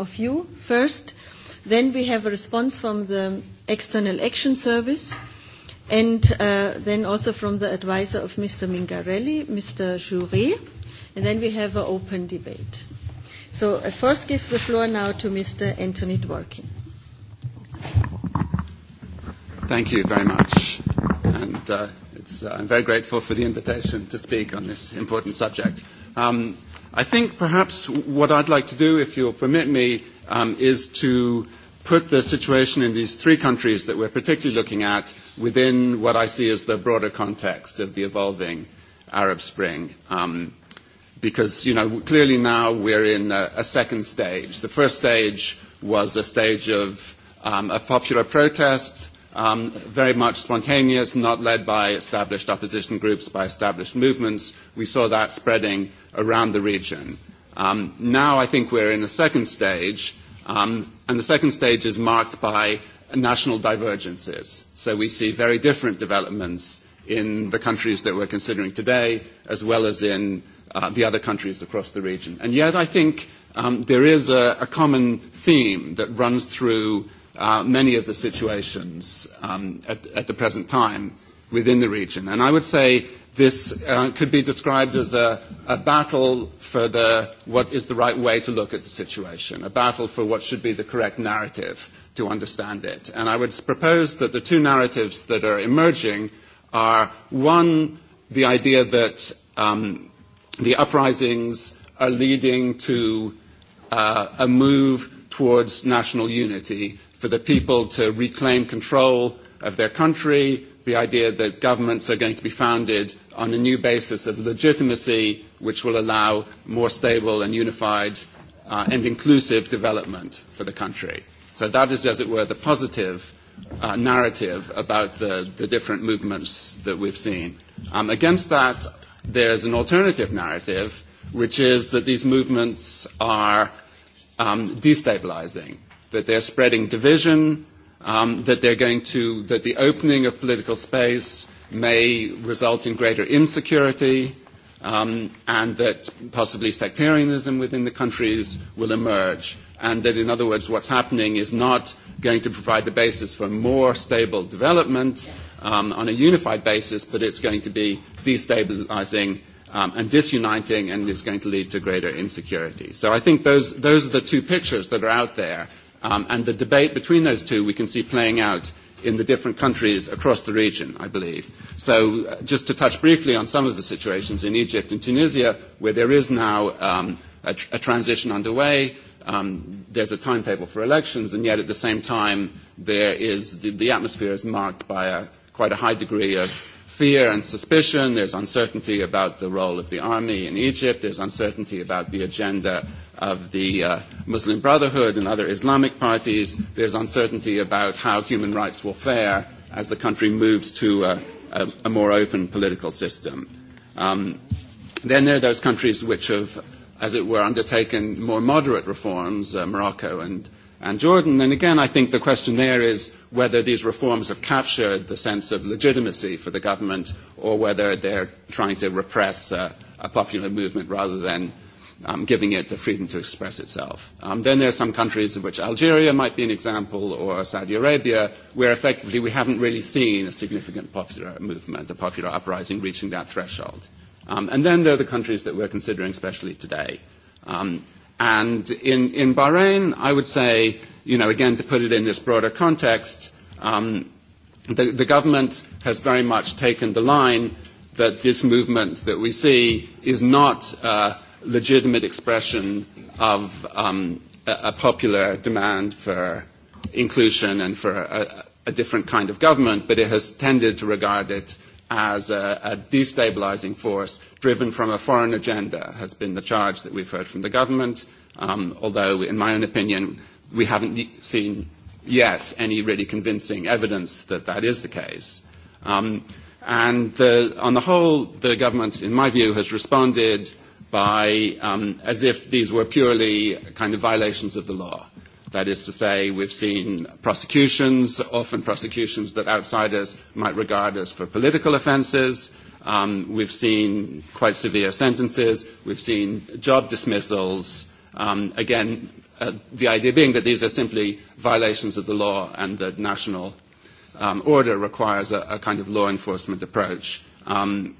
of you first. Then we have a response from the External Action Service and uh, then also from the advisor of Mr. Mingarelli, Mr. Jury. And then we have an open debate. So I first give the floor now to Mr. Anthony Dworkin. Thank you very much. And uh, it's, uh, I'm very grateful for the invitation to speak on this important subject. Um, i think perhaps what I'd like to do, if you'll permit me, um, is to put the situation in these three countries that we're particularly looking at within what I see as the broader context of the evolving Arab Spring. Um, because, you know, clearly now we're in a, a second stage. The first stage was a stage of um, a popular protest um, very much spontaneous, not led by established opposition groups, by established movements. We saw that spreading around the region. Um, now I think we're in a second stage, um, and the second stage is marked by national divergences. So we see very different developments in the countries that we're considering today, as well as in uh, the other countries across the region. And yet I think um, there is a, a common theme that runs through Uh, many of the situations um, at, at the present time within the region. And I would say this uh, could be described as a, a battle for the, what is the right way to look at the situation, a battle for what should be the correct narrative to understand it. And I would propose that the two narratives that are emerging are one, the idea that um, the uprisings are leading to uh, a move towards national unity for the people to reclaim control of their country, the idea that governments are going to be founded on a new basis of legitimacy, which will allow more stable and unified uh, and inclusive development for the country. So that is, as it were, the positive uh, narrative about the, the different movements that we've seen. Um, against that, there's an alternative narrative, which is that these movements are um, destabilizing that they're spreading division, um, that they're going to, that the opening of political space may result in greater insecurity, um, and that possibly sectarianism within the countries will emerge. And that, in other words, what's happening is not going to provide the basis for more stable development um, on a unified basis, but it's going to be destabilizing um, and disuniting and is going to lead to greater insecurity. So I think those, those are the two pictures that are out there. Um, and the debate between those two we can see playing out in the different countries across the region, I believe. So uh, just to touch briefly on some of the situations in Egypt and Tunisia, where there is now um, a, tr a transition underway, um, there's a timetable for elections, and yet at the same time, there is the, the atmosphere is marked by a, quite a high degree of fear and suspicion. There's uncertainty about the role of the army in Egypt. There's uncertainty about the agenda of the uh, Muslim Brotherhood and other Islamic parties. There's uncertainty about how human rights will fare as the country moves to a, a, a more open political system. Um, then there are those countries which have, as it were, undertaken more moderate reforms, uh, Morocco and and Jordan. And again, I think the question there is whether these reforms have captured the sense of legitimacy for the government or whether they're trying to repress uh, a popular movement rather than um, giving it the freedom to express itself. Um, then there are some countries of which Algeria might be an example or Saudi Arabia, where effectively we haven't really seen a significant popular movement, a popular uprising reaching that threshold. Um, and then there are the countries that we're considering especially today. Um, And in, in Bahrain, I would say, you know, again, to put it in this broader context, um, the, the government has very much taken the line that this movement that we see is not a legitimate expression of um, a, a popular demand for inclusion and for a, a different kind of government, but it has tended to regard it as a, a destabilising force driven from a foreign agenda has been the charge that we've heard from the government, um, although in my own opinion we haven't seen yet any really convincing evidence that that is the case. Um, and the, on the whole, the government, in my view, has responded by um, as if these were purely kind of violations of the law. That is to say, we've seen prosecutions, often prosecutions that outsiders might regard as for political offences. Um, we've seen quite severe sentences. We've seen job dismissals. Um, again, uh, the idea being that these are simply violations of the law and that national um, order requires a, a kind of law enforcement approach. Um,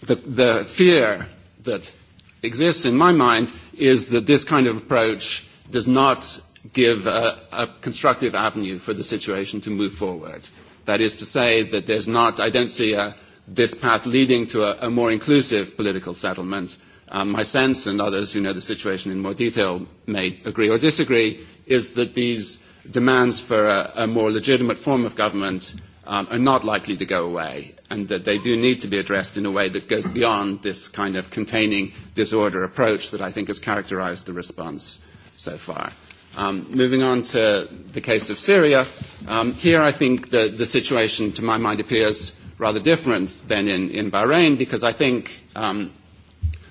the, the fear that exists in my mind is that this kind of approach does not give a, a constructive avenue for the situation to move forward. That is to say that there's not, I don't see a, this path leading to a, a more inclusive political settlement. Um, my sense, and others who know the situation in more detail may agree or disagree, is that these demands for a, a more legitimate form of government um, are not likely to go away, and that they do need to be addressed in a way that goes beyond this kind of containing disorder approach that I think has characterized the response so far. Um, moving on to the case of Syria, um, here I think the, the situation, to my mind, appears rather different than in, in Bahrain because I think um,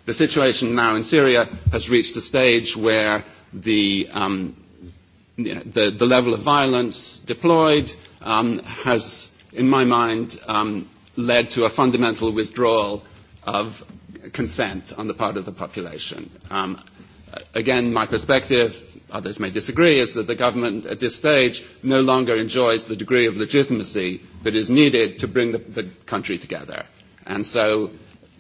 the situation now in Syria has reached a stage where the, um, you know, the, the level of violence deployed um, has, in my mind, um, led to a fundamental withdrawal of consent on the part of the population. Um, again, my perspective others may disagree, is that the government at this stage no longer enjoys the degree of legitimacy that is needed to bring the, the country together. And so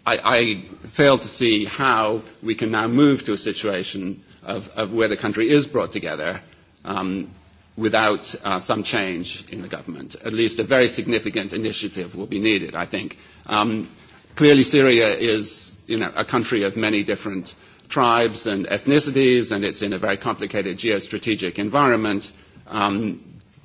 I, I fail to see how we can now move to a situation of, of where the country is brought together um, without uh, some change in the government. At least a very significant initiative will be needed, I think. Um, clearly, Syria is you know, a country of many different tribes and ethnicities, and it's in a very complicated geostrategic environment. Um,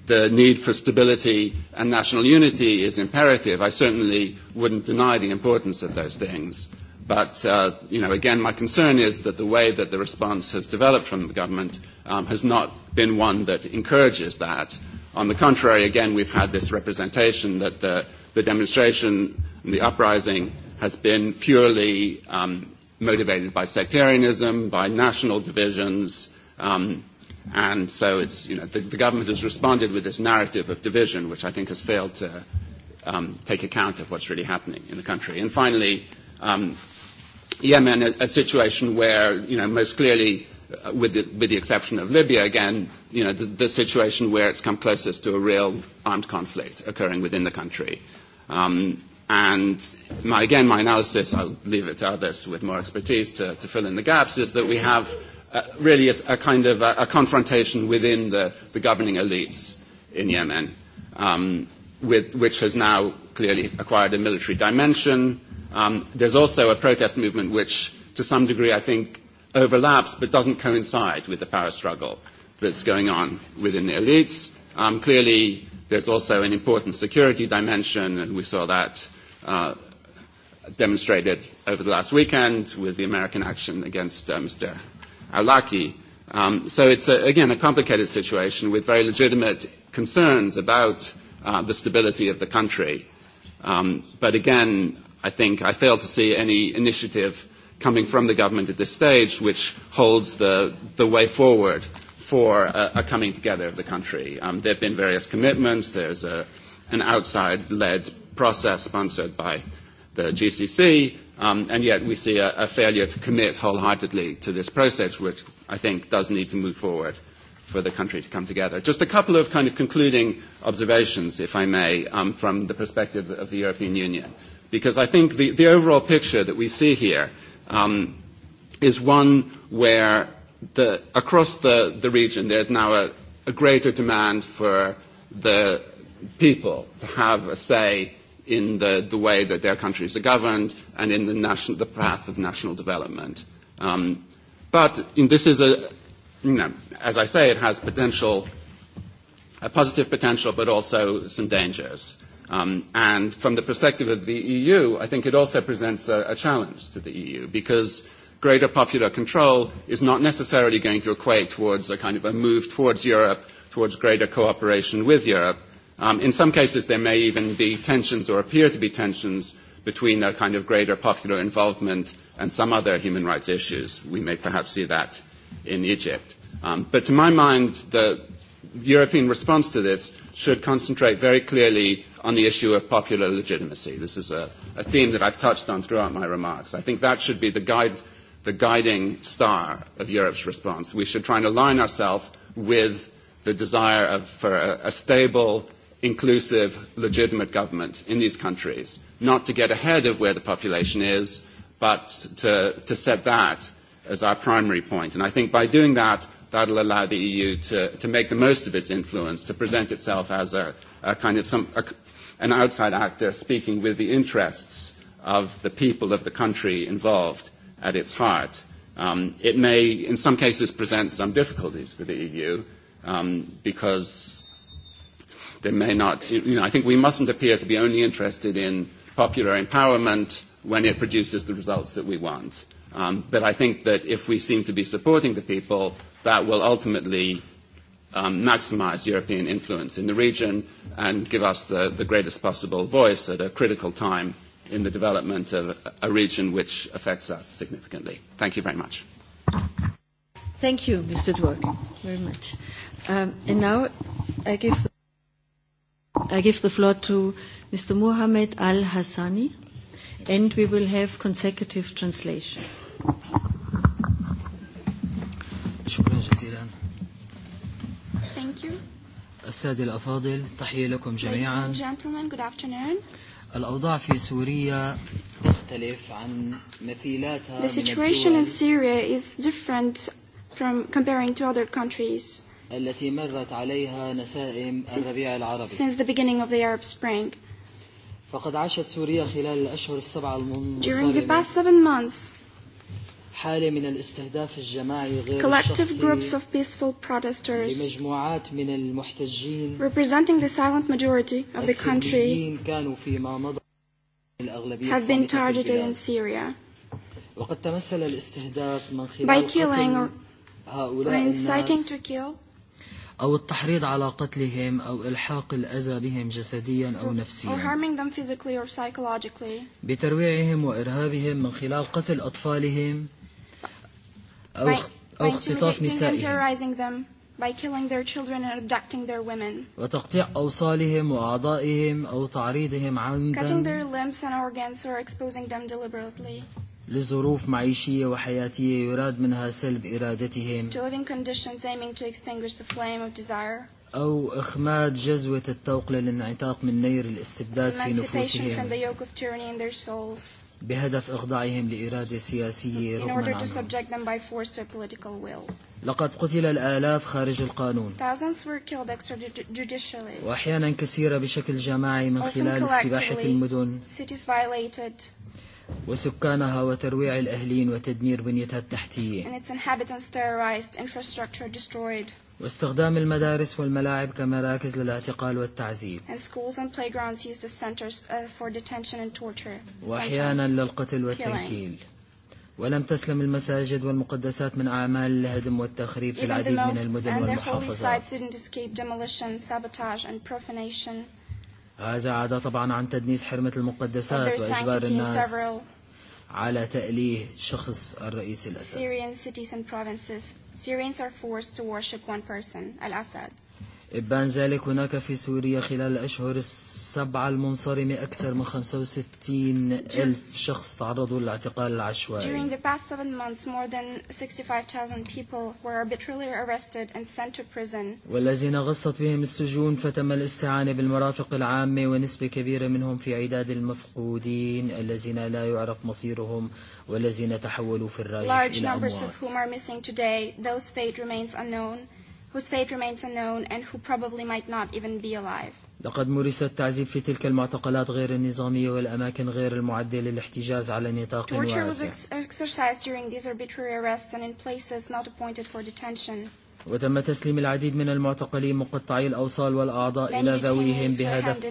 the need for stability and national unity is imperative. I certainly wouldn't deny the importance of those things. But, uh, you know, again, my concern is that the way that the response has developed from the government um, has not been one that encourages that. On the contrary, again, we've had this representation that the, the demonstration and the uprising has been purely um, motivated by sectarianism, by national divisions, um, and so it's, you know, the, the government has responded with this narrative of division, which I think has failed to um, take account of what's really happening in the country. And finally, um, Yemen, a, a situation where, you know, most clearly, uh, with, the, with the exception of Libya, again, you know, the, the situation where it's come closest to a real armed conflict occurring within the country. Um, And my, again, my analysis, I'll leave it to others with more expertise to, to fill in the gaps, is that we have uh, really a, a kind of a, a confrontation within the, the governing elites in Yemen, um, with, which has now clearly acquired a military dimension. Um, there's also a protest movement which, to some degree, I think overlaps but doesn't coincide with the power struggle that's going on within the elites. Um, clearly, there's also an important security dimension, and we saw that uh, demonstrated over the last weekend with the American action against uh, Mr. Alaki. Um, so it's, a, again, a complicated situation with very legitimate concerns about uh, the stability of the country. Um, but again, I think I fail to see any initiative coming from the government at this stage which holds the, the way forward for a, a coming together of the country. Um, there have been various commitments. There's a, an outside-led process sponsored by the GCC, um, and yet we see a, a failure to commit wholeheartedly to this process, which I think does need to move forward for the country to come together. Just a couple of kind of concluding observations, if I may, um, from the perspective of the European Union, because I think the, the overall picture that we see here um, is one where the, across the, the region there's now a, a greater demand for the people to have a say in the, the way that their countries are governed and in the, national, the path of national development. Um, but in, this is a, you know, as I say, it has potential, a positive potential, but also some dangers. Um, and from the perspective of the EU, I think it also presents a, a challenge to the EU because greater popular control is not necessarily going to equate towards a kind of a move towards Europe, towards greater cooperation with Europe Um, in some cases, there may even be tensions or appear to be tensions between a kind of greater popular involvement and some other human rights issues. We may perhaps see that in Egypt. Um, but to my mind, the European response to this should concentrate very clearly on the issue of popular legitimacy. This is a, a theme that I've touched on throughout my remarks. I think that should be the, guide, the guiding star of Europe's response. We should try and align ourselves with the desire of, for a, a stable inclusive, legitimate government in these countries, not to get ahead of where the population is, but to, to set that as our primary point. And I think by doing that, that will allow the EU to, to make the most of its influence, to present itself as a, a kind of some, a, an outside actor speaking with the interests of the people of the country involved at its heart. Um, it may, in some cases, present some difficulties for the EU um, because They may not, you know, I think we mustn't appear to be only interested in popular empowerment when it produces the results that we want. Um, but I think that if we seem to be supporting the people, that will ultimately um, maximize European influence in the region and give us the, the greatest possible voice at a critical time in the development of a region which affects us significantly. Thank you very much. Thank you, Mr. Dworkin, very much. Um, and now I give the i give the floor to Mr. Mohamed Al Hassani, and we will have consecutive translation. Thank you. السادة الأفاضل تحية لكم جميعا. Ladies and gentlemen, good afternoon. الأوضاع في سوريا تختلف عن مثيلاتها The situation in Syria is different from comparing to other countries. التي مرت عليها نسائم الربيع العربي since the beginning of the Arab Spring. فقد عاشت سوريا خلال الأشهر السبعة المنصرمة During the past seven months, حالة من الاستهداف الجماعي غير collective الشخصي groups of peaceful protesters لمجموعات من المحتجين representing the silent majority of the country كانوا فيما مضى الأغلبية have been targeted in Syria. وقد تمثل الاستهداف من خلال by killing or, or inciting to kill أو التحريض على قتلهم أو إلحاق الأذى بهم جسديا أو نفسيا بترويعهم وإرهابهم من خلال قتل أطفالهم أو, أو اختطاف نسائهم by killing their children and abducting their women. وتقطيع أوصالهم وأعضائهم أو تعريضهم عمدا. Cutting their limbs and organs or exposing them deliberately. لظروف معيشية وحياتية يراد منها سلب إرادتهم أو إخماد جزوة الطوق للانعتاق من نير الاستبداد في نفوسهم بهدف إخضاعهم لإرادة سياسية رغما عنهم لقد قتل الآلاف خارج القانون وأحيانا كثيرة بشكل جماعي من خلال استباحة المدن وسكانها وترويع الأهلين وتدمير بنيتها التحتية and its inhabitants terrorized, infrastructure destroyed. واستخدام المدارس والملاعب كمراكز للاعتقال والتعذيب وأحيانا للقتل والتنكيل ولم تسلم المساجد والمقدسات من أعمال الهدم والتخريب في العديد من المدن والمحافظات هذا عدا طبعا عن تدنيس حرمة المقدسات وإجبار الناس على تأليه شخص الرئيس الأسد. Syrian cities and provinces. Syrians are forced to worship one person, Al-Assad. إبان ذلك هناك في سوريا خلال الأشهر السبعة المنصرمة أكثر من 65 ألف شخص تعرضوا للاعتقال العشوائي. During the past seven months, more than 65,000 people were arbitrarily arrested and sent to prison. والذين غصت بهم السجون فتم الاستعانة بالمرافق العامة ونسبة كبيرة منهم في عداد المفقودين الذين لا يعرف مصيرهم والذين تحولوا في الرايح Large numbers of whom are missing today, those fate remains unknown whose fate remains unknown and who probably might not even be alive. لقد مورس التعذيب في تلك المعتقلات غير النظامية والأماكن غير المعدة للاحتجاز على نطاق واسع. وتم تسليم العديد من المعتقلين مقطعي الأوصال والأعضاء إلى ذويهم بهدف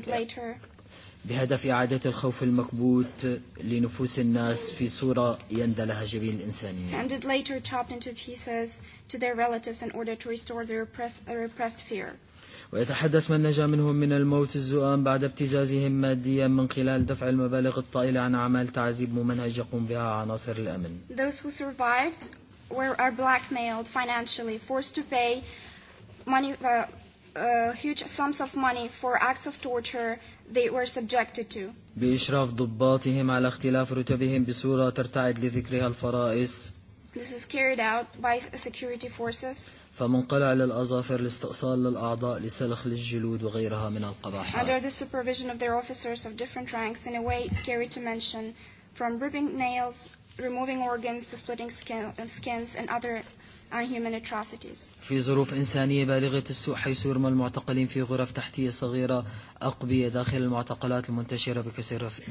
بهدف إعادة الخوف المكبوت لنفوس الناس في صورة يندى لها جميع الإنسانية. And it later chopped into pieces to their relatives in order to restore the repressed, repressed fear. ويتحدث من نجا منهم من الموت الزؤام بعد ابتزازهم ماديا من خلال دفع المبالغ الطائلة عن أعمال تعذيب ممنهج يقوم بها عناصر الأمن. Those who survived were are blackmailed financially, forced to pay money, uh, uh, huge sums of money for acts of torture they were subjected to. بإشراف ضباطهم على اختلاف رتبهم بصورة ترتعد لذكرها الفرائس. This is carried out by security forces. للأظافر لاستئصال للأعضاء لسلخ للجلود وغيرها من Under the supervision of their officers of different ranks, in a way it's scary to mention, from ripping nails, removing organs, to splitting skin, uh, skins, and other unhuman atrocities. في ظروف إنسانية بالغة السوء حيث يرمى المعتقلين في غرف تحتية صغيرة أقبية داخل المعتقلات المنتشرة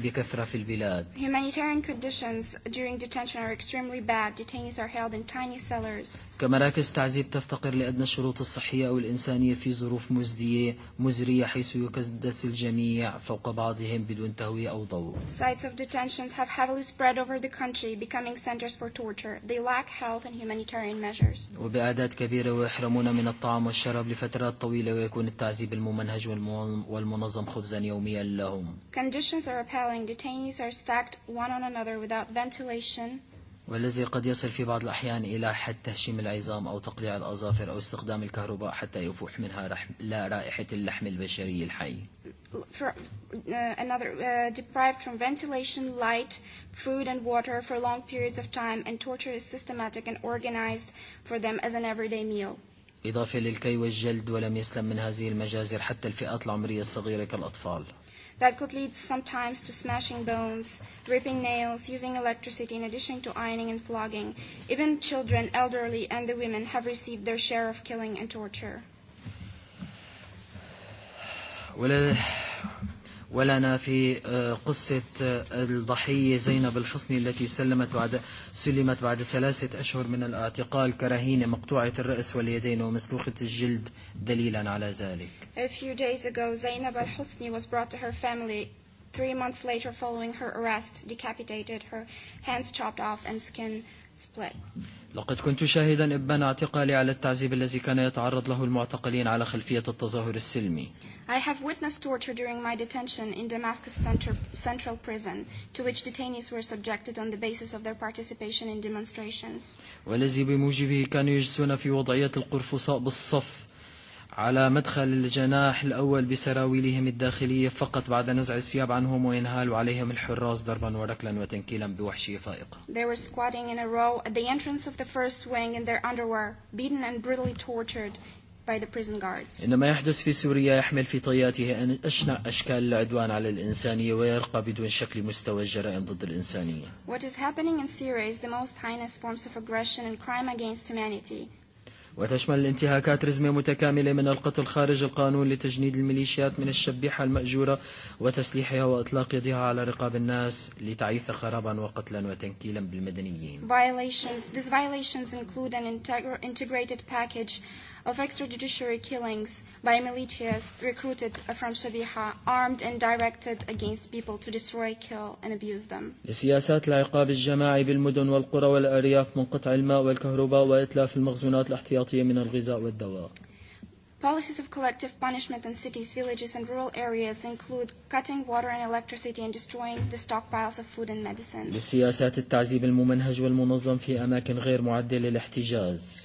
بكثرة في البلاد. Humanitarian conditions during detention are extremely bad. Detainees are held in tiny cellars. كمراكز تعذيب تفتقر لأدنى الشروط الصحية أو الإنسانية في ظروف مزدية مزرية حيث يكدس الجميع فوق بعضهم بدون تهوية أو ضوء. Sites of detention have heavily spread over the country, becoming centers for torture. They lack health and humanitarian measures. وبأعداد كبيرة ويحرمون من الطعام والشراب لفترات طويلة ويكون التعذيب الممنهج والمنظم خبزا يوميا لهم. Conditions are appalling. Detainees are stacked one on another without ventilation. والذي قد يصل في بعض الأحيان إلى حد تهشيم العظام أو تقليع الأظافر أو استخدام الكهرباء حتى يفوح منها رائحة اللحم البشري الحي. Uh, another uh, deprived from ventilation, light, food and water for long periods of time and torture is systematic and organized for them as an everyday meal. إضافة للكي والجلد ولم يسلم من هذه المجازر حتى الفئات العمرية الصغيرة كالأطفال. That could lead sometimes to smashing bones, ripping nails, using electricity in addition to ironing and flogging. Even children, elderly, and the women have received their share of killing and torture. ولنا في قصة الضحية زينب الحسني التي سلمت بعد سلمت بعد ثلاثة أشهر من الاعتقال كرهينة مقطوعة الرأس واليدين ومسلوخة الجلد دليلا على ذلك. A few days ago, Zainab al-Husni was brought to her family three months later following her arrest, decapitated, her hands chopped off and skin split. لقد كنت شاهدا إبان اعتقالي على التعذيب الذي كان يتعرض له المعتقلين على خلفية التظاهر السلمي. I have witnessed torture during my detention in Damascus Central, Central Prison, to which detainees were subjected on the basis of their participation in demonstrations. والذي بموجبه كانوا يجلسون في وضعية القرفصاء بالصف على مدخل الجناح الأول بسراويلهم الداخلية فقط بعد نزع الثياب عنهم وإنهال عليهم الحراس ضربا وركلا وتنكيلا بوحشية فائقة. They were squatting in a row at the entrance of the first wing in their underwear, beaten and brutally tortured by the prison guards. إنما يحدث في سوريا يحمل في طياته أن أشنع أشكال العدوان على الإنسانية ويرقى بدون شكل مستوى الجرائم ضد الإنسانية. What is happening in Syria is the most heinous forms of aggression and crime against humanity وتشمل الانتهاكات رزمة متكاملة من القتل خارج القانون لتجنيد الميليشيات من الشبيحة المأجورة وتسليحها وإطلاق يدها على رقاب الناس لتعيث خرابا وقتلا وتنكيلا بالمدنيين Violations. These violations include an integrated package of extrajudiciary killings by militias recruited from Shabiha, armed and directed against people to destroy, kill and abuse them. لسياسات العقاب الجماعي بالمدن والقرى والأرياف من قطع الماء والكهرباء وإتلاف المخزونات الاحتياطية من الغذاء والدواء. Policies of collective punishment in cities, villages, and rural areas include cutting water and electricity and destroying the stockpiles of food and medicines.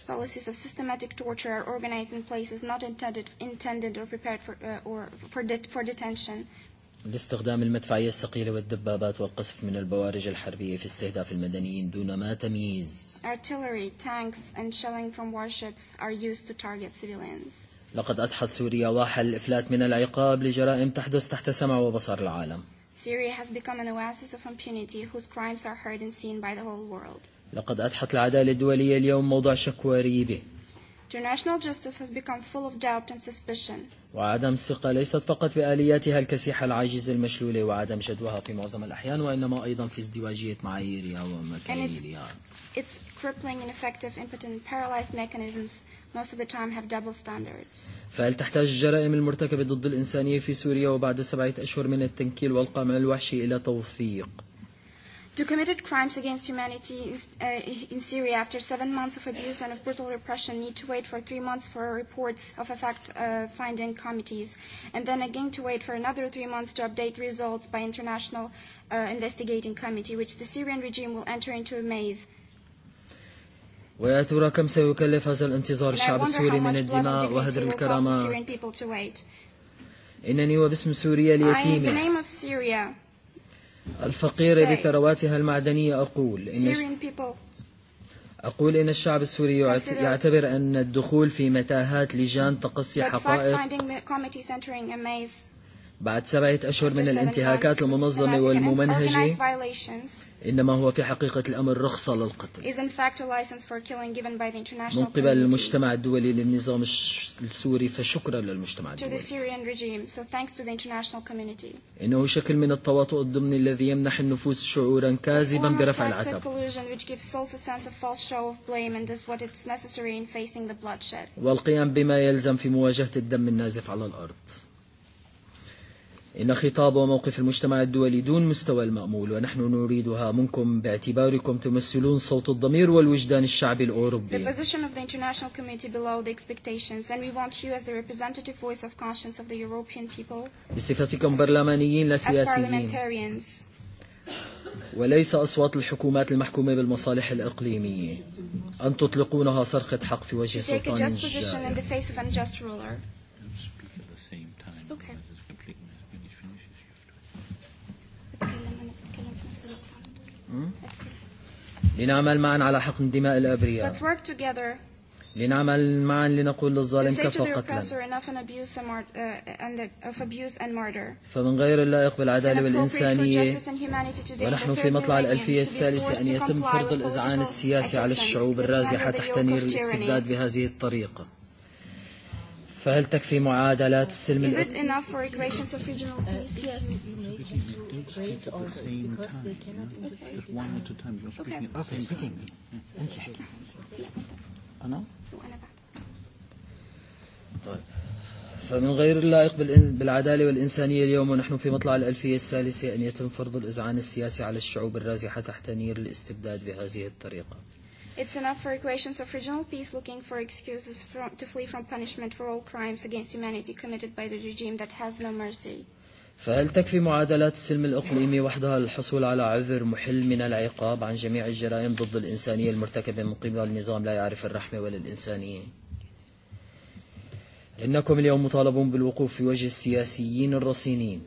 Policies of systematic torture are organized in places not intended, intended or prepared for, uh, or for, det for detention. لاستخدام المدفعية الثقيلة والدبابات والقصف من البوارج الحربية في استهداف المدنيين دون ما تمييز. Artillery, tanks, and shelling from warships are used to target civilians. لقد أضحت سوريا واحة الإفلات من العقاب لجرائم تحدث تحت سمع وبصر العالم. Syria has become an oasis of impunity whose crimes are heard and seen by the whole world. لقد أضحت العدالة الدولية اليوم موضع شكوى ريبة. International justice has become full of doubt and suspicion. وعدم الثقة ليست فقط بآلياتها الكسيحة العاجزة المشلولة وعدم جدواها في معظم الأحيان وإنما أيضا في ازدواجية معاييرها ومكاييلها its crippling, ineffective, impotent, and paralyzed mechanisms most of the time have double standards. فهل تحتاج الجرائم المرتكبة ضد الإنسانية في سوريا وبعد سبعة أشهر من التنكيل والقمع الوحشي إلى توثيق؟ To committed crimes against humanity in, uh, in Syria after seven months of abuse and of brutal repression need to wait for three months for reports of effect fact-finding uh, committees, and then again to wait for another three months to update results by international uh, investigating committee, which the Syrian regime will enter into a maze ويا ترى كم سيكلف هذا الانتظار الشعب السوري من الدماء وهدر الكرامات إنني وباسم سوريا اليتيمة الفقيرة بثرواتها المعدنية أقول إن أقول إن الشعب السوري يعتبر أن الدخول في متاهات لجان تقصي حقائق بعد سبعة أشهر من الانتهاكات المنظمة والممنهجة إنما هو في حقيقة الأمر رخصة للقتل من قبل المجتمع الدولي للنظام السوري فشكرا للمجتمع الدولي إنه شكل من التواطؤ الضمني الذي يمنح النفوس شعورا كاذبا برفع العتب والقيام بما يلزم في مواجهة الدم النازف على الأرض إن خطاب وموقف المجتمع الدولي دون مستوى المأمول ونحن نريدها منكم باعتباركم تمثلون صوت الضمير والوجدان الشعبي الأوروبي. The position of the international community below the expectations and we want you as the representative voice of conscience of the European people. بصفتكم برلمانيين لا سياسيين. وليس أصوات الحكومات المحكومة بالمصالح الإقليمية أن تطلقونها صرخة حق في وجه سلطان الجائر. لنعمل معا على حقن دماء الأبرياء. Let's work together. لنعمل معا لنقول للظالم كفى قتلا فمن غير اللائق بالعدالة والإنسانية ونحن في مطلع الألفية الثالثة أن يتم فرض الإزعان السياسي على الشعوب الرازحة تحت نير الاستبداد بهذه الطريقة فهل تكفي معادلات السلم Is it enough for equations of regional peace? Yes. فمن غير اللائق بالعدالة والإنسانية اليوم ونحن في مطلع الألفية الثالثة أن يتم فرض الإزعان السياسي على الشعوب الرازحة تحت نير الاستبداد بهذه الطريقة It's enough for equations of regional peace looking for excuses from, to flee from punishment for all crimes against humanity committed by the regime that has no mercy. فهل تكفي معادلات السلم الإقليمي وحدها للحصول على عذر محل من العقاب عن جميع الجرائم ضد الإنسانية المرتكبة من قبل نظام لا يعرف الرحمة ولا الإنسانية؟ إنكم اليوم مطالبون بالوقوف في وجه السياسيين الرصينين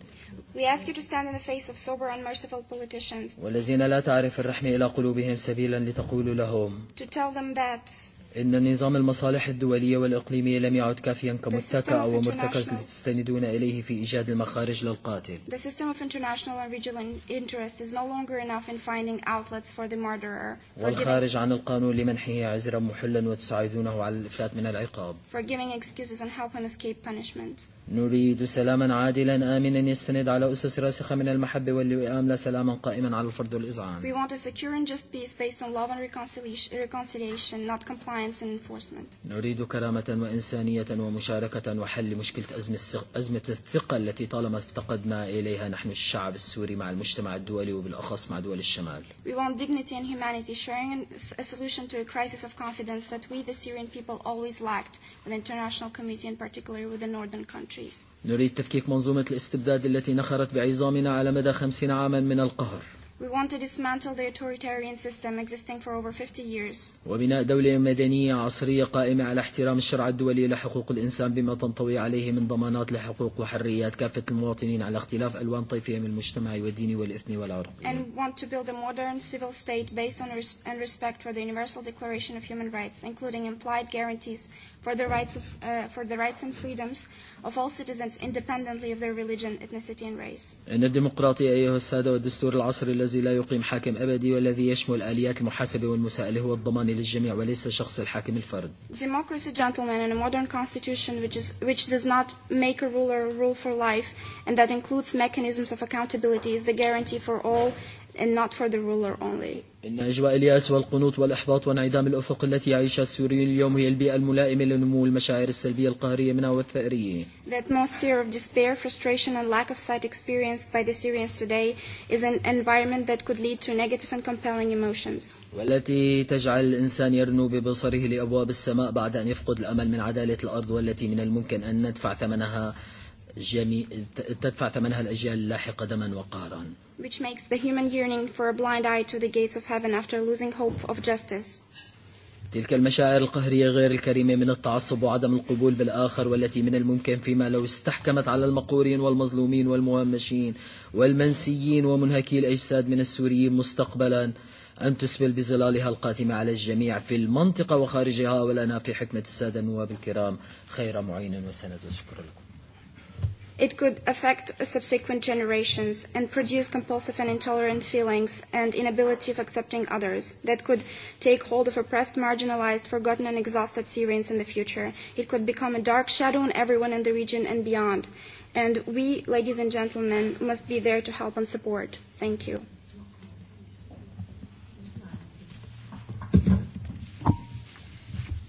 We ask you to stand in the face of sober, unmerciful politicians. والذين لا تعرف الرحمة إلى قلوبهم سبيلا لتقول لهم. To tell them that. إن نظام المصالح الدولية والإقليمية لم يعد كافيا كمتكأ أو مرتكز لتستندون إليه في إيجاد المخارج للقاتل. The system of international and regional interest is no longer enough in finding outlets for the murderer. والخارج عن القانون لمنحه عذرا محلا وتساعدونه على الإفلات من العقاب. For giving excuses and help him escape punishment. نريد سلاما عادلا آمنا يستند على أسس راسخة من المحبة والوئام لا سلاما قائما على الفرد والإزعان We want a secure and just peace based on love and reconciliation, not compliance and enforcement. نريد كرامة وإنسانية ومشاركة وحل مشكلة أزمة, أزمة الثقة التي طالما افتقدنا إليها نحن الشعب السوري مع المجتمع الدولي وبالأخص مع دول الشمال. We want dignity and humanity, sharing a solution to a crisis of confidence that we the Syrian people always lacked with the international community and particularly with the northern countries countries. نريد تفكيك منظومة الاستبداد التي نخرت بعظامنا على مدى خمسين عاما من القهر. We want to dismantle the authoritarian system existing for over 50 years. وبناء دولة مدنية عصرية قائمة على احترام الشرع الدولي لحقوق الإنسان بما تنطوي عليه من ضمانات لحقوق وحريات كافة المواطنين على اختلاف ألوان طيفهم من المجتمع والدين والإثني والعرقي. And want to build a modern civil state based on res and respect for the Universal Declaration of Human Rights, including implied guarantees for the rights, of, uh, for the rights and freedoms of all citizens independently of their religion, ethnicity and race. إن الديمقراطية أيها السادة والدستور العصري الذي لا يقيم حاكم أبدي والذي يشمل آليات المحاسبة والمساءلة هو الضمان للجميع وليس شخص الحاكم الفرد. Democracy, gentlemen, and a modern constitution which, is, which does not make a ruler a rule for life and that includes mechanisms of accountability is the guarantee for all and not for the ruler only. إن أجواء اليأس والقنوط والإحباط وانعدام الأفق التي يعيشها السوريون اليوم هي البيئة الملائمة لنمو المشاعر السلبية القهرية منها والثأرية. The atmosphere of despair, frustration and lack of sight experienced by the Syrians today is an environment that could lead to negative and compelling emotions. والتي تجعل الإنسان يرنو ببصره لأبواب السماء بعد أن يفقد الأمل من عدالة الأرض والتي من الممكن أن ندفع ثمنها جميع تدفع ثمنها الأجيال اللاحقة دما وقهرا which makes the human yearning for a blind eye to the gates of heaven after losing hope of justice. تلك المشاعر القهرية غير الكريمة من التعصب وعدم القبول بالآخر والتي من الممكن فيما لو استحكمت على المقورين والمظلومين والمهمشين والمنسيين ومنهكي الأجساد من السوريين مستقبلا أن تسبل بظلالها القاتمة على الجميع في المنطقة وخارجها ولنا في حكمة السادة النواب الكرام خير معين وسند وشكر لكم It could affect subsequent generations and produce compulsive and intolerant feelings and inability of accepting others that could take hold of oppressed, marginalized, forgotten, and exhausted Syrians in the future. It could become a dark shadow on everyone in the region and beyond. And we, ladies and gentlemen, must be there to help and support. Thank you.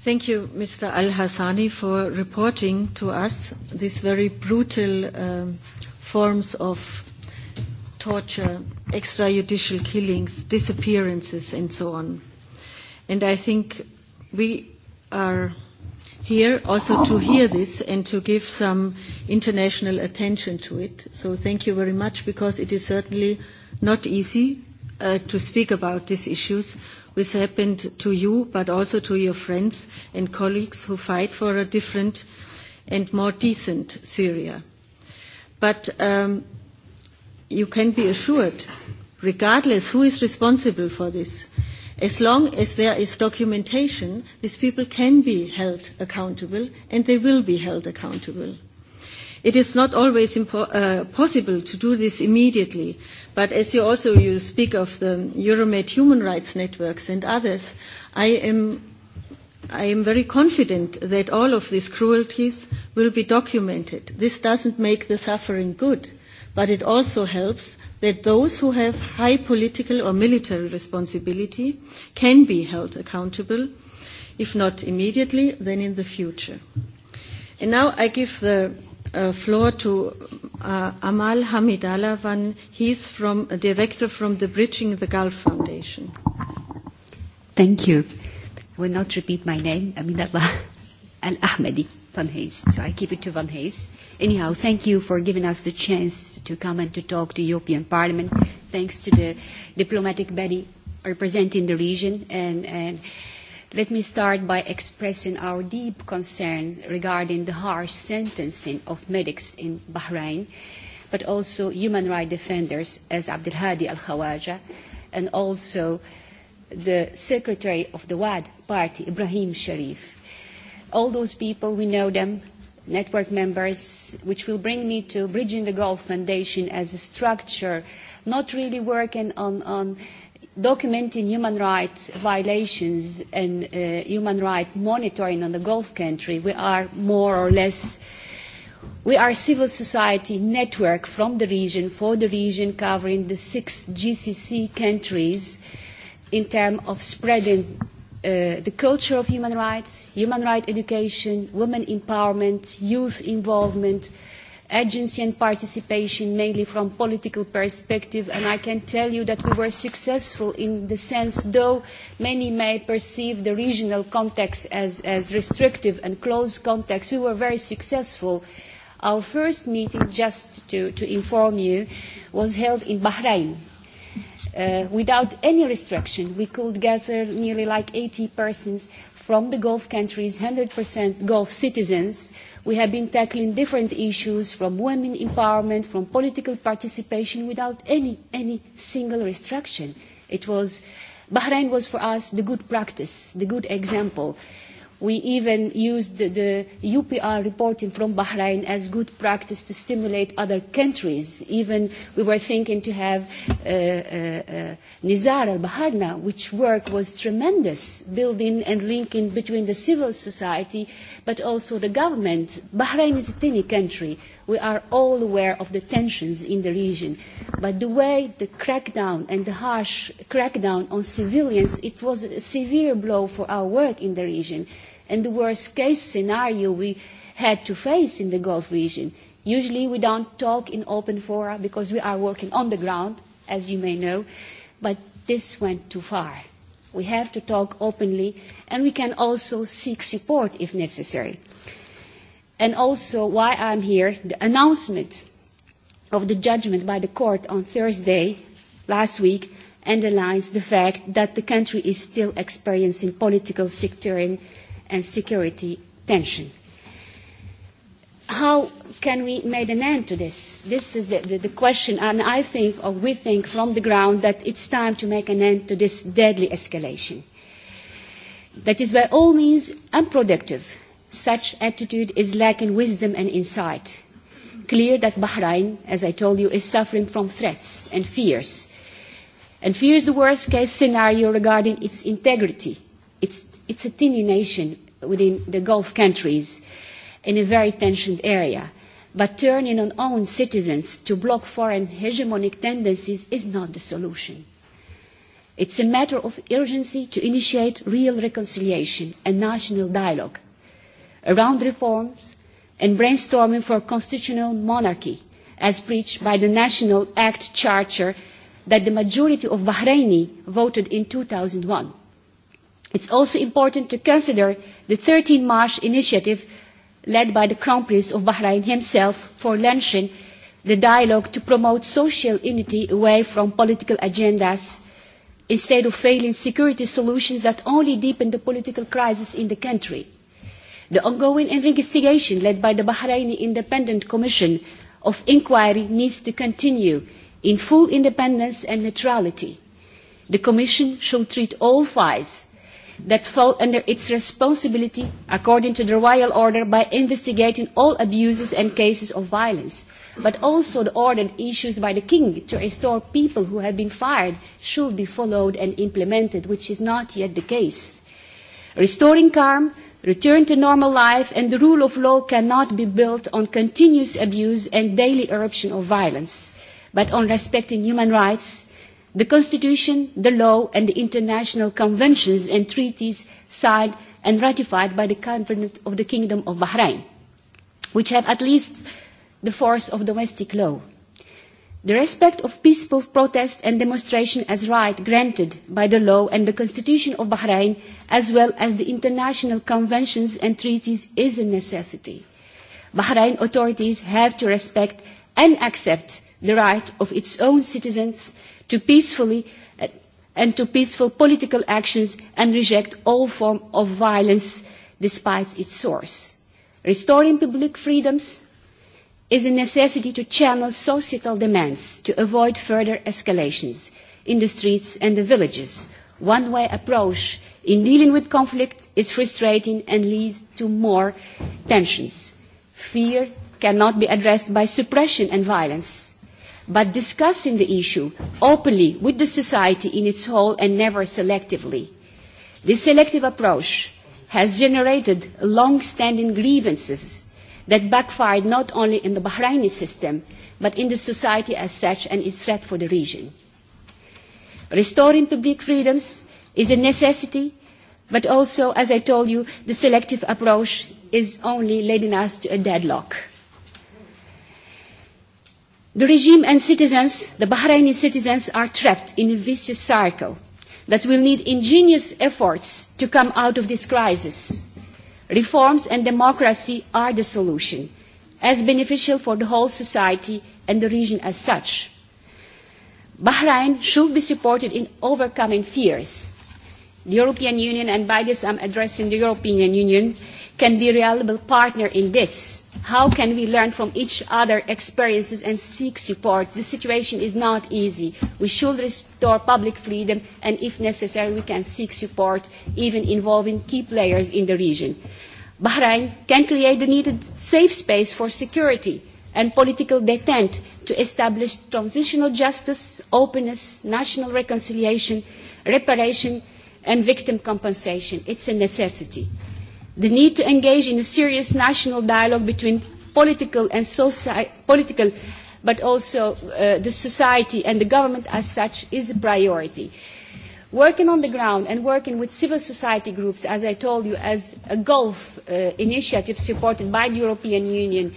Thank you, Mr. Al-Hassani, for reporting to us these very brutal um, forms of torture, extrajudicial killings, disappearances, and so on. And I think we are here also to hear this and to give some international attention to it. So thank you very much because it is certainly not easy uh, to speak about these issues This happened to you, but also to your friends and colleagues who fight for a different and more decent Syria. But um, you can be assured, regardless who is responsible for this, as long as there is documentation, these people can be held accountable and they will be held accountable. It is not always uh, possible to do this immediately, but as you also you speak of the Euromed human rights networks and others, I am, I am very confident that all of these cruelties will be documented. This doesn't make the suffering good, but it also helps that those who have high political or military responsibility can be held accountable, if not immediately, then in the future. And now I give the uh, floor to uh, Amal Hamidalavan. He's from a director from the Bridging the Gulf Foundation. Thank you. I will not repeat my name, Amidallah [LAUGHS] Al-Ahmadi Van Hayes. So I keep it to Van Hayes. Anyhow, thank you for giving us the chance to come and to talk to European Parliament. Thanks to the diplomatic body representing the region and, and Let me start by expressing our deep concerns regarding the harsh sentencing of medics in Bahrain, but also human rights defenders as Abdel Hadi Al-Khawaja, and also the secretary of the WAD party, Ibrahim Sharif. All those people, we know them, network members, which will bring me to Bridging the Gulf Foundation as a structure not really working on, on – documenting human rights violations and uh, human rights monitoring on the Gulf country, we are more or less we are a civil society network from the region for the region covering the six GCC countries in terms of spreading uh, the culture of human rights, human rights education, women empowerment, youth involvement, uh, agency and participation mainly from political perspective and I can tell you that we were successful in the sense though many may perceive the regional context as, as restrictive and closed context, we were very successful. Our first meeting, just to, to inform you, was held in Bahrain. Uh, without any restriction, we could gather nearly like 80 persons from the Gulf countries, 100% Gulf citizens, We have been tackling different issues from women empowerment, from political participation without any, any single restriction. It was, Bahrain was for us the good practice, the good example. We even used the UPR reporting from Bahrain as good practice to stimulate other countries. Even we were thinking to have uh, uh, uh, Nizar al-Baharna, which work was tremendous, building and linking between the civil society but also the government. Bahrain is a tiny country. We are all aware of the tensions in the region. But the way the crackdown and the harsh crackdown on civilians, it was a severe blow for our work in the region and the worst case scenario we had to face in the Gulf region. Usually we don't talk in open fora because we are working on the ground, as you may know, but this went too far. We have to talk openly and we can also seek support if necessary. And also why I'm here, the announcement of the judgment by the court on Thursday last week underlines the fact that the country is still experiencing political sectarian and security tension. How can we make an end to this? This is the, the, the question, and I think, or we think from the ground, that it's time to make an end to this deadly escalation. That is by all means unproductive. Such attitude is lacking wisdom and insight. Clear that Bahrain, as I told you, is suffering from threats and fears, and fears the worst case scenario regarding its integrity It's, it's a teeny nation within the Gulf countries in a very tensioned area. But turning on own citizens to block foreign hegemonic tendencies is not the solution. It's a matter of urgency to initiate real reconciliation and national dialogue around reforms and brainstorming for a constitutional monarchy as preached by the National Act Charter that the majority of Bahraini voted in two thousand one It is also important to consider the 13 March initiative led by the Crown Prince of Bahrain himself for launching the dialogue to promote social unity away from political agendas instead of failing security solutions that only deepen the political crisis in the country. The ongoing investigation led by the Bahraini Independent Commission of Inquiry needs to continue in full independence and neutrality. The Commission should treat all files that fall under its responsibility according to the royal order by investigating all abuses and cases of violence but also the order issued by the king to restore people who have been fired should be followed and implemented which is not yet the case restoring calm return to normal life and the rule of law cannot be built on continuous abuse and daily eruption of violence but on respecting human rights the Constitution, the law and the international conventions and treaties signed and ratified by the Covenant of the Kingdom of Bahrain, which have at least the force of domestic law. The respect of peaceful protest and demonstration as right granted by the law and the Constitution of Bahrain, as well as the international conventions and treaties, is a necessity. Bahrain authorities have to respect and accept the right of its own citizens to peacefully and to peaceful political actions and reject all forms of violence despite its source. Restoring public freedoms is a necessity to channel societal demands to avoid further escalations in the streets and the villages. One way approach in dealing with conflict is frustrating and leads to more tensions. Fear cannot be addressed by suppression and violence but discussing the issue openly with the society in its whole and never selectively. This selective approach has generated long-standing grievances that backfired not only in the Bahraini system, but in the society as such and is a threat for the region. Restoring public freedoms is a necessity, but also, as I told you, the selective approach is only leading us to a deadlock. The regime and citizens, the Bahraini citizens, are trapped in a vicious cycle that will need ingenious efforts to come out of this crisis. Reforms and democracy are the solution, as beneficial for the whole society and the region as such. Bahrain should be supported in overcoming fears The European Union, and by this I am addressing the European Union, can be a reliable partner in this. How can we learn from each other's experiences and seek support? The situation is not easy. We should restore public freedom, and if necessary, we can seek support, even involving key players in the region. Bahrain can create the needed safe space for security and political detent to establish transitional justice, openness, national reconciliation, reparation, and victim compensation. It's a necessity. The need to engage in a serious national dialogue between political and soci- political but also uh, the society and the government as such is a priority. Working on the ground and working with civil society groups, as I told you, as a Gulf uh, initiative supported by the European Union,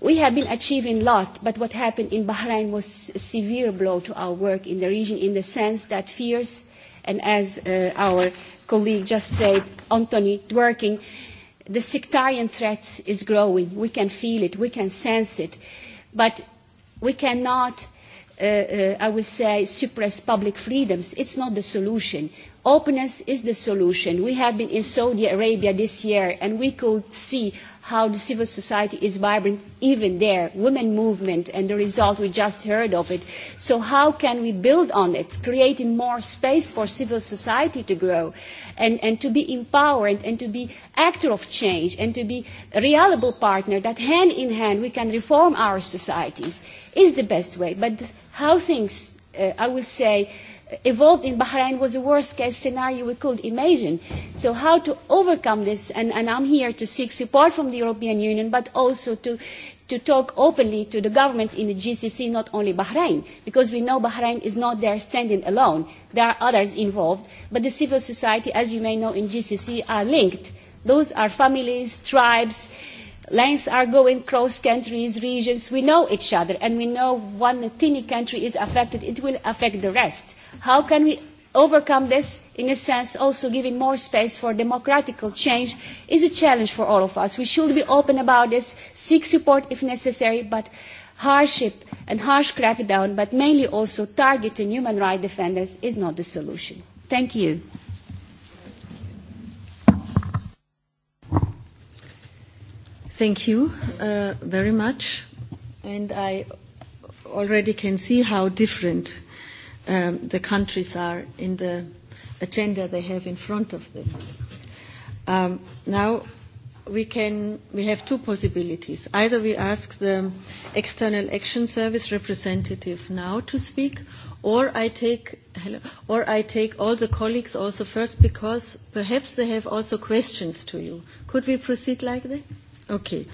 we have been achieving a lot, but what happened in Bahrain was a severe blow to our work in the region in the sense that fierce and as uh, our colleague just said, Anthony Dworkin, the sectarian threat is growing. We can feel it, we can sense it, but we cannot, uh, uh, I would say, suppress public freedoms. It's not the solution. Openness is the solution. We have been in Saudi Arabia this year, and we could see how the civil society is vibrant even there, women movement and the result we just heard of it. So how can we build on it, creating more space for civil society to grow and, and to be empowered and to be actor of change and to be a reliable partner that hand in hand we can reform our societies is the best way. But how things, uh, I would say, evolved in Bahrain was the worst case scenario we could imagine. So how to overcome this, and, and I'm here to seek support from the European Union, but also to, to talk openly to the governments in the GCC, not only Bahrain, because we know Bahrain is not there standing alone. There are others involved, but the civil society, as you may know, in GCC are linked. Those are families, tribes, lines are going cross countries, regions. We know each other, and we know one tiny country is affected, it will affect the rest. How can we overcome this, in a sense, also giving more space for democratic change, is a challenge for all of us. We should be open about this, seek support if necessary, but hardship and harsh crackdown, but mainly also targeting human rights defenders, is not the solution. Thank you. Thank you uh, very much. And I already can see how different um, the countries are in the agenda they have in front of them. Um, now, we, can, we have two possibilities. Either we ask the External Action Service representative now to speak, or I take, hello, or I take all the colleagues also first because perhaps they have also questions to you. Could we proceed like that? Okay.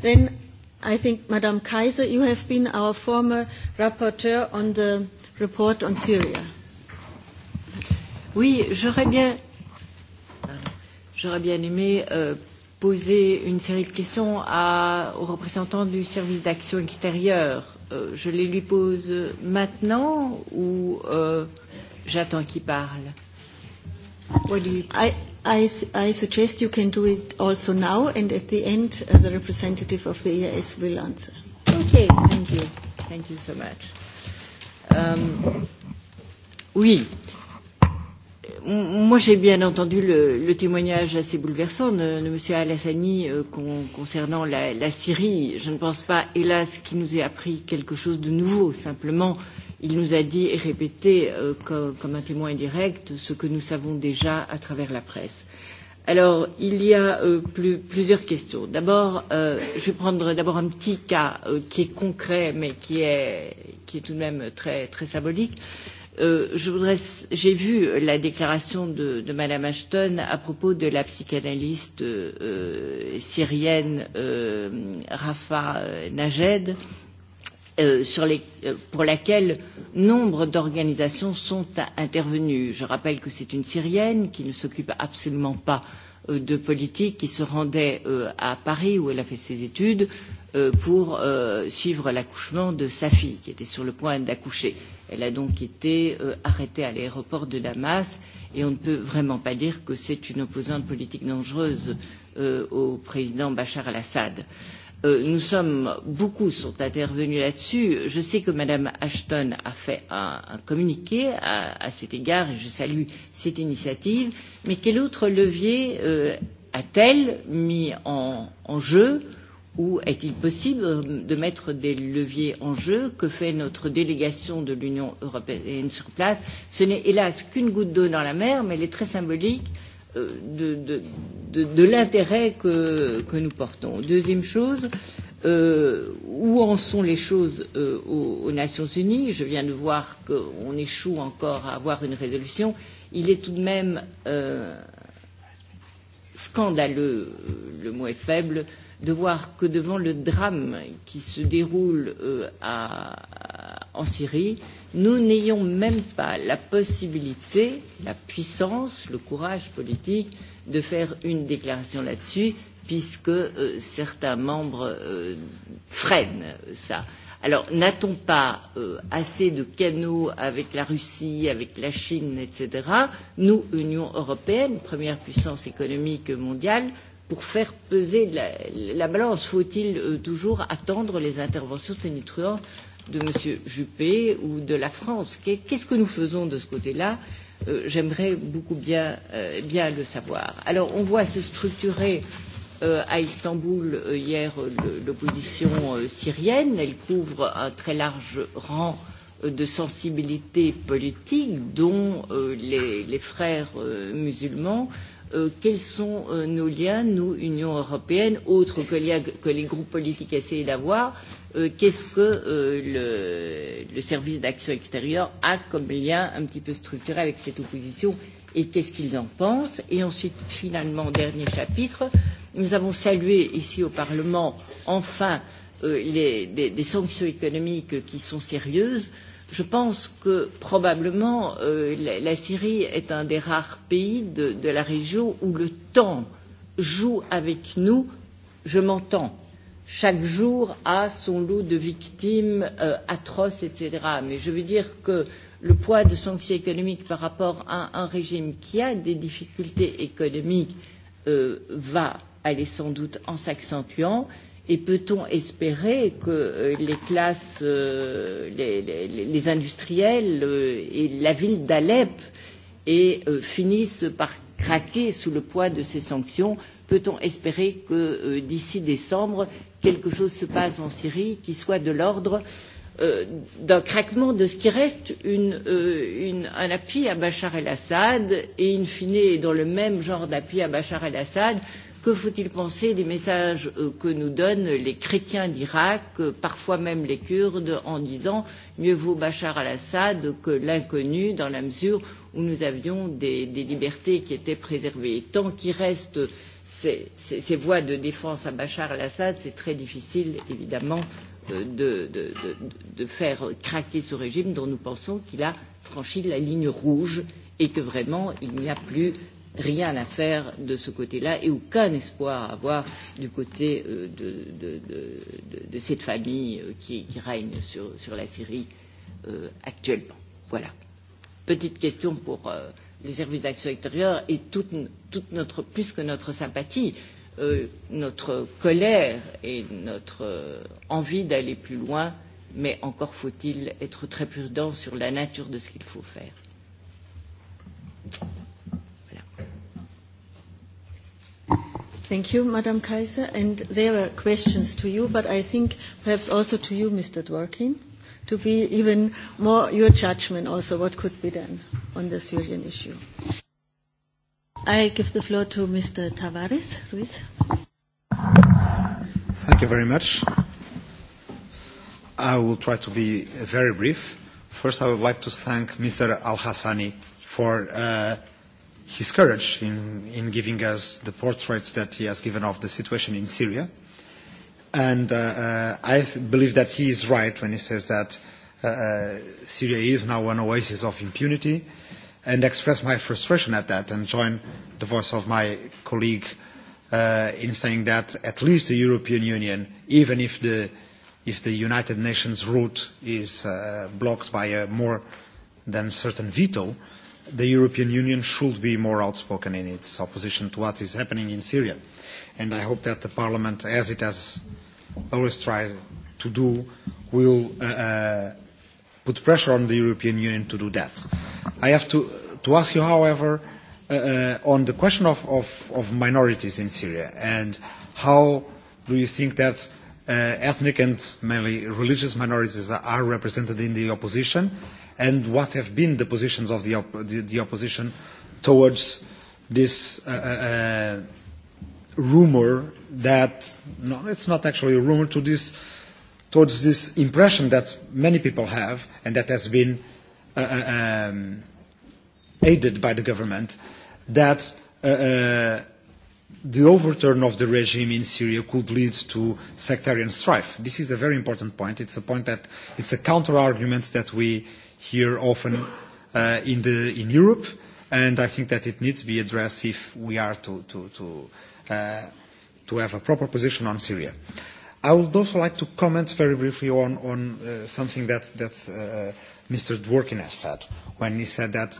Then I think, Madame Kaiser, you have been our former rapporteur on the report on Syria. Oui, j'aurais bien, j'aurais bien aimé euh, poser une série de questions à, aux représentants du service d'action extérieure. Euh, je les lui pose maintenant ou euh, j'attends qu'il parle What do you... I, I, I suggest you can do it also now and at the end uh, the representative of the EAS will answer. Okay, thank you. Thank you so much. Euh, oui. Moi, j'ai bien entendu le, le témoignage assez bouleversant de, de M. Alassani euh, con, concernant la, la Syrie. Je ne pense pas, hélas, qu'il nous ait appris quelque chose de nouveau. Simplement, il nous a dit et répété, euh, comme, comme un témoin direct, ce que nous savons déjà à travers la presse. Euh, Alors, il y a euh, plus, plusieurs questions. D'abord, euh, je vais prendre d'abord un petit cas euh, qui est concret, mais qui est, qui est tout de même très, très symbolique. Euh, J'ai vu la déclaration de, de Madame Ashton à propos de la psychanalyste euh, syrienne euh, Rafa euh, Najed, Euh, sur les, euh, pour laquelle nombre d'organisations sont intervenues. Je rappelle que c'est une Syrienne qui ne s'occupe absolument pas euh, de politique, qui se rendait euh, à Paris où elle a fait ses études euh, pour euh, suivre l'accouchement de sa fille qui était sur le point d'accoucher. Elle a donc été euh, arrêtée à l'aéroport de Damas et on ne peut vraiment pas dire que c'est une opposante politique dangereuse euh, au président Bachar al-Assad. Euh, Euh, nous sommes beaucoup sont intervenus là-dessus. Je sais que Mme Ashton a fait un, un communiqué à, à cet égard et je salue cette initiative. Mais quel autre levier euh, a-t-elle mis en, en jeu ou est-il possible euh, de mettre des leviers en jeu que fait notre délégation de l'Union européenne sur place Ce n'est hélas qu'une goutte d'eau dans la mer, mais elle est très symbolique Euh, de, de, de, de l'intérêt que, que nous portons. Deuxième chose, euh, où en sont les choses euh, aux, aux Nations Unies Je viens de voir qu'on échoue encore à avoir une résolution. Il est tout de même euh, scandaleux, le mot est faible, de voir que devant le drame qui se déroule euh, à, à, en Syrie, euh, nous n'ayons même pas la possibilité, la puissance, le courage politique de faire une déclaration là-dessus, puisque euh, certains membres euh, freinent cela. Alors, n'a-t-on pas euh, assez de canaux avec la Russie, avec la Chine, etc., nous, Union européenne, première puissance économique mondiale, pour faire peser la, la balance Faut-il euh, toujours attendre les interventions tonitruantes de M. Juppé ou de la France. Qu'est-ce que nous faisons de ce côté-là euh, J'aimerais beaucoup bien, euh, bien le savoir. Alors, on voit se structurer euh, à Istanbul euh, hier l'opposition euh, syrienne. Elle couvre un très large rang euh, de sensibilité politique, dont euh, les, les frères euh, musulmans. Euh, euh, quels sont euh, nos liens, nous, Union européenne, autres que, que les groupes politiques essayent d'avoir, euh, qu'est-ce que euh, le, le service d'action extérieure a comme lien un petit peu structuré avec cette opposition et qu'est-ce qu'ils en pensent. Et ensuite, finalement, dernier chapitre, nous avons salué ici au Parlement, enfin, euh, les, des, des sanctions économiques qui sont sérieuses je pense que probablement euh, la, la Syrie est un des rares pays de, de la région où le temps joue avec nous, je m'entends. Chaque jour a son lot de victimes euh, atroces, etc. Mais je veux dire que le poids de sanctions économiques par rapport à un, un régime qui a des difficultés économiques euh, va aller sans doute en s'accentuant. Euh, Et peut-on espérer que euh, les classes, euh, les, les, les industriels euh, et la ville d'Alep et finissent par craquer sous le poids de ces sanctions Peut-on espérer que d'ici décembre, quelque chose se passe en Syrie qui soit de l'ordre d'un craquement de ce qui reste une, une, un appui à Bachar el-Assad et in fine dans le même genre d'appui à Bachar el-Assad Que faut-il penser des messages euh, que nous donnent les chrétiens d'Irak, euh, parfois même les Kurdes, en disant mieux vaut Bachar al-Assad que l'inconnu, dans la mesure où nous avions des, des libertés qui étaient préservées. Et tant qu'il reste ces, ces, ces voies de défense à Bachar al-Assad, c'est très difficile, évidemment, euh, de, de, de, de faire craquer ce régime dont nous pensons qu'il a franchi la ligne rouge et que vraiment il n'y a plus rien à faire de ce côté-là et aucun espoir à avoir du côté de, de, de, de, de cette famille qui, qui règne sur, sur la Syrie euh, actuellement. Voilà. Petite question pour euh, les services d'action extérieure et toute, toute notre, plus que notre sympathie, euh, notre colère et notre euh, envie d'aller plus loin, mais encore faut-il être très prudent sur la nature de ce qu'il faut faire. Thank you, Madam Kaiser. And there were questions to you, but I think perhaps also to you, Mr. Dworkin, to be even more your judgment also what could be done on the Syrian issue. I give the floor to Mr. Tavares Ruiz. Thank you very much. I will try to be very brief. First, I would like to thank Mr. Al-Hassani for uh, his courage in, in giving us the portraits that he has given of the situation in Syria. And uh, uh, I th- believe that he is right when he says that uh, uh, Syria is now an oasis of impunity and express my frustration at that and join the voice of my colleague uh, in saying that at least the European Union, even if the, if the United Nations route is uh, blocked by a more than certain veto, the European Union should be more outspoken in its opposition to what is happening in Syria. And I hope that the Parliament, as it has always tried to do, will uh, uh put pressure on the European Union to do that. I have to, to ask you, however, uh, uh on the question of, of, of minorities in Syria and how do you think that uh, ethnic and mainly religious minorities are represented in the opposition, and what have been the positions of the, op the, the opposition towards this uh, uh, uh, rumor that no, it's not actually a rumor to this towards this impression that many people have and that has been uh, uh um, aided by the government that uh, uh, the overturn of the regime in Syria could lead to sectarian strife. This is a very important point. It's a point that it's a counter-argument that we hear often uh, in, the, in Europe, and I think that it needs to be addressed if we are to, to, to, uh, to have a proper position on Syria. I would also like to comment very briefly on, on uh, something that, that uh, Mr. Dworkin has said when he said that,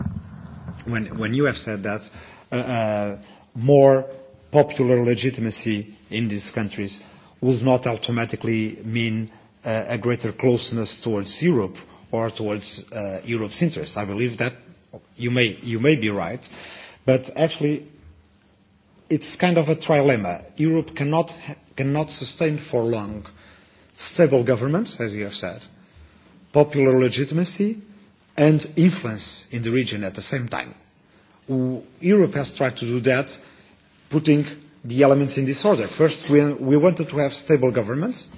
when, when you have said that uh, uh, more popular legitimacy in these countries will not automatically mean uh, a greater closeness towards Europe or towards uh, Europe's interests. I believe that you may, you may be right, but actually it's kind of a trilemma. Europe cannot, ha cannot sustain for long stable governments, as you have said, popular legitimacy, and influence in the region at the same time. Europe has tried to do that putting the elements in this order. First, we, we wanted to have stable governments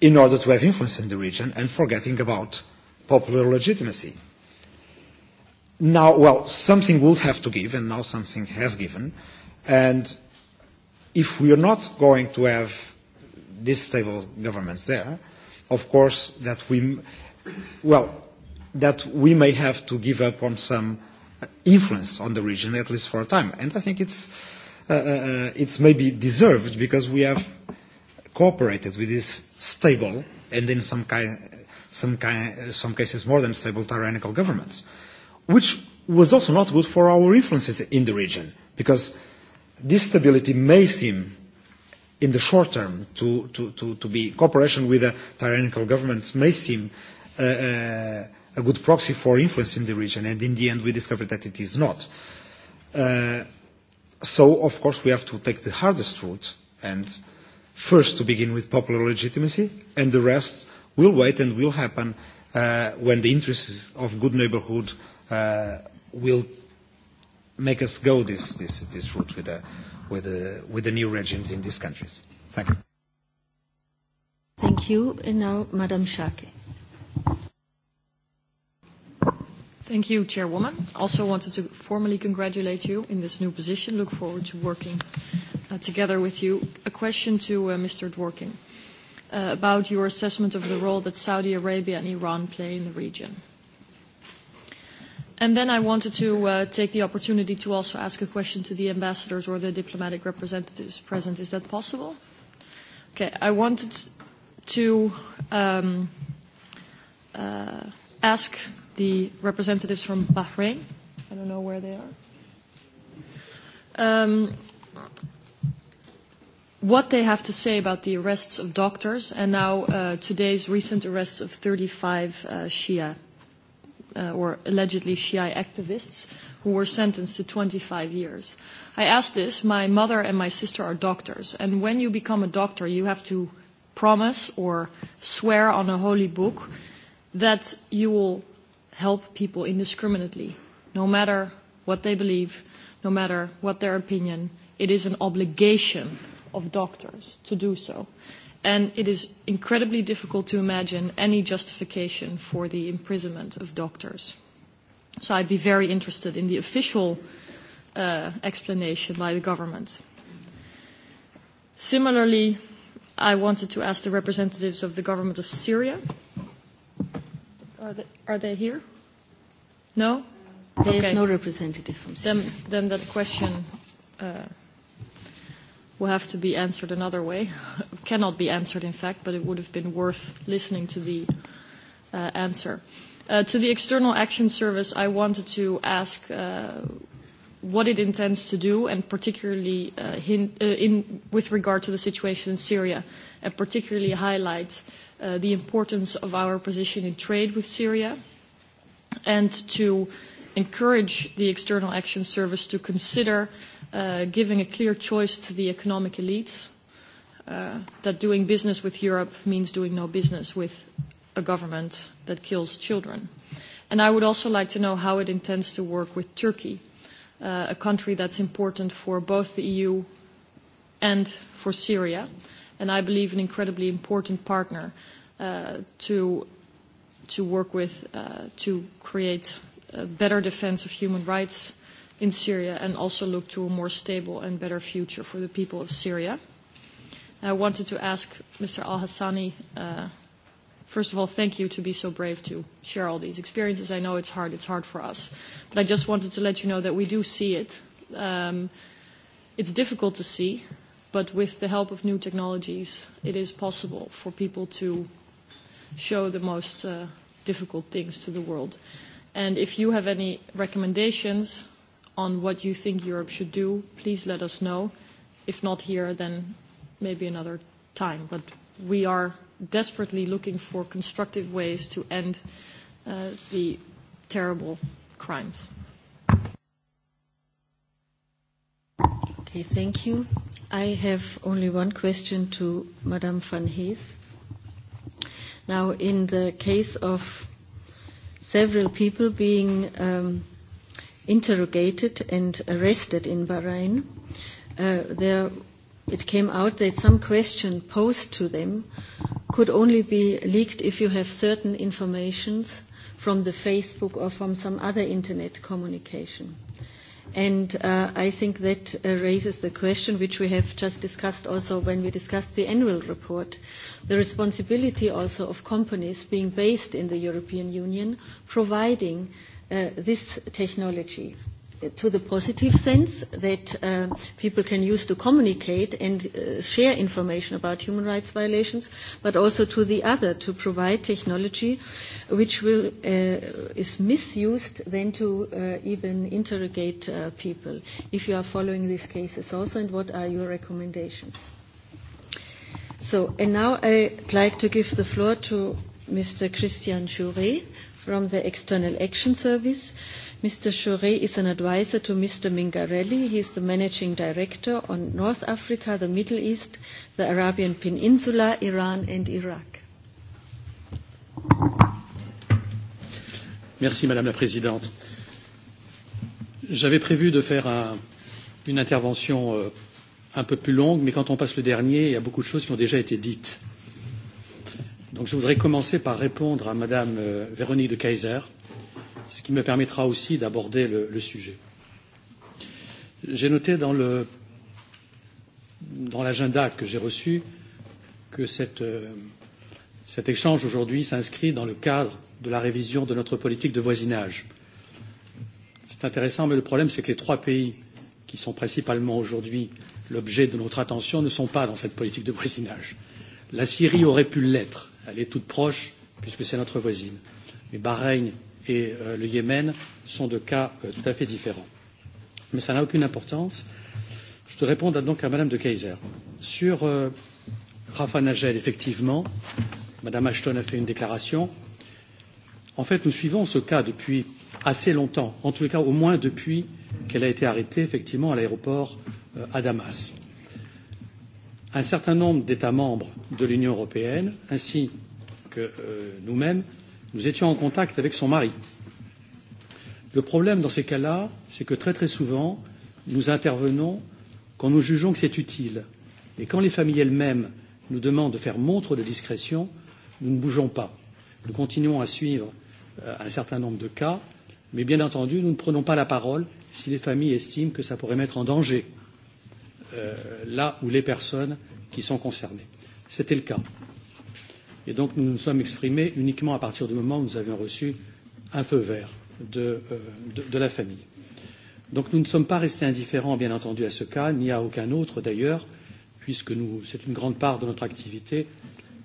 in order to have influence in the region and forgetting about popular legitimacy. Now, well, something would have to give, and now something has given. And if we are not going to have these stable governments there, of course, that we, well, that we may have to give up on some influence on the region, at least for a time. And I think it's, Uh, uh, uh, it's maybe deserved because we have cooperated with this stable and in some, ki- some, ki- some cases more than stable tyrannical governments, which was also not good for our influences in the region because this stability may seem in the short term to, to, to, to be cooperation with a tyrannical government may seem uh, uh, a good proxy for influence in the region and in the end we discovered that it is not. Uh, so, of course, we have to take the hardest route and first to begin with popular legitimacy, and the rest will wait and will happen uh, when the interests of good neighborhood uh, will make us go this, this, this route with the, with, the, with the new regimes in these countries. Thank you. Thank you. And now, Madam Shaki. Thank you, Chairwoman. Also wanted to formally congratulate you in this new position. Look forward to working uh, together with you. A question to uh, Mr. Dworkin uh, about your assessment of the role that Saudi Arabia and Iran play in the region. And then I wanted to uh, take the opportunity to also ask a question to the ambassadors or the diplomatic representatives present. Is that possible? Okay, I wanted to um, uh, ask the representatives from Bahrain. I don't know where they are. Um, what they have to say about the arrests of doctors and now uh, today's recent arrests of 35 uh, Shia uh, or allegedly Shia activists who were sentenced to 25 years. I asked this, my mother and my sister are doctors, and when you become a doctor, you have to promise or swear on a holy book that you will help people indiscriminately, no matter what they believe, no matter what their opinion. It is an obligation of doctors to do so. And it is incredibly difficult to imagine any justification for the imprisonment of doctors. So I'd be very interested in the official uh, explanation by the government. Similarly, I wanted to ask the representatives of the government of Syria. Are they, are they here? No? There okay. is no representative from Syria. Then, then that question uh, will have to be answered another way. [LAUGHS] Cannot be answered, in fact, but it would have been worth listening to the uh, answer. Uh, to the External Action Service, I wanted to ask uh, what it intends to do, and particularly uh, hint, uh, in, with regard to the situation in Syria, and particularly highlight uh, the importance of our position in trade with Syria and to encourage the External Action Service to consider uh, giving a clear choice to the economic elites uh, that doing business with Europe means doing no business with a government that kills children. And I would also like to know how it intends to work with Turkey, uh, a country that's important for both the EU and for Syria, and I believe an incredibly important partner uh, to to work with uh, to create a better defense of human rights in Syria and also look to a more stable and better future for the people of Syria. I wanted to ask Mr. Al-Hassani, uh, first of all, thank you to be so brave to share all these experiences. I know it's hard. It's hard for us. But I just wanted to let you know that we do see it. Um, it's difficult to see, but with the help of new technologies, it is possible for people to show the most uh, difficult things to the world. And if you have any recommendations on what you think Europe should do, please let us know. If not here, then maybe another time. But we are desperately looking for constructive ways to end uh, the terrible crimes. Okay, thank you. I have only one question to Madame van Hees. Now, in the case of several people being um, interrogated and arrested in Bahrain, uh, there it came out that some question posed to them could only be leaked if you have certain informations from the Facebook or from some other internet communication. And uh, I think that uh, raises the question which we have just discussed also when we discussed the annual report. The responsibility also of companies being based in the European Union providing uh, this technology to the positive sense that uh, people can use to communicate and uh, share information about human rights violations, but also to the other, to provide technology which will, uh, is misused then to uh, even interrogate uh, people, if you are following these cases also, and what are your recommendations. So, and now I'd like to give the floor to Mr. Christian Juret from the External Action Service. Uh, Mr. Chouret is an advisor to Mr. Mingarelli. He is the managing director on North Africa, the Middle East, the Arabian Peninsula, Iran, and Iraq. Merci, Madame la Présidente. J'avais prévu de faire un, une intervention euh, un peu plus longue, mais quand on passe le dernier, il y a beaucoup de choses qui ont déjà été dites. Donc je voudrais commencer par répondre à Madame euh, Véronique de Keyser ce qui me permettra aussi d'aborder le, le sujet. J'ai noté dans dans l'agenda que j'ai reçu que cette, euh, cet échange aujourd'hui s'inscrit dans le cadre de la révision de notre politique de voisinage. C'est intéressant, mais le problème, c'est que les trois pays qui sont principalement aujourd'hui l'objet de notre attention ne sont pas dans cette politique de voisinage. La Syrie aurait pu l'être, elle est toute proche, puisque c'est notre voisine. Mais Bahreïn, et euh, le Yémen sont de cas euh, tout à fait différents. Mais ça n'a aucune importance. Je te réponds donc à Madame de Keyser. Sur euh, Rafa Nagel, effectivement, Madame Ashton a fait une déclaration. En fait, nous suivons ce cas depuis assez longtemps, en tous les cas au moins depuis qu'elle a été arrêtée effectivement à l'aéroport à Damas. Un certain nombre d'États membres de l'Union européenne, ainsi que euh, nous-mêmes, Nous étions en contact avec son mari. Le problème dans ces cas-là, c'est que très très souvent, nous intervenons quand nous jugeons que c'est utile. Et quand les familles elles-mêmes nous demandent de faire montre de discrétion, nous ne bougeons pas. Nous continuons à suivre euh, un certain nombre de cas, mais bien entendu, nous ne prenons pas la parole si les familles estiment que ça pourrait mettre en danger euh, là ou les personnes qui sont concernées. C'était le cas. Et donc nous nous sommes exprimés uniquement à partir du moment où nous avions reçu un feu vert de, euh, de, de la famille. Donc nous ne sommes pas restés indifférents, bien entendu, à ce cas, ni à aucun autre d'ailleurs, puisque c'est une grande part de notre activité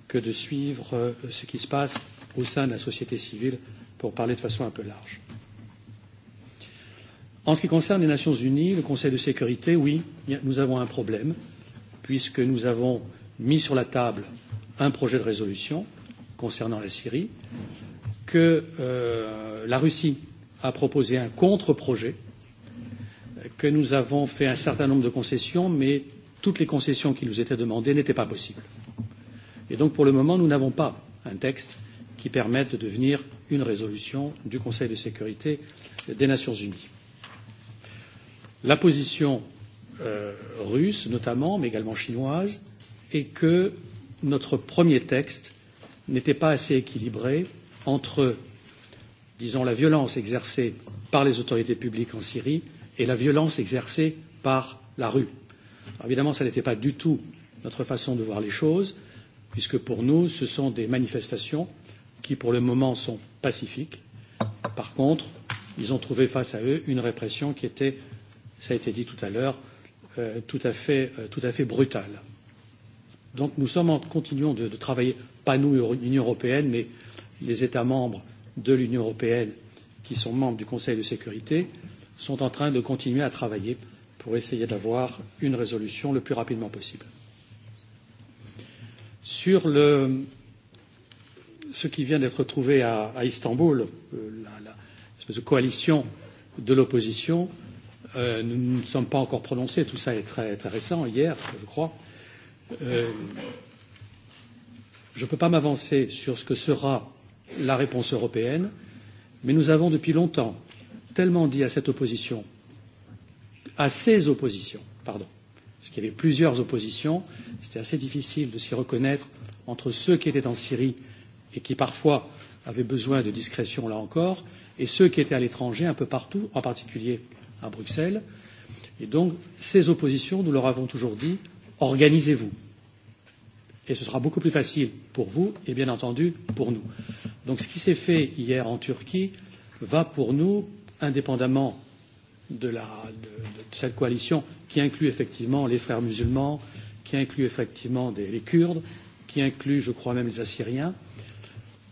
que de suivre euh, ce qui se passe au sein de la société civile, pour parler de façon un peu large. En ce qui concerne les Nations Unies, le Conseil de sécurité, oui, nous avons un problème, puisque nous avons mis sur la table un projet de résolution concernant la Syrie, que euh, la Russie a proposé un contre-projet, que nous avons fait un certain nombre de concessions, mais toutes les concessions qui nous étaient demandées n'étaient pas possibles. Et donc, pour le moment, nous n'avons pas un texte qui permette de devenir une résolution du Conseil de sécurité des Nations unies. La position euh, russe, notamment, mais également chinoise, est que notre premier texte n'était pas assez équilibré entre, disons, la violence exercée par les autorités publiques en Syrie et la violence exercée par la rue. Alors évidemment, ce n'était pas du tout notre façon de voir les choses, puisque pour nous, ce sont des manifestations qui, pour le moment, sont pacifiques. Par contre, ils ont trouvé face à eux une répression qui était, ça a été dit tout à l'heure, euh, tout, à fait, euh, tout à fait brutale. Donc nous sommes en train de, de travailler, pas nous, l'Union européenne, mais les États membres de l'Union européenne qui sont membres du Conseil de sécurité sont en train de continuer à travailler pour essayer d'avoir une résolution le plus rapidement possible. Sur le, ce qui vient d'être trouvé à, à Istanbul, euh, l'espèce de coalition de l'opposition, euh, nous ne sommes pas encore prononcés, tout ça est très, très récent, hier, je crois. Euh, je ne peux pas m'avancer sur ce que sera la réponse européenne, mais nous avons depuis longtemps tellement dit à cette opposition, à ces oppositions, pardon, parce qu'il y avait plusieurs oppositions, c'était assez difficile de s'y reconnaître entre ceux qui étaient en Syrie et qui parfois avaient besoin de discrétion là encore, et ceux qui étaient à l'étranger, un peu partout, en particulier à Bruxelles. Et donc, ces oppositions, nous leur avons toujours dit organisez-vous. Et ce sera beaucoup plus facile pour vous et bien entendu pour nous. Donc ce qui s'est fait hier en Turquie va pour nous, indépendamment de, la, de, de cette coalition qui inclut effectivement les frères musulmans, qui inclut effectivement des, les Kurdes, qui inclut, je crois même, les Assyriens,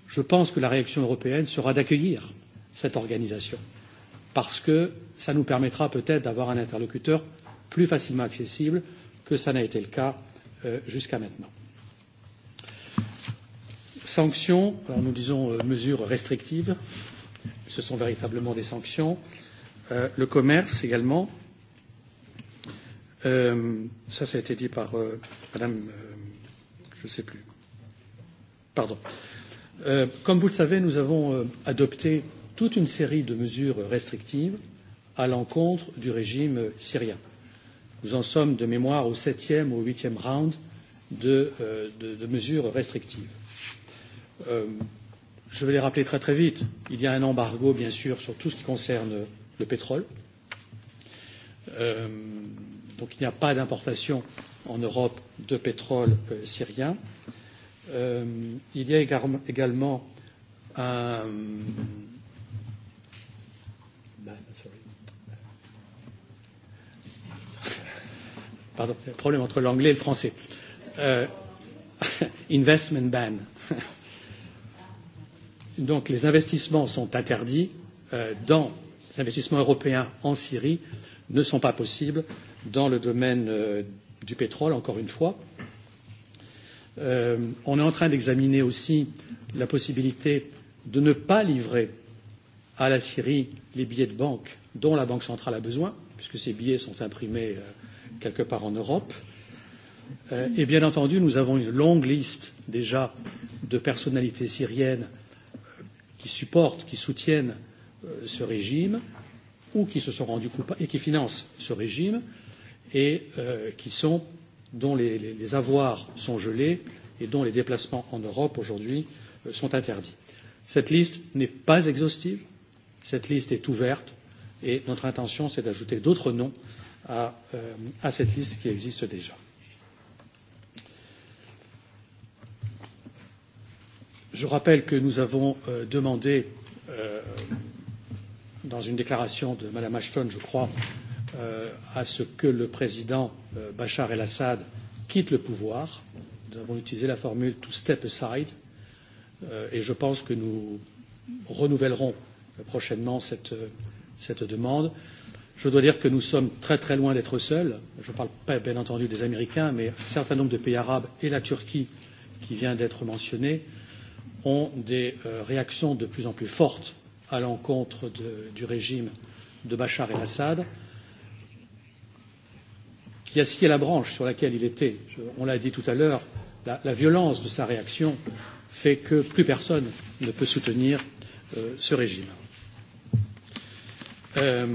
je pense que la réaction européenne sera d'accueillir cette organisation parce que ça nous permettra peut-être d'avoir un interlocuteur plus facilement accessible que ça n'a été le cas euh, jusqu'à maintenant. Sanctions, alors nous disons euh, mesures restrictives, ce sont véritablement des sanctions. Euh, le commerce également, ça, ça a été dit par Madame, je ne sais plus. Pardon. comme vous le savez, nous avons adopté toute une série de mesures restrictives à l'encontre du régime syrien. Euh, Nous en sommes de mémoire au septième ou au huitième round de, euh, de, de mesures restrictives. Euh, je vais les rappeler très très vite. Il y a un embargo, bien sûr, sur tout ce qui concerne le pétrole. Euh, donc il n'y a pas d'importation en Europe de pétrole euh, syrien. Euh, il y a également un, pardon, le problème entre l'anglais et le français. Euh, [LAUGHS] investment ban. [LAUGHS] Donc les investissements sont interdits euh, dans les investissements européens en Syrie ne sont pas possibles dans le domaine euh, du pétrole, encore une fois. Euh, on est en train d'examiner aussi la possibilité de ne pas livrer à la Syrie les billets de banque dont la Banque centrale a besoin, puisque ces billets sont imprimés euh, quelque part en Europe. Euh, et bien entendu, nous avons une longue liste déjà de personnalités syriennes euh, qui supportent, qui soutiennent euh, ce régime ou qui se sont rendus coupables et qui financent ce régime et euh, qui sont, dont les, les, les avoirs sont gelés et dont les déplacements en Europe aujourd'hui euh, sont interdits. Cette liste n'est pas exhaustive, cette liste est ouverte et notre intention c'est d'ajouter d'autres noms à, euh, à cette liste qui existe déjà. Je rappelle que nous avons euh, demandé, euh, dans une déclaration de Mme Ashton, je crois, euh, à ce que le président euh, Bachar el-Assad quitte le pouvoir. Nous avons utilisé la formule to step aside euh, et je pense que nous renouvellerons prochainement cette, cette demande. Euh, je dois dire que nous sommes très très loin d'être seuls. Je ne parle pas bien entendu des Américains, mais un certain nombre de pays arabes et la Turquie, qui vient d'être mentionnée, ont des euh, réactions de plus en plus fortes à l'encontre du régime de Bachar el-Assad, qui a scié la branche sur laquelle il était. Je, on l'a dit tout à l'heure, la, la violence de sa réaction fait que plus personne ne peut soutenir euh, ce régime. Euh,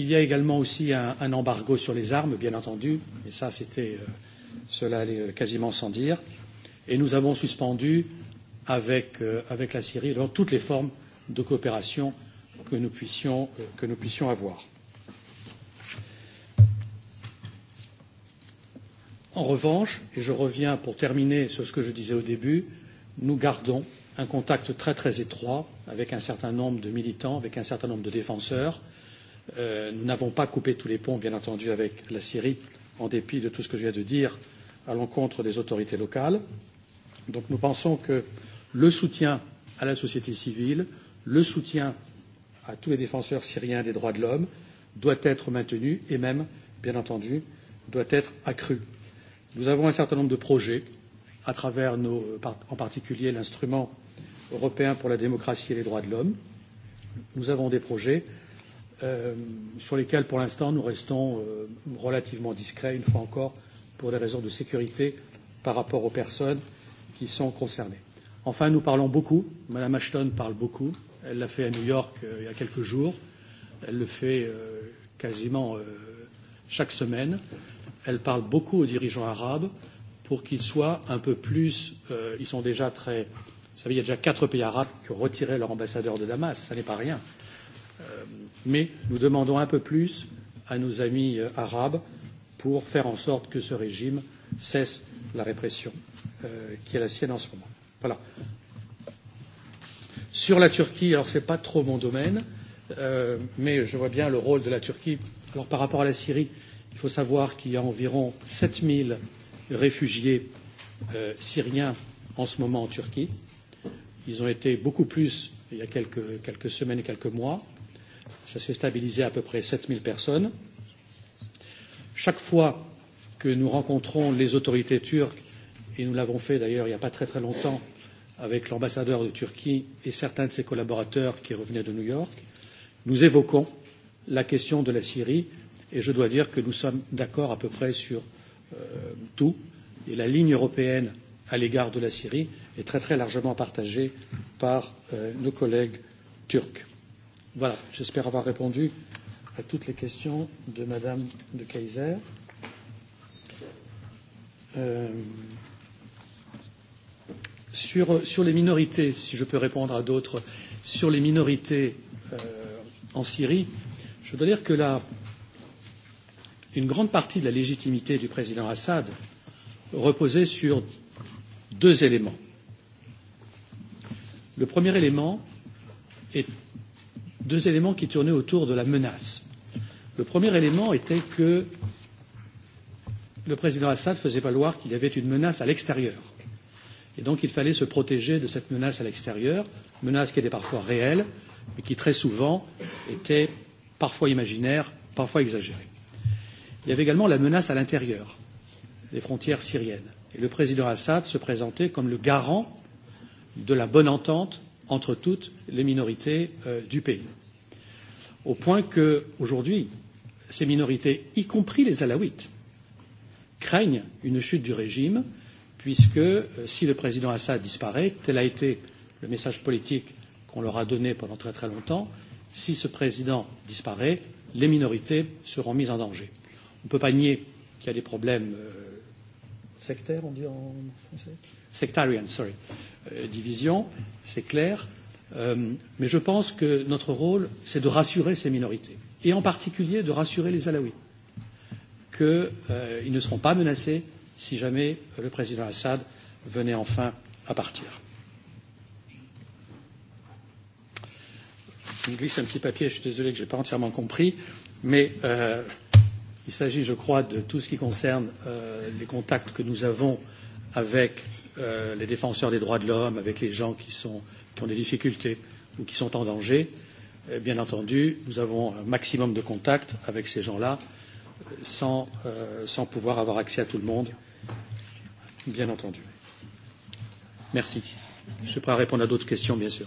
Il y a également aussi un, un embargo sur les armes, bien entendu, et ça, c'était, euh, cela allait euh, quasiment sans dire. Et nous avons suspendu avec, euh, avec la Syrie alors, toutes les formes de coopération que nous puissions, euh, que nous puissions avoir. En revanche, et je reviens pour terminer sur ce que je disais au début, nous gardons un contact très très étroit avec un certain nombre de militants, avec un certain nombre de défenseurs, Euh, nous n'avons pas coupé tous les ponts, bien entendu, avec la Syrie, en dépit de tout ce que je viens de dire à l'encontre des autorités locales. Donc nous pensons que le soutien à la société civile, le soutien à tous les défenseurs syriens des droits de l'homme doit être maintenu et même, bien entendu, doit être accru. Nous avons un certain nombre de projets à travers nos, en particulier l'instrument européen pour la démocratie et les droits de l'homme. Nous avons des projets Euh, sur lesquels, pour l'instant, nous restons euh, relativement discrets, une fois encore, pour des raisons de sécurité par rapport aux personnes qui sont concernées. Enfin, nous parlons beaucoup. Madame Ashton parle beaucoup. Elle l'a fait à New York euh, il y a quelques jours. Elle le fait euh, quasiment euh, chaque semaine. Elle parle beaucoup aux dirigeants arabes pour qu'ils soient un peu plus. Euh, ils sont déjà très. Vous savez, il y a déjà quatre pays arabes qui ont retiré leur ambassadeur de Damas. Ça n'est pas rien. Euh, mais nous demandons un peu plus à nos amis euh, arabes pour faire en sorte que ce régime cesse la répression euh, qui est la sienne en ce moment. Voilà. Sur la Turquie, alors ce n'est pas trop mon domaine, euh, mais je vois bien le rôle de la Turquie. Alors par rapport à la Syrie, il faut savoir qu'il y a environ 7000 réfugiés euh, syriens en ce moment en Turquie. Ils ont été beaucoup plus il y a quelques, quelques semaines et quelques mois ça s'est stabilisé à peu près 7000 personnes. Chaque fois que nous rencontrons les autorités turques, et nous l'avons fait d'ailleurs il n'y a pas très très longtemps avec l'ambassadeur de Turquie et certains de ses collaborateurs qui revenaient de New York, nous évoquons la question de la Syrie et je dois dire que nous sommes d'accord à peu près sur euh, tout et la ligne européenne à l'égard de la Syrie est très très largement partagée par euh, nos collègues turcs. Voilà, j'espère avoir répondu à toutes les questions de Madame de Kaiser. Euh, sur, sur les minorités, si je peux répondre à d'autres, sur les minorités euh, en Syrie, je dois dire que là une grande partie de la légitimité du président Assad reposait sur deux éléments. Le premier élément est deux éléments qui tournaient autour de la menace. Le premier élément était que le président Assad faisait valoir qu'il y avait une menace à l'extérieur. Et donc il fallait se protéger de cette menace à l'extérieur, menace qui était parfois réelle, mais qui très souvent était parfois imaginaire, parfois exagérée. Il y avait également la menace à l'intérieur, les frontières syriennes. Et le président Assad se présentait comme le garant de la bonne entente entre toutes les minorités euh, du pays au point que, aujourd'hui, ces minorités, y compris les Alaouites, craignent une chute du régime, puisque euh, si le président Assad disparaît, tel a été le message politique qu'on leur a donné pendant très très longtemps, si ce président disparaît, les minorités seront mises en danger. On ne peut pas nier qu'il y a des problèmes euh, sectaires, on dit en français Sectarian, sorry. Euh, division, c'est clair. Euh, mais je pense que notre rôle, c'est de rassurer ces minorités, et en particulier de rassurer les Alaouis, qu'ils euh, ne seront pas menacés si jamais euh, le président Assad venait enfin à partir. Je me glisse un petit papier, je suis désolé que je n'ai pas entièrement compris, mais euh, il s'agit, je crois, de tout ce qui concerne euh, les contacts que nous avons avec euh, les défenseurs des droits de l'homme, avec les gens qui sont qui ont des difficultés ou qui sont en danger, eh bien entendu, nous avons un maximum de contacts avec ces gens-là euh, sans, euh, sans pouvoir avoir accès à tout le monde, bien entendu. Merci. Je suis prêt à répondre à d'autres questions, bien sûr.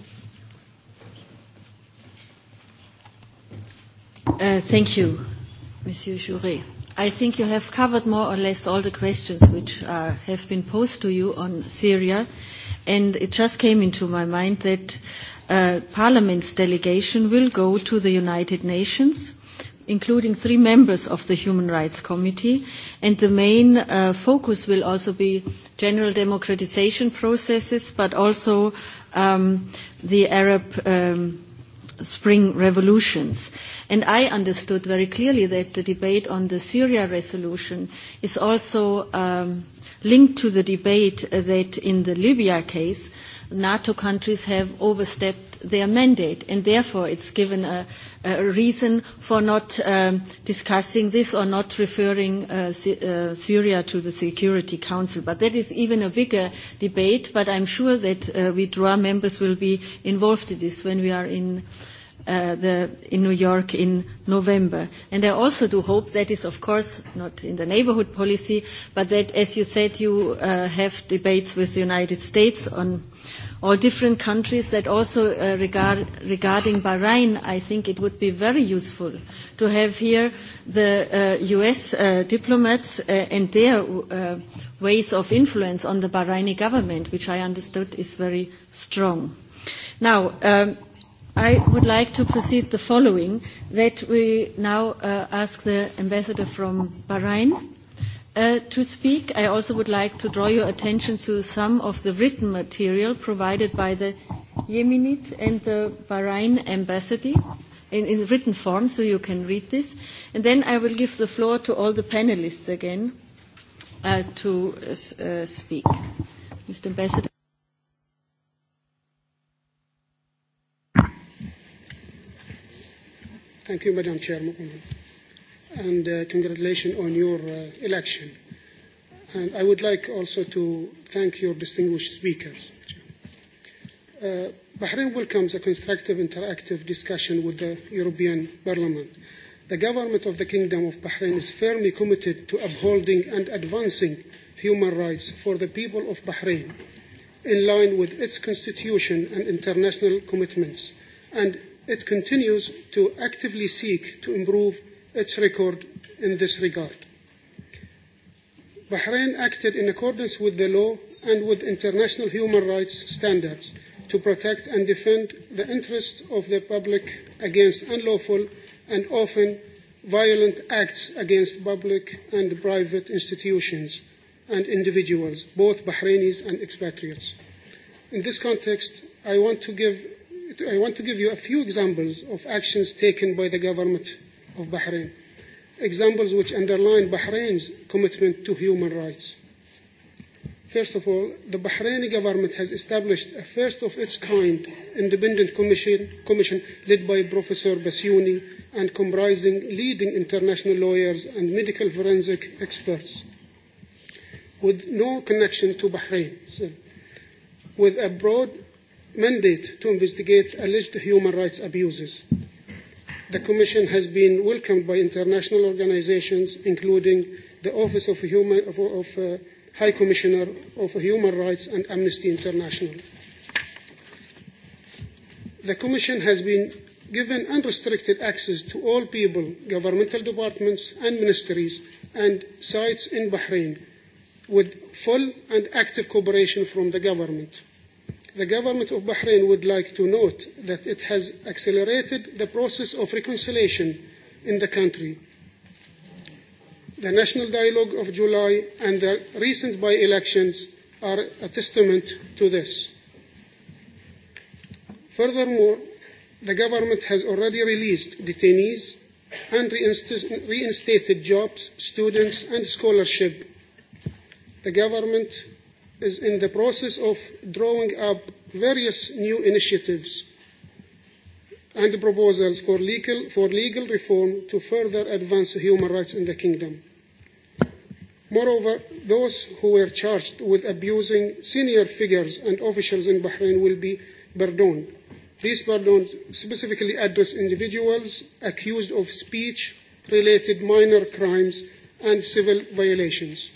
Uh, thank you, Monsieur Jouret. I think you have covered more or less all the questions which uh, have been posed to you on Syria. And it just came into my mind that uh, Parliament's delegation will go to the United Nations including three members of the Human Rights Committee, and the main uh, focus will also be general democratization processes, but also um, the Arab um, Spring revolutions. And I understood very clearly that the debate on the Syria resolution is also um, linked to the debate uh, that in the Libya case, NATO countries have overstepped their mandate, and therefore it's given a, a reason for not um, discussing this or not referring uh, uh, Syria to the Security Council. But that is even a bigger debate, but I'm sure that uh, we draw members will be involved in this when we are in uh, uh, the, in New York in November. And I also do hope that is, of course, not in the neighborhood policy, but that, as you said, you uh, have debates with the United States on all different countries that also uh, regard, regarding Bahrain, I think it would be very useful to have here the uh, US uh, diplomats uh, and their uh, ways of influence on the Bahraini government, which I understood is very strong. Now, um, i would like to proceed the following, that we now uh, ask the ambassador from Bahrain uh, to speak. I also would like to draw your attention to some of the written material provided by the Yemenit and the Bahrain embassy in, in written form, so you can read this. And then I will give the floor to all the panelists again uh, to uh, uh speak. Mr. Ambassador. Thank you, Madam Chair. And uh, congratulations on your uh, election. And I would like also to thank your distinguished speakers. Uh, Bahrain welcomes a constructive, interactive discussion with the European Parliament. The government of the Kingdom of Bahrain is firmly committed to upholding and advancing human rights for the people of Bahrain in line with its constitution and international commitments and it continues to actively seek to improve its record in this regard. Bahrain acted in accordance with the law and with international human rights standards to protect and defend the interests of the public against unlawful and often violent acts against public and private institutions and individuals, both Bahrainis and expatriates. In this context, I want to give i want to give you a few examples of actions taken by the government of Bahrain, examples which underline Bahrain's commitment to human rights. First of all, the Bahraini government has established a first of its kind independent commission, commission led by Professor Basuni and comprising leading international lawyers and medical forensic experts with no connection to Bahrain, with a broad mandate to investigate alleged human rights abuses. The Commission has been welcomed by international organisations, including the Office of, human, of, of uh, High Commissioner of Human Rights and Amnesty International. The Commission has been given unrestricted access to all people, governmental departments and ministries and sites in Bahrain with full and active cooperation from the government the government of Bahrain would like to note that it has accelerated the process of reconciliation in the country. The national dialogue of July and the recent by-elections are a testament to this. Furthermore, the government has already released detainees and reinstated jobs, students and scholarship. The government is in the process of drawing up various new initiatives and proposals for legal, for legal reform to further advance human rights in the kingdom. Moreover, those who were charged with abusing senior figures and officials in Bahrain will be pardoned. These pardons specifically address individuals accused of speech-related minor crimes and civil violations.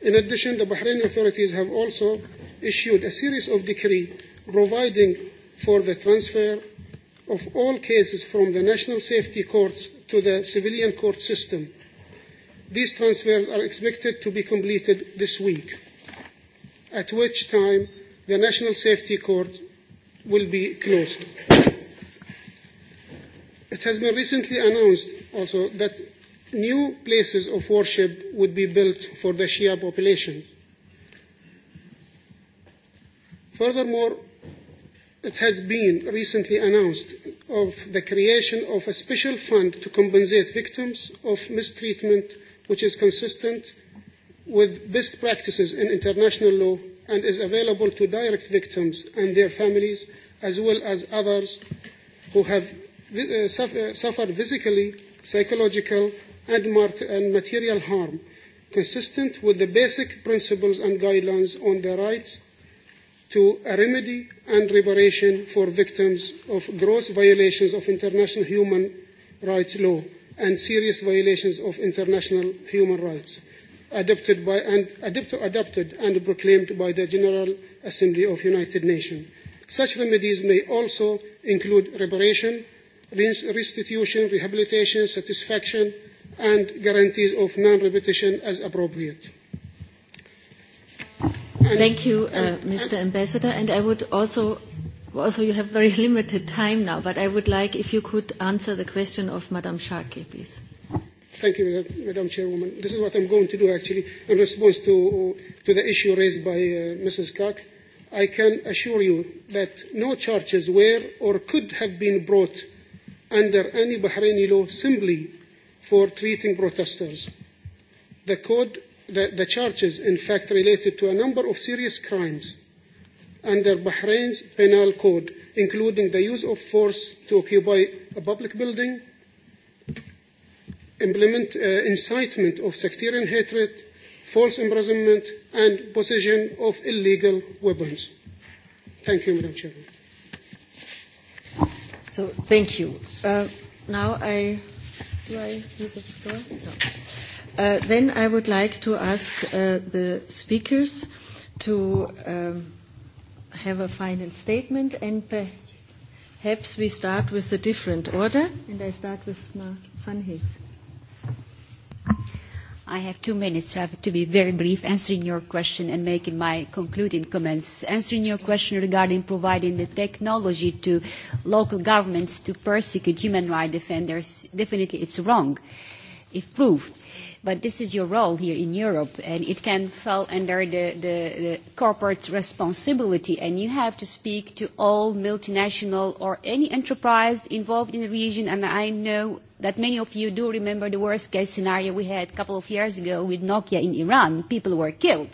In addition, the Bahraini authorities have also issued a series of decrees providing for the transfer of all cases from the national safety courts to the civilian court system. These transfers are expected to be completed this week, at which time the national safety court will be closed. It has been recently announced also that new places of worship would be built for the Shia population. Furthermore, it has been recently announced of the creation of a special fund to compensate victims of mistreatment which is consistent with best practices in international law and is available to direct victims and their families as well as others who have uh, uh, suffered physically, psychological and, and material harm, consistent with the basic principles and guidelines on the rights to a remedy and reparation for victims of gross violations of international human rights law and serious violations of international human rights adopted by and adopted and proclaimed by the General Assembly of United Nations. Such remedies may also include reparation, restitution, rehabilitation, satisfaction, and guarantees of non-repetition as appropriate. And Thank you, uh, Mr. Ambassador. And I would also, also you have very [LAUGHS] limited time now, but I would like if you could answer the question of Madame Sharkey, please. Thank you, Madam Chairwoman. This is what I'm going to do, actually, in response to, to the issue raised by uh, Mrs. Kak. I can assure you that no charges were or could have been brought under any Bahraini law simply for treating protesters. The, code, the, the charges, in fact, related to a number of serious crimes under Bahrain's penal code, including the use of force to occupy a public building, implement, uh, incitement of sectarian hatred, false imprisonment, and possession of illegal weapons. Thank you, Madam Chairman. So, thank you. Uh, now I Uh, then I would like to ask uh, the speakers to um, have a final statement, and perhaps we start with a different order, and I start with Ma van Hees. I have two minutes, so I have to be very brief answering your question and making my concluding comments. Answering your question regarding providing the technology to local governments to persecute human rights defenders, definitely it's wrong, if proved. But this is your role here in Europe, and it can fall under the, the, the corporate responsibility, and you have to speak to all multinational or any enterprise involved in the region, and I know that many of you do remember the worst case scenario we had a couple of years ago with Nokia in Iran. People were killed.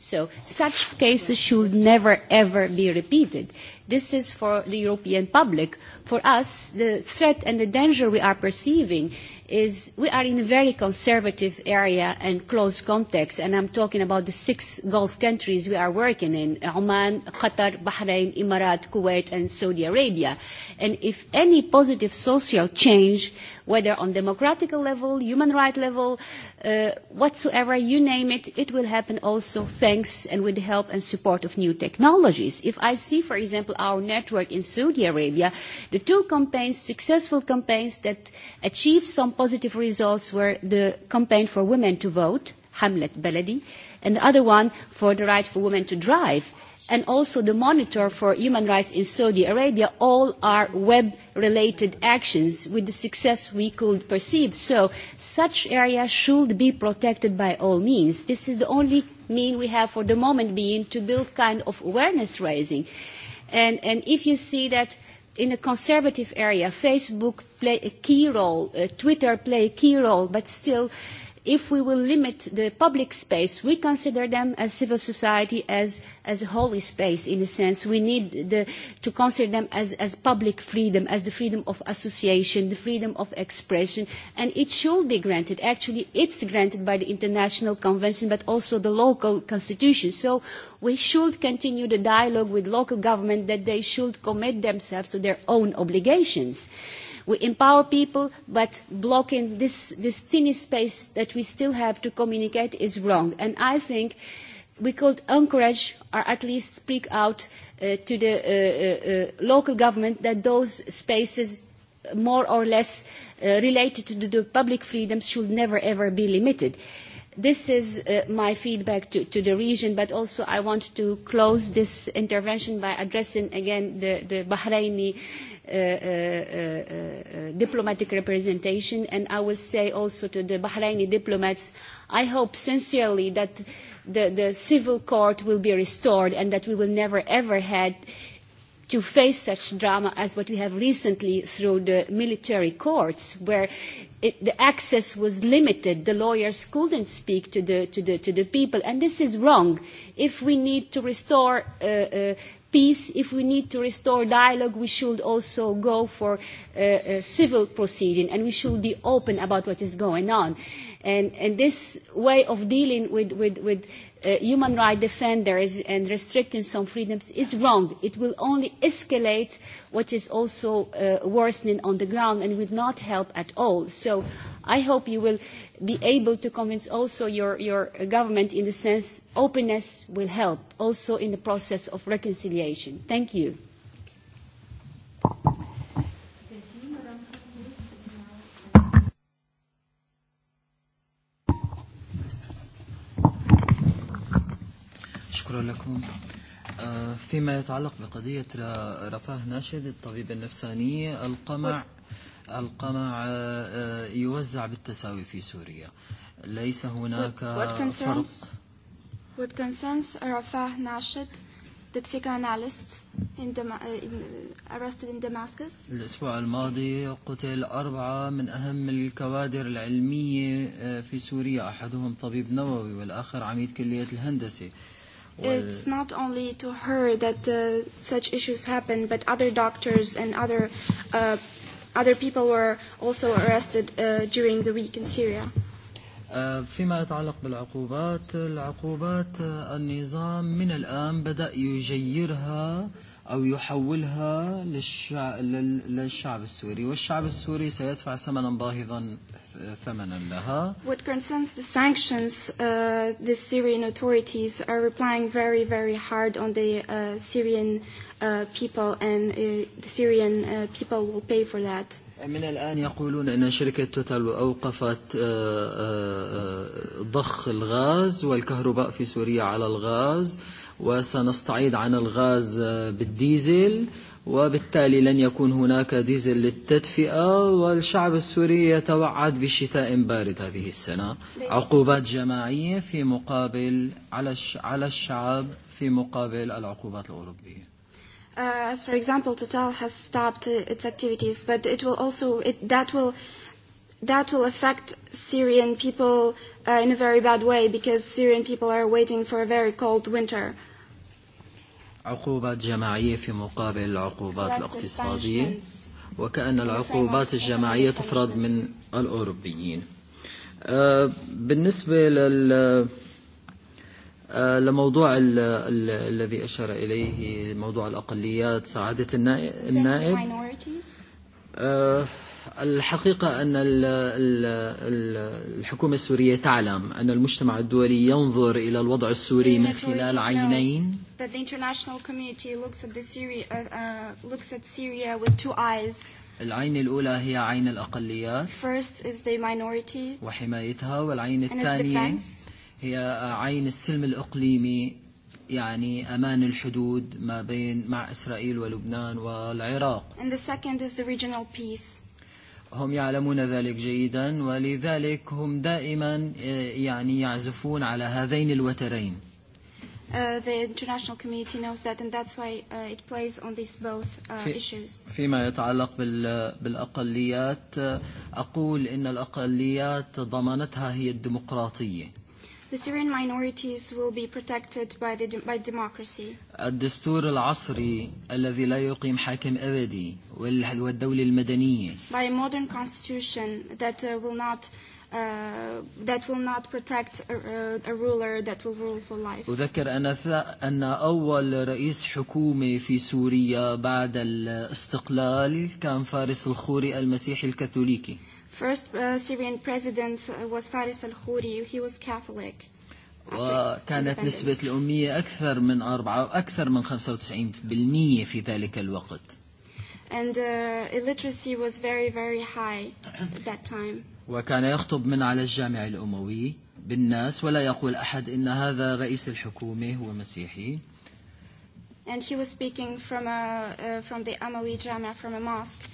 So such cases should never ever be repeated. This is for the European public. For us, the threat and the danger we are perceiving is we are in a very conservative area and close context, and I'm talking about the six Gulf countries we are working in, Oman, Qatar, Bahrain, Emirat, Kuwait, and Saudi Arabia. And if any positive social change whether on democratic level, human rights level, uh, whatsoever, you name it, it will happen also thanks and with the help and support of new technologies. If I see, for example, our network in Saudi Arabia, the two campaigns, successful campaigns that achieved some positive results were the campaign for women to vote, Hamlet Baladi, and the other one for the right for women to drive and also the monitor for human rights in Saudi Arabia all are web-related actions with the success we could perceive. So such areas should be protected by all means. This is the only mean we have for the moment being to build kind of awareness raising. And, and if you see that in a conservative area, Facebook play a key role, uh, Twitter play a key role, but still uh, if we will limit the public space, we consider them as civil society as, as a holy space in a sense. We need the, to consider them as, as public freedom, as the freedom of association, the freedom of expression, and it should be granted. Actually, it's granted by the International Convention, but also the local constitution. So we should continue the dialogue with local government that they should commit themselves to their own obligations. Uh, We empower people, but blocking this, this tiny space that we still have to communicate is wrong. And I think we could encourage or at least speak out uh, to the uh, uh, uh local government that those spaces uh, more or less uh, related to the public freedoms should never ever be limited. This is my feedback to, to, the region, but also I want to close this intervention by addressing again the, the Bahraini Uh, uh, uh, uh, diplomatic representation. And I will say also to the Bahraini diplomats, I hope sincerely that the, the civil court will be restored and that we will never ever had to face such drama as what we have recently through the military courts, where it, the access was limited, the lawyers couldn't speak to the, to the, to the people, and this is wrong. If we need to restore uh, uh, peace, if we need to restore dialogue, we should also go for a, uh, a uh, civil proceeding and we should be open about what is going on. And, and this way of dealing with, with, with uh, human rights defenders and restricting some freedoms is wrong. It will only escalate what is also uh, worsening on the ground and will not help at all. So I hope you will be able to convince also your, your government in the sense openness will help also in the process of reconciliation. Thank you. شكرا لكم فيما يتعلق بقضية رفاه ناشد الطبيب النفساني القمع القمع يوزع بالتساوي في سوريا ليس هناك فرص What concerns Rafah Nashid, the psychoanalyst in uh, in, uh, in, arrested in Damascus? الأسبوع الماضي قتل أربعة من أهم الكوادر العلمية في سوريا أحدهم طبيب نووي والآخر عميد كلية الهندسة It's not only to her that uh, such issues happen, but other doctors and other uh, other people were also arrested uh, during the week in Syria. فيما يتعلق بالعقوبات العقوبات النظام من الآن بدأ يجيرها أو يحولها للشعب السوري والشعب السوري سيدفع ثمنا باهظا ثمنا لها. What concerns the sanctions, uh, the Syrian authorities are replying very, very hard on the uh, Syrian uh, people, and uh, the Syrian uh, people will pay for that. من الآن يقولون أن شركة توتال أوقفت ضخ الغاز والكهرباء في سوريا على الغاز وسنستعيد عن الغاز بالديزل وبالتالي لن يكون هناك ديزل للتدفئة والشعب السوري يتوعد بشتاء بارد هذه السنة عقوبات جماعية في مقابل على الشعب في مقابل العقوبات الأوروبية uh, as for example, Total has stopped uh, its activities, but it will also it, that will that will affect Syrian people uh, in a very bad way because Syrian people are waiting for a very cold winter. عقوبات جماعية في مقابل العقوبات الاقتصادية وكأن العقوبات الجماعية تفرض من الأوروبيين بالنسبة لل لموضوع الذي أشار إليه موضوع الأقليات سعادة النائب الحقيقة أن الحكومة السورية تعلم أن المجتمع الدولي ينظر إلى الوضع السوري من خلال عينين العين الأولى هي عين الأقليات وحمايتها والعين الثانية هي عين السلم الإقليمي يعني أمان الحدود ما بين مع إسرائيل ولبنان والعراق And the second is the regional peace هم يعلمون ذلك جيدا ولذلك هم دائما يعني يعزفون على هذين الوترين فيما يتعلق بال بالأقليات أقول إن الأقليات ضمانتها هي الديمقراطية السوريان minorities will be protected by, the, by democracy. الدستور العصري الذي لا يقيم حاكم أبدي والدولة المدنية. By a modern constitution that uh, will not Uh, that will not protect a, a ruler that will rule for life. أذكر أن أن أول رئيس حكومة في سوريا بعد الاستقلال كان فارس الخوري المسيحي الكاثوليكي. First uh, Syrian president uh, was Faris al-Khoury. He was Catholic. وكانت نسبة الأمية أكثر من أربعة أكثر من 95% في ذلك الوقت. And uh, illiteracy was very very high at that time. وكان يخطب من على الجامع الأموي بالناس ولا يقول أحد إن هذا رئيس الحكومة هو مسيحي. And he was speaking from a uh, from the Amawi Jama from a mosque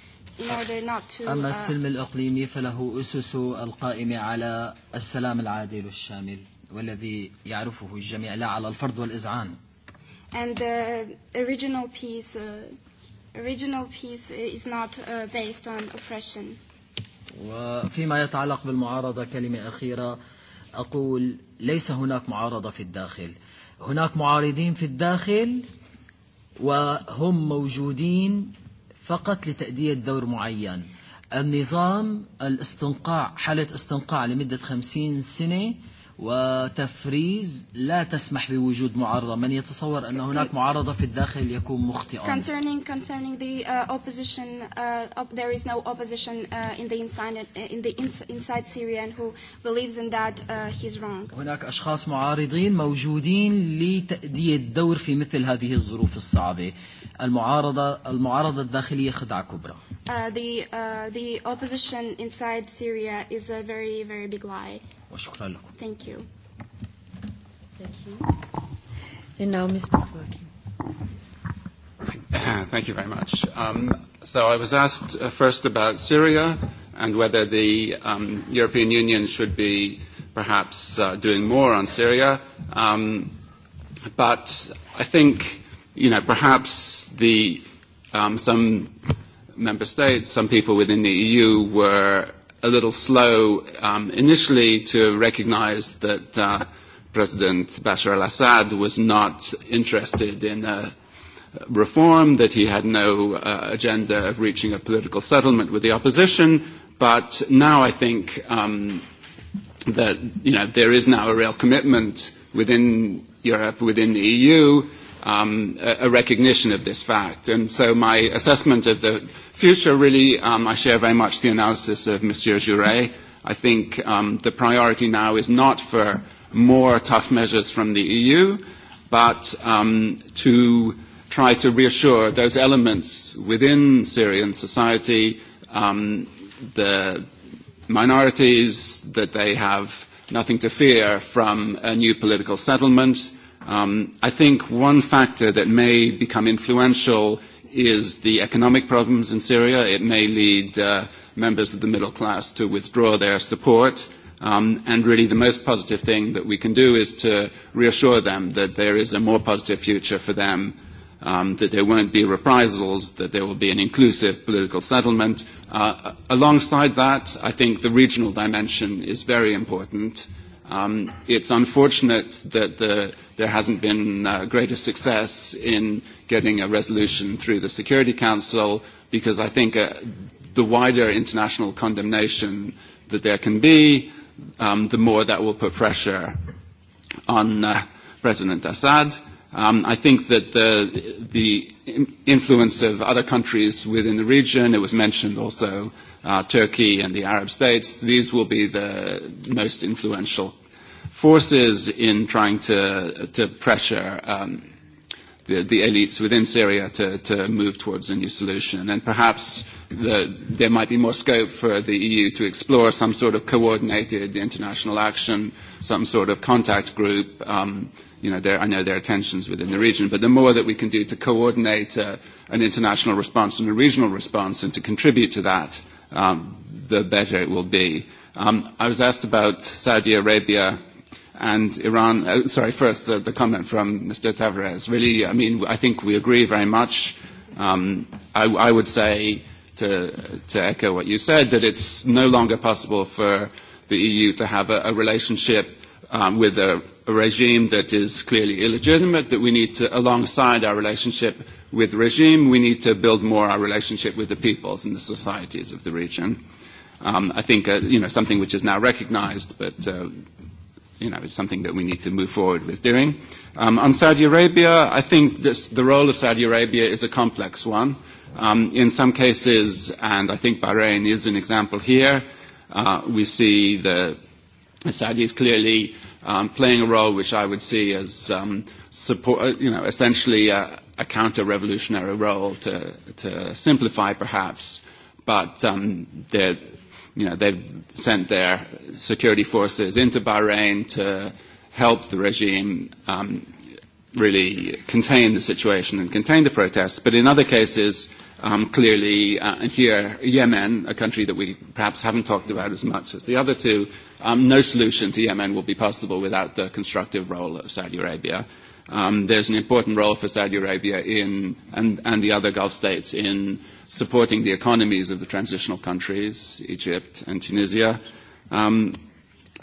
أما السلم الإقليمي فله أسس القائم على السلام العادل الشامل والذي يعرفه الجميع لا على الفرد والإزعان And the original peace, uh, original peace is not uh, based on oppression. وفيما يتعلق بالمعارضة كلمة أخيرة أقول ليس هناك معارضة في الداخل هناك معارضين في الداخل وهم موجودين فقط لتأدية دور معين النظام الاستنقاع حالة استنقاع لمدة خمسين سنة وتفريز لا تسمح بوجود معارضة من يتصور أن هناك معارضة في الداخل يكون مخطئا concerning, concerning the uh, opposition uh, op, there is no opposition uh, in the inside, in the inside Syria and who believes in that uh, he's wrong هناك أشخاص معارضين موجودين لتأدية الدور في مثل هذه الظروف الصعبة المعارضة المعارضة الداخلية خدعة كبرى uh, the, uh, the opposition inside Syria is a very very big lie وشكرا لكم. Thank you. Thank you. And now Mr. [COUGHS] Thank you very much. Um, so I was asked uh, first about Syria and whether the um, European Union should be perhaps uh, doing more on Syria. Um, but I think, you know, perhaps the, um, some member states, some people within the EU were a little slow um, initially to recognize that uh, President Bashar al-Assad was not interested in reform, that he had no uh, agenda of reaching a political settlement with the opposition. But now I think um, that you know, there is now a real commitment within Europe, within the EU, um, a, recognition of this fact. And so my assessment of the future, really, um, I share very much the analysis of Monsieur Jouret. I think um, the priority now is not for more tough measures from the EU, but um, to try to reassure those elements within Syrian society, um, the minorities, that they have nothing to fear from a new political settlement, Um, I think one factor that may become influential is the economic problems in Syria. It may lead uh, members of the middle class to withdraw their support. Um, and really, the most positive thing that we can do is to reassure them that there is a more positive future for them, um, that there won't be reprisals, that there will be an inclusive political settlement. Uh, alongside that, I think the regional dimension is very important. Um, it's unfortunate that the there hasn't been uh, greater success in getting a resolution through the Security Council because I think uh, the wider international condemnation that there can be, um, the more that will put pressure on uh, President Assad. Um, I think that the, the influence of other countries within the region, it was mentioned also uh, Turkey and the Arab states, these will be the most influential forces in trying to, to pressure um, the, the elites within Syria to, to move towards a new solution. And perhaps the, there might be more scope for the EU to explore some sort of coordinated international action, some sort of contact group. Um, you know, there, I know there are tensions within the region, but the more that we can do to coordinate uh, an international response and a regional response and to contribute to that, um, the better it will be. Um, I was asked about Saudi Arabia and Iran. Uh, sorry, first the, the comment from Mr. Tavares. Really, I mean, I think we agree very much. Um, I, I would say to, to echo what you said that it's no longer possible for the EU to have a, a relationship um, with a, a regime that is clearly illegitimate. That we need to, alongside our relationship with the regime, we need to build more our relationship with the peoples and the societies of the region. Um, I think uh, you know something which is now recognised, but. Uh, you know, it's something that we need to move forward with doing. Um, on Saudi Arabia, I think this, the role of Saudi Arabia is a complex one. Um, in some cases, and I think Bahrain is an example here, uh, we see the, the Saudis clearly um, playing a role which I would see as um, support, uh, you know, essentially a, a counter-revolutionary role to, to simplify perhaps, but um, they're you know, they've sent their security forces into Bahrain to help the regime um, really contain the situation and contain the protests. But in other cases, um, clearly, uh, and here, Yemen, a country that we perhaps haven't talked about as much as the other two, um, no solution to Yemen will be possible without the constructive role of Saudi Arabia um, there's an important role for Saudi Arabia in, and, and the other Gulf states in supporting the economies of the transitional countries, Egypt and Tunisia. Um,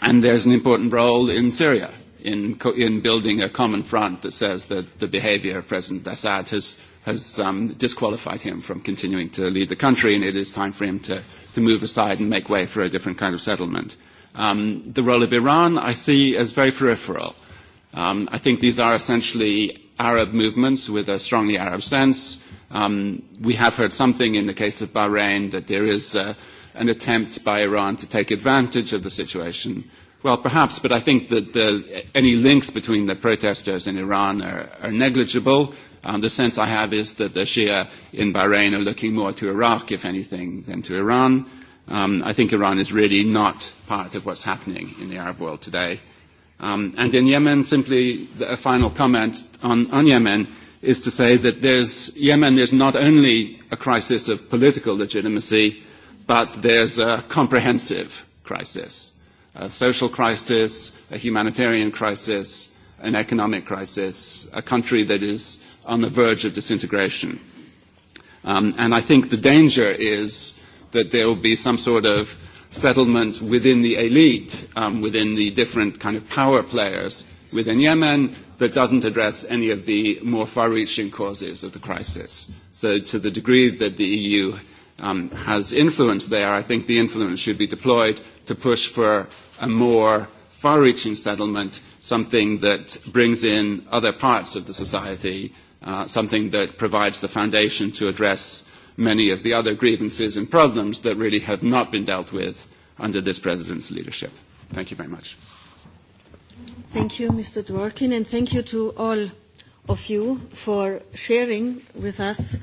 and there's an important role in Syria in, co- in building a common front that says that the behavior of President Assad has, has um, disqualified him from continuing to lead the country, and it is time for him to, to move aside and make way for a different kind of settlement. Um, the role of Iran I see as very peripheral. Um, I think these are essentially Arab movements with a strongly Arab sense. Um, we have heard something in the case of Bahrain that there is uh, an attempt by Iran to take advantage of the situation. Well, perhaps, but I think that the, any links between the protesters in Iran are, are negligible. Um, the sense I have is that the Shia in Bahrain are looking more to Iraq, if anything, than to Iran. Um, I think Iran is really not part of what's happening in the Arab world today. Um, and in Yemen, simply the, a final comment on, on Yemen is to say that there's, Yemen, there's not only a crisis of political legitimacy, but there's a comprehensive crisis, a social crisis, a humanitarian crisis, an economic crisis, a country that is on the verge of disintegration. Um, and I think the danger is that there will be some sort of settlement within the elite, um, within the different kind of power players within Yemen that doesn't address any of the more far-reaching causes of the crisis. So to the degree that the EU um, has influence there, I think the influence should be deployed to push for a more far-reaching settlement, something that brings in other parts of the society, uh, something that provides the foundation to address many of the other grievances and problems that really have not been dealt with under this president's leadership. Thank you very much. Thank you, Mr. Dworkin, and thank you to all of you for sharing with us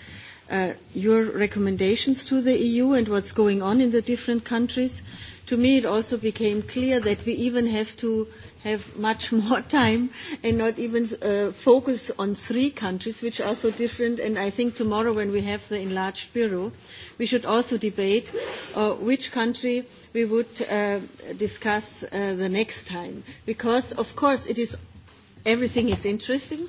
uh, your recommendations to the EU and what's going on in the different countries to me it also became clear that we even have to have much [LAUGHS] more time and not even uh, focus on three countries which are so different and I think tomorrow when we have the enlarged bureau we should also debate uh, which country we would uh, discuss uh, the next time because of course it is everything is interesting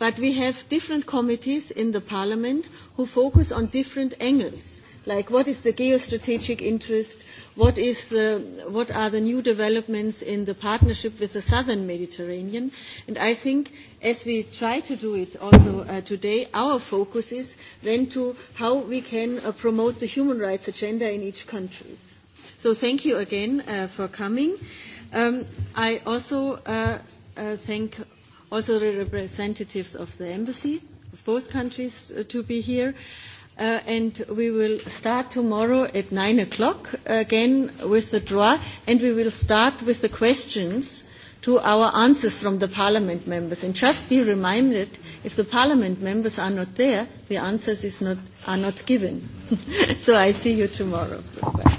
but we have different committees in the parliament who focus on different angles like what is the geostrategic interest, what, is the, what are the new developments in the partnership with the southern Mediterranean. And I think as we try to do it also uh, today, our focus is then to how we can uh, promote the human rights agenda in each country. So thank you again uh, for coming. Um, I also uh, uh, thank also the representatives of the embassy of both countries uh, to be here. Uh, and we will start tomorrow at nine o'clock again with the draw, and we will start with the questions to our answers from the parliament members. And just be reminded, if the parliament members are not there, the answers is not, are not given. [LAUGHS] so I see you tomorrow. Bye-bye.